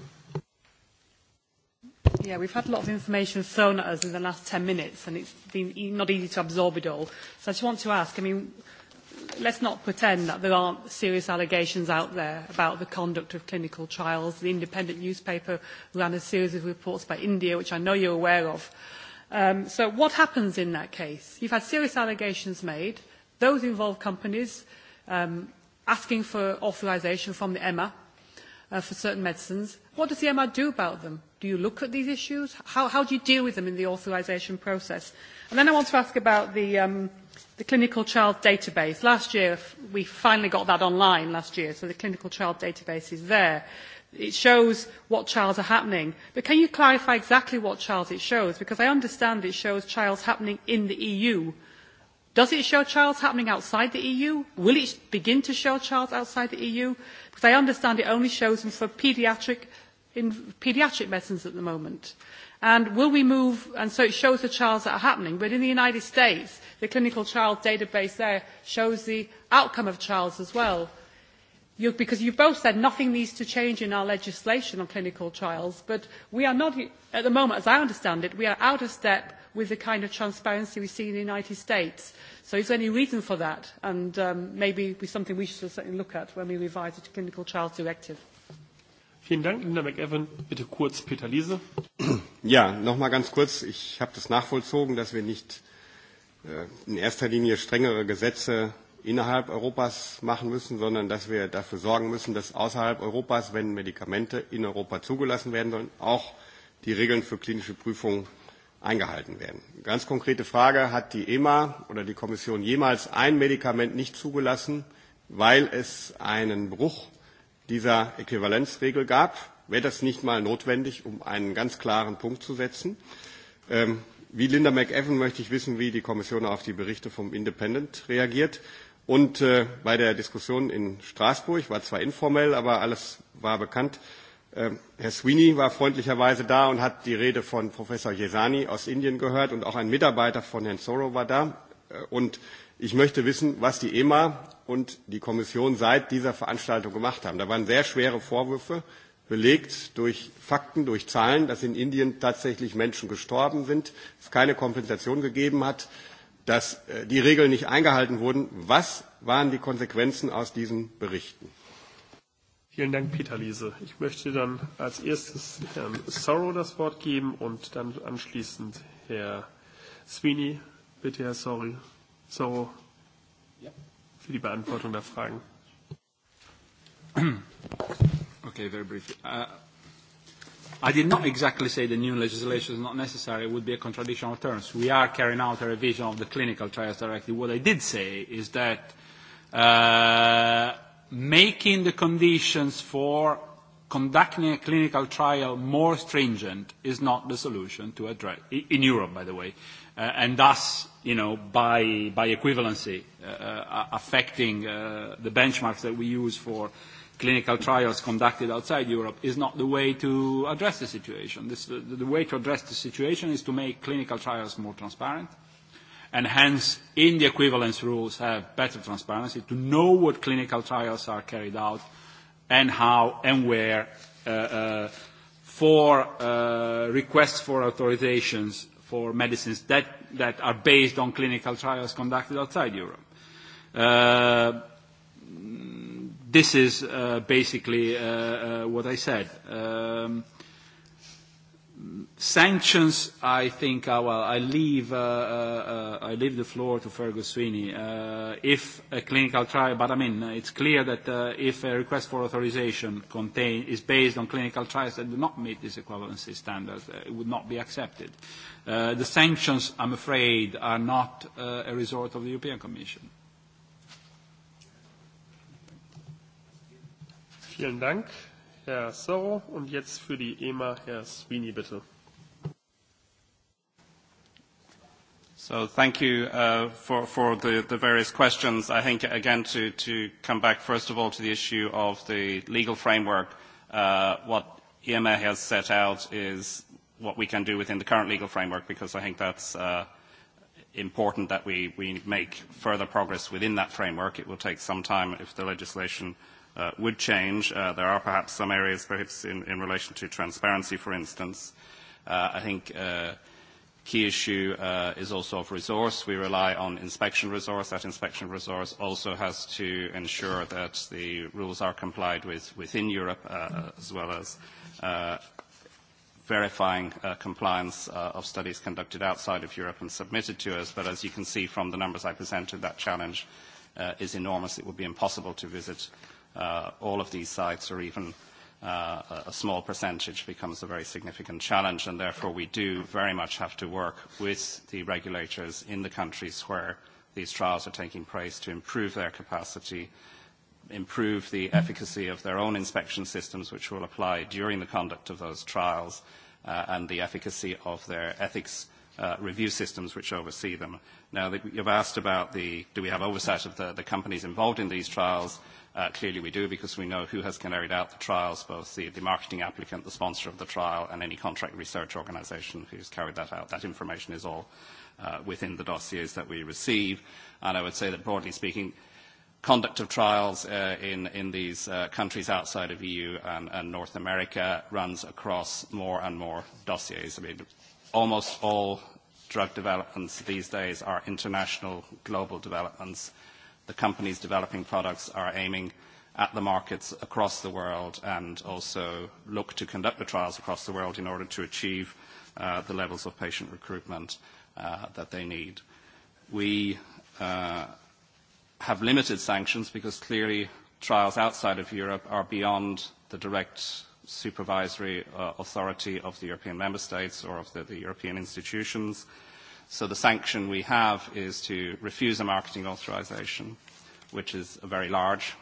Yeah, we've had a lot of information thrown at us in the last 10 minutes, and it's been e not easy to absorb it all. So I just want to ask, I mean, let's not pretend that there aren't serious allegations out there about the conduct of clinical trials. The independent newspaper ran a series of reports by India, which I know you're aware of. Um, so what happens in that case? You've had serious allegations made. Those involve companies um, asking for authorization from the EMA uh, for certain medicines. What does the EMA do about them? Do you look at these issues? How, how do you deal with them in the authorisation process? And then I want to ask about the, um, the clinical child database. Last year, we finally got that online last year, so the clinical child database is there. It shows what trials are happening. But can you clarify exactly what trials it shows? Because I understand it shows trials happening in the EU. Does it show trials happening outside the EU? Will it begin to show trials outside the EU? Because I understand it only shows them for paediatric in paediatric medicines at the moment. And will we move, and so it shows the trials that are happening, but in the United States, the clinical trial database there shows the outcome of trials as well. You, because you both said nothing needs to change in our legislation on clinical trials, but we are not, at the moment, as I understand it, we are out of step with the kind of transparency we see in the United States. So is there any reason for that? And um, maybe be something we should certainly look at when we revise the clinical trials directive. Vielen Dank, Linda McEwan. Bitte kurz, Peter Liese. Ja, nochmal ganz kurz. Ich habe das nachvollzogen, dass wir nicht äh, in erster Linie strengere Gesetze innerhalb Europas machen müssen, sondern dass wir dafür sorgen müssen, dass außerhalb Europas, wenn Medikamente in Europa zugelassen werden sollen, auch die Regeln für klinische Prüfungen eingehalten werden. Ganz konkrete Frage, hat die EMA oder die Kommission jemals ein Medikament nicht zugelassen, weil es einen Bruch dieser Äquivalenzregel gab. Wäre das nicht mal notwendig, um einen ganz klaren Punkt zu setzen? Ähm, wie Linda McEwan möchte ich wissen, wie die Kommission auf die Berichte vom Independent reagiert. Und äh, bei der Diskussion in Straßburg war zwar informell, aber alles war bekannt. Äh, Herr Sweeney war freundlicherweise da und hat die Rede von Professor Jesani aus Indien gehört und auch ein Mitarbeiter von Herrn Soro war da. Äh, und Ich möchte wissen, was die EMA und die Kommission seit dieser Veranstaltung gemacht haben. Da waren sehr schwere Vorwürfe, belegt durch Fakten, durch Zahlen, dass in Indien tatsächlich Menschen gestorben sind, es keine Kompensation gegeben hat, dass äh, die Regeln nicht eingehalten wurden. Was waren die Konsequenzen aus diesen Berichten? Vielen Dank, Peter Liese. Ich möchte dann als erstes Herrn Sorrow das Wort geben und dann anschließend Herr Sweeney. Bitte, Herr Sorrow so für die Beantwortung der Fragen. Okay, very briefly. Uh, I did not exactly say the new legislation is not necessary. It would be a contradiction of terms. We are carrying out a revision of the clinical trials directive. What I did say is that uh, making the conditions for conducting a clinical trial more stringent is not the solution to address, in Europe, by the way, uh, and thus you know, by, by equivalency, uh, uh affecting uh, the benchmarks that we use for clinical trials conducted outside Europe is not the way to address the situation. This, the, the way to address the situation is to make clinical trials more transparent, and hence, in the equivalence rules, have better transparency to know what clinical trials are carried out and how and where uh, uh, for uh, requests for authorizations for medicines that, that are based on clinical trials conducted outside Europe. Uh, this is uh, basically uh, uh, what I said. Um, sanctions, I think, uh, well, I leave, uh, uh, uh, I leave the floor to Fergus Sweeney. Uh, if a clinical trial, but I mean, it's clear that uh, if a request for authorization contain, is based on clinical trials that do not meet this equivalency standard, uh, it would not be accepted. Uh, Uh, the sanctions, I'm afraid, are not uh, a resort of the European Commission. Vielen Dank, Herr Sorrow. Und jetzt für die EMA Herr Sweeney, bitte. So thank you uh, for, for the, the various questions. I think, again, to, to come back, first of all, to the issue of the legal framework, uh, what EMA has set out is what we can do within the current legal framework, because I think that's uh, important that we, we make further progress within that framework. It will take some time if the legislation uh, would change. Uh, there are perhaps some areas, perhaps in, in relation to transparency, for instance. Uh, I think uh, key issue uh, is also of resource. We rely on inspection resource. That inspection resource also has to ensure that the rules are complied with within Europe uh, as well as uh, verifying uh, compliance uh, of studies conducted outside of Europe and submitted to us. But as you can see from the numbers I presented, that challenge uh, is enormous. It would be impossible to visit uh, all of these sites or even uh, a small percentage becomes a very significant challenge, and therefore we do very much have to work with the regulators in the countries where these trials are taking place to improve their capacity uh, improve the efficacy of their own inspection systems, which will apply during the conduct of those trials, uh, and the efficacy of their ethics uh, review systems, which oversee them. Now, the, you've asked about the, do we have oversight of the, the companies involved in these trials? Uh, clearly we do because we know who has carried out the trials, both the, the marketing applicant, the sponsor of the trial, and any contract research organization who's carried that out. That information is all uh, within the dossiers that we receive. And I would say that broadly speaking, conduct of trials uh, in, in these uh, countries outside of EU and, and North America runs across more and more dossiers. I mean, almost all drug developments these days are international global developments. The companies developing products are aiming at the markets across the world and also look to conduct the trials across the world in order to achieve uh, the levels of patient recruitment uh, that they need. We uh, have limited sanctions because clearly trials outside of Europe are beyond the direct supervisory uh, authority of the European member states or of the, the European institutions. So the sanction we have is to refuse a marketing authorization, which is a very large,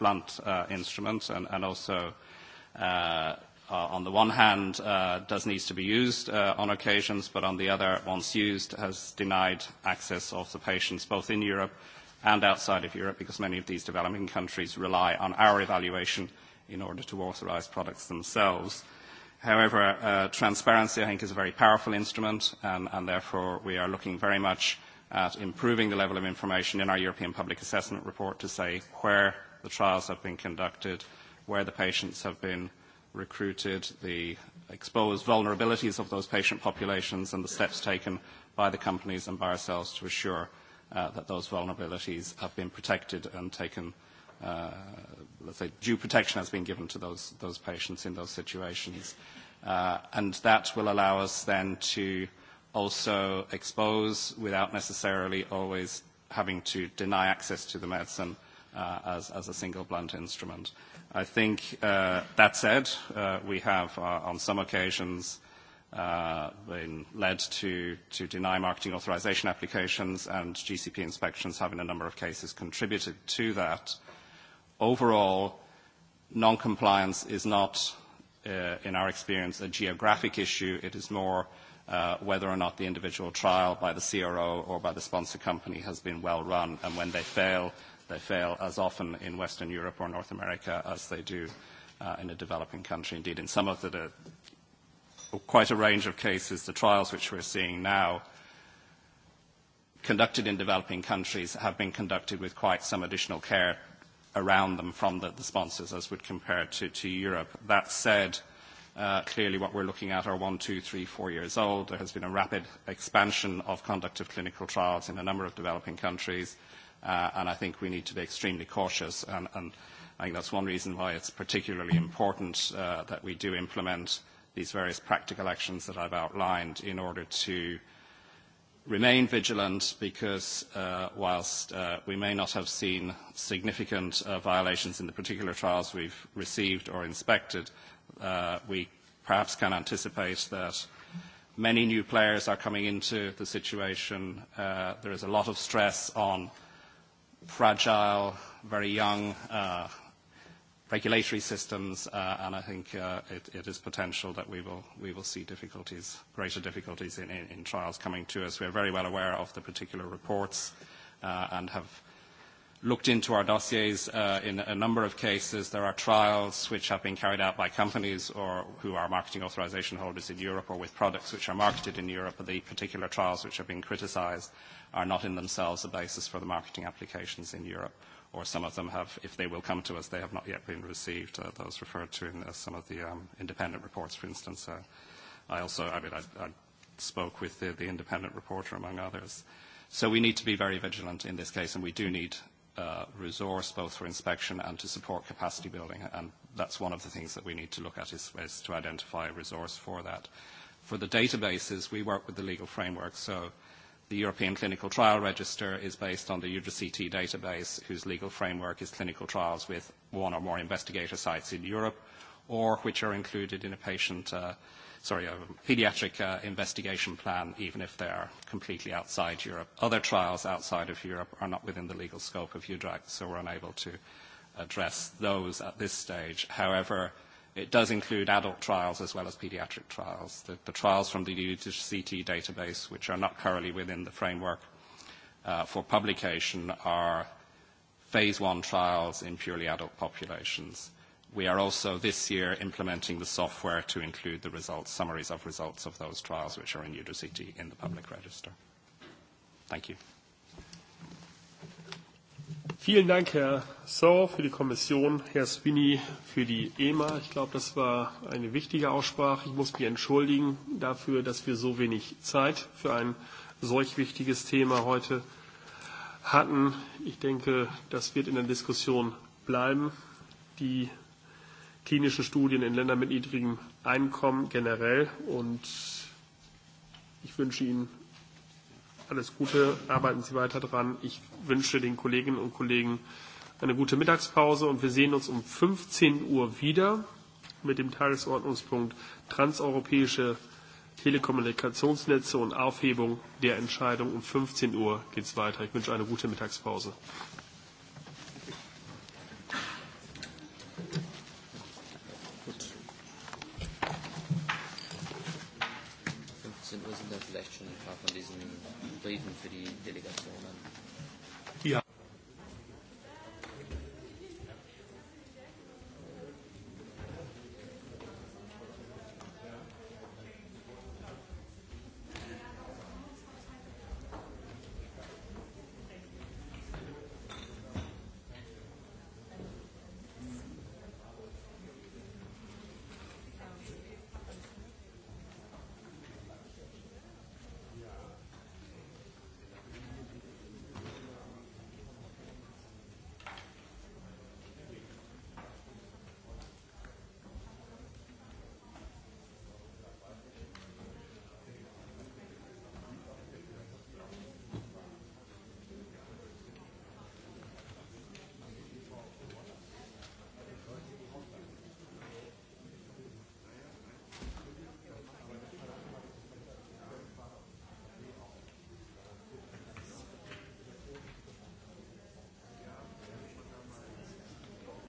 blunt uh, instrument and, and also uh, uh, on the one hand, uh, does needs to be used uh, on occasions, but on the other, once used, has denied access of the patients both in Europe and outside of Europe, because many of these developing countries rely on our evaluation in order to authorize products themselves. However, uh, transparency, I think, is a very powerful instrument, um, and therefore we are looking very much at improving the level of information in our European Public Assessment Report to say where the trials have been conducted, where the patients have been recruited, the exposed vulnerabilities of those patient populations, and the steps taken by the companies and by ourselves to assure uh, that those vulnerabilities have been protected and taken, uh, let's say, due protection has been given to those, those patients in those situations. Uh, and that will allow us then to also expose without necessarily always having to deny access to the medicine uh, as, as a single blunt instrument. I think uh, that said, uh, we have uh, on some occasions uh, been led to, to deny marketing authorization applications, and GCP inspections have, in a number of cases, contributed to that. Overall, non-compliance is not, uh, in our experience, a geographic issue. It is more uh, whether or not the individual trial by the CRO or by the sponsor company has been well run, and when they fail, they fail as often in Western Europe or North America as they do uh, in a developing country. Indeed, in some of the, the quite a range of cases, the trials which we're seeing now conducted in developing countries have been conducted with quite some additional care around them from the, the sponsors as would compare to, to Europe. That said, uh, clearly what we're looking at are one, two, three, four years old. There has been a rapid expansion of conduct of clinical trials in a number of developing countries, uh, and I think we need to be extremely cautious, and, and I think that's one reason why it's particularly important uh, that we do implement uh, these various practical actions that I've outlined in order to remain vigilant because uh, whilst uh, we may not have seen significant uh, violations in the particular trials we've received or inspected, uh, we perhaps can anticipate that many new players are coming into the situation. Uh, there is a lot of stress on fragile, very young uh, regulatory systems, uh, and I think uh, it, it is potential that we will, we will see difficulties, greater difficulties in, in, in trials coming to us. We are very well aware of the particular reports uh, and have looked into our dossiers uh, in a number of cases. There are trials which have been carried out by companies or who are marketing authorization holders in Europe or with products which are marketed in Europe, but the particular trials which have been criticized are not in themselves a basis for the marketing applications in Europe or some of them have, if they will come to us, they have not yet been received. Uh, those referred to in uh, some of the um, independent reports, for instance. Uh, I also, I mean, I, I spoke with the, the independent reporter, among others. So we need to be very vigilant in this case, and we do need uh, resource both for inspection and to support capacity building, and that's one of the things that we need to look at is, is to identify a resource for that. For the databases, we work with the legal framework, so uh, The European Clinical Trial Register is based on the EudraCT database, whose legal framework is clinical trials with one or more investigator sites in Europe, or which are included in a patient, uh, sorry, a pediatric uh, investigation plan, even if they are completely outside Europe. Other trials outside of Europe are not within the legal scope of EUDRAC, so we're unable to address those at this stage. However, It does include adult trials as well as pediatric trials, the, the trials from the UCT database, which are not currently within the framework uh, for publication, are phase one trials in purely adult populations. We are also this year implementing the software to include the results, summaries of results of those trials which are in UDCT in the public register. Thank you. Vielen Dank, Herr Saur, für die Kommission, Herr Spini für die EMA. Ich glaube, das war eine wichtige Aussprache. Ich muss mich entschuldigen dafür, dass wir so wenig Zeit für ein solch wichtiges Thema heute hatten. Ich denke, das wird in der Diskussion bleiben. Die klinischen Studien in Ländern mit niedrigem Einkommen generell und ich wünsche Ihnen Alles Gute, arbeiten Sie weiter dran. Ich wünsche den Kolleginnen und Kollegen eine gute Mittagspause und wir sehen uns um 15 Uhr wieder mit dem Tagesordnungspunkt transeuropäische Telekommunikationsnetze und Aufhebung der Entscheidung. Um 15 Uhr geht es weiter. Ich wünsche eine gute Mittagspause. vielleicht schon ein paar von diesen Briefen für die Delegation an.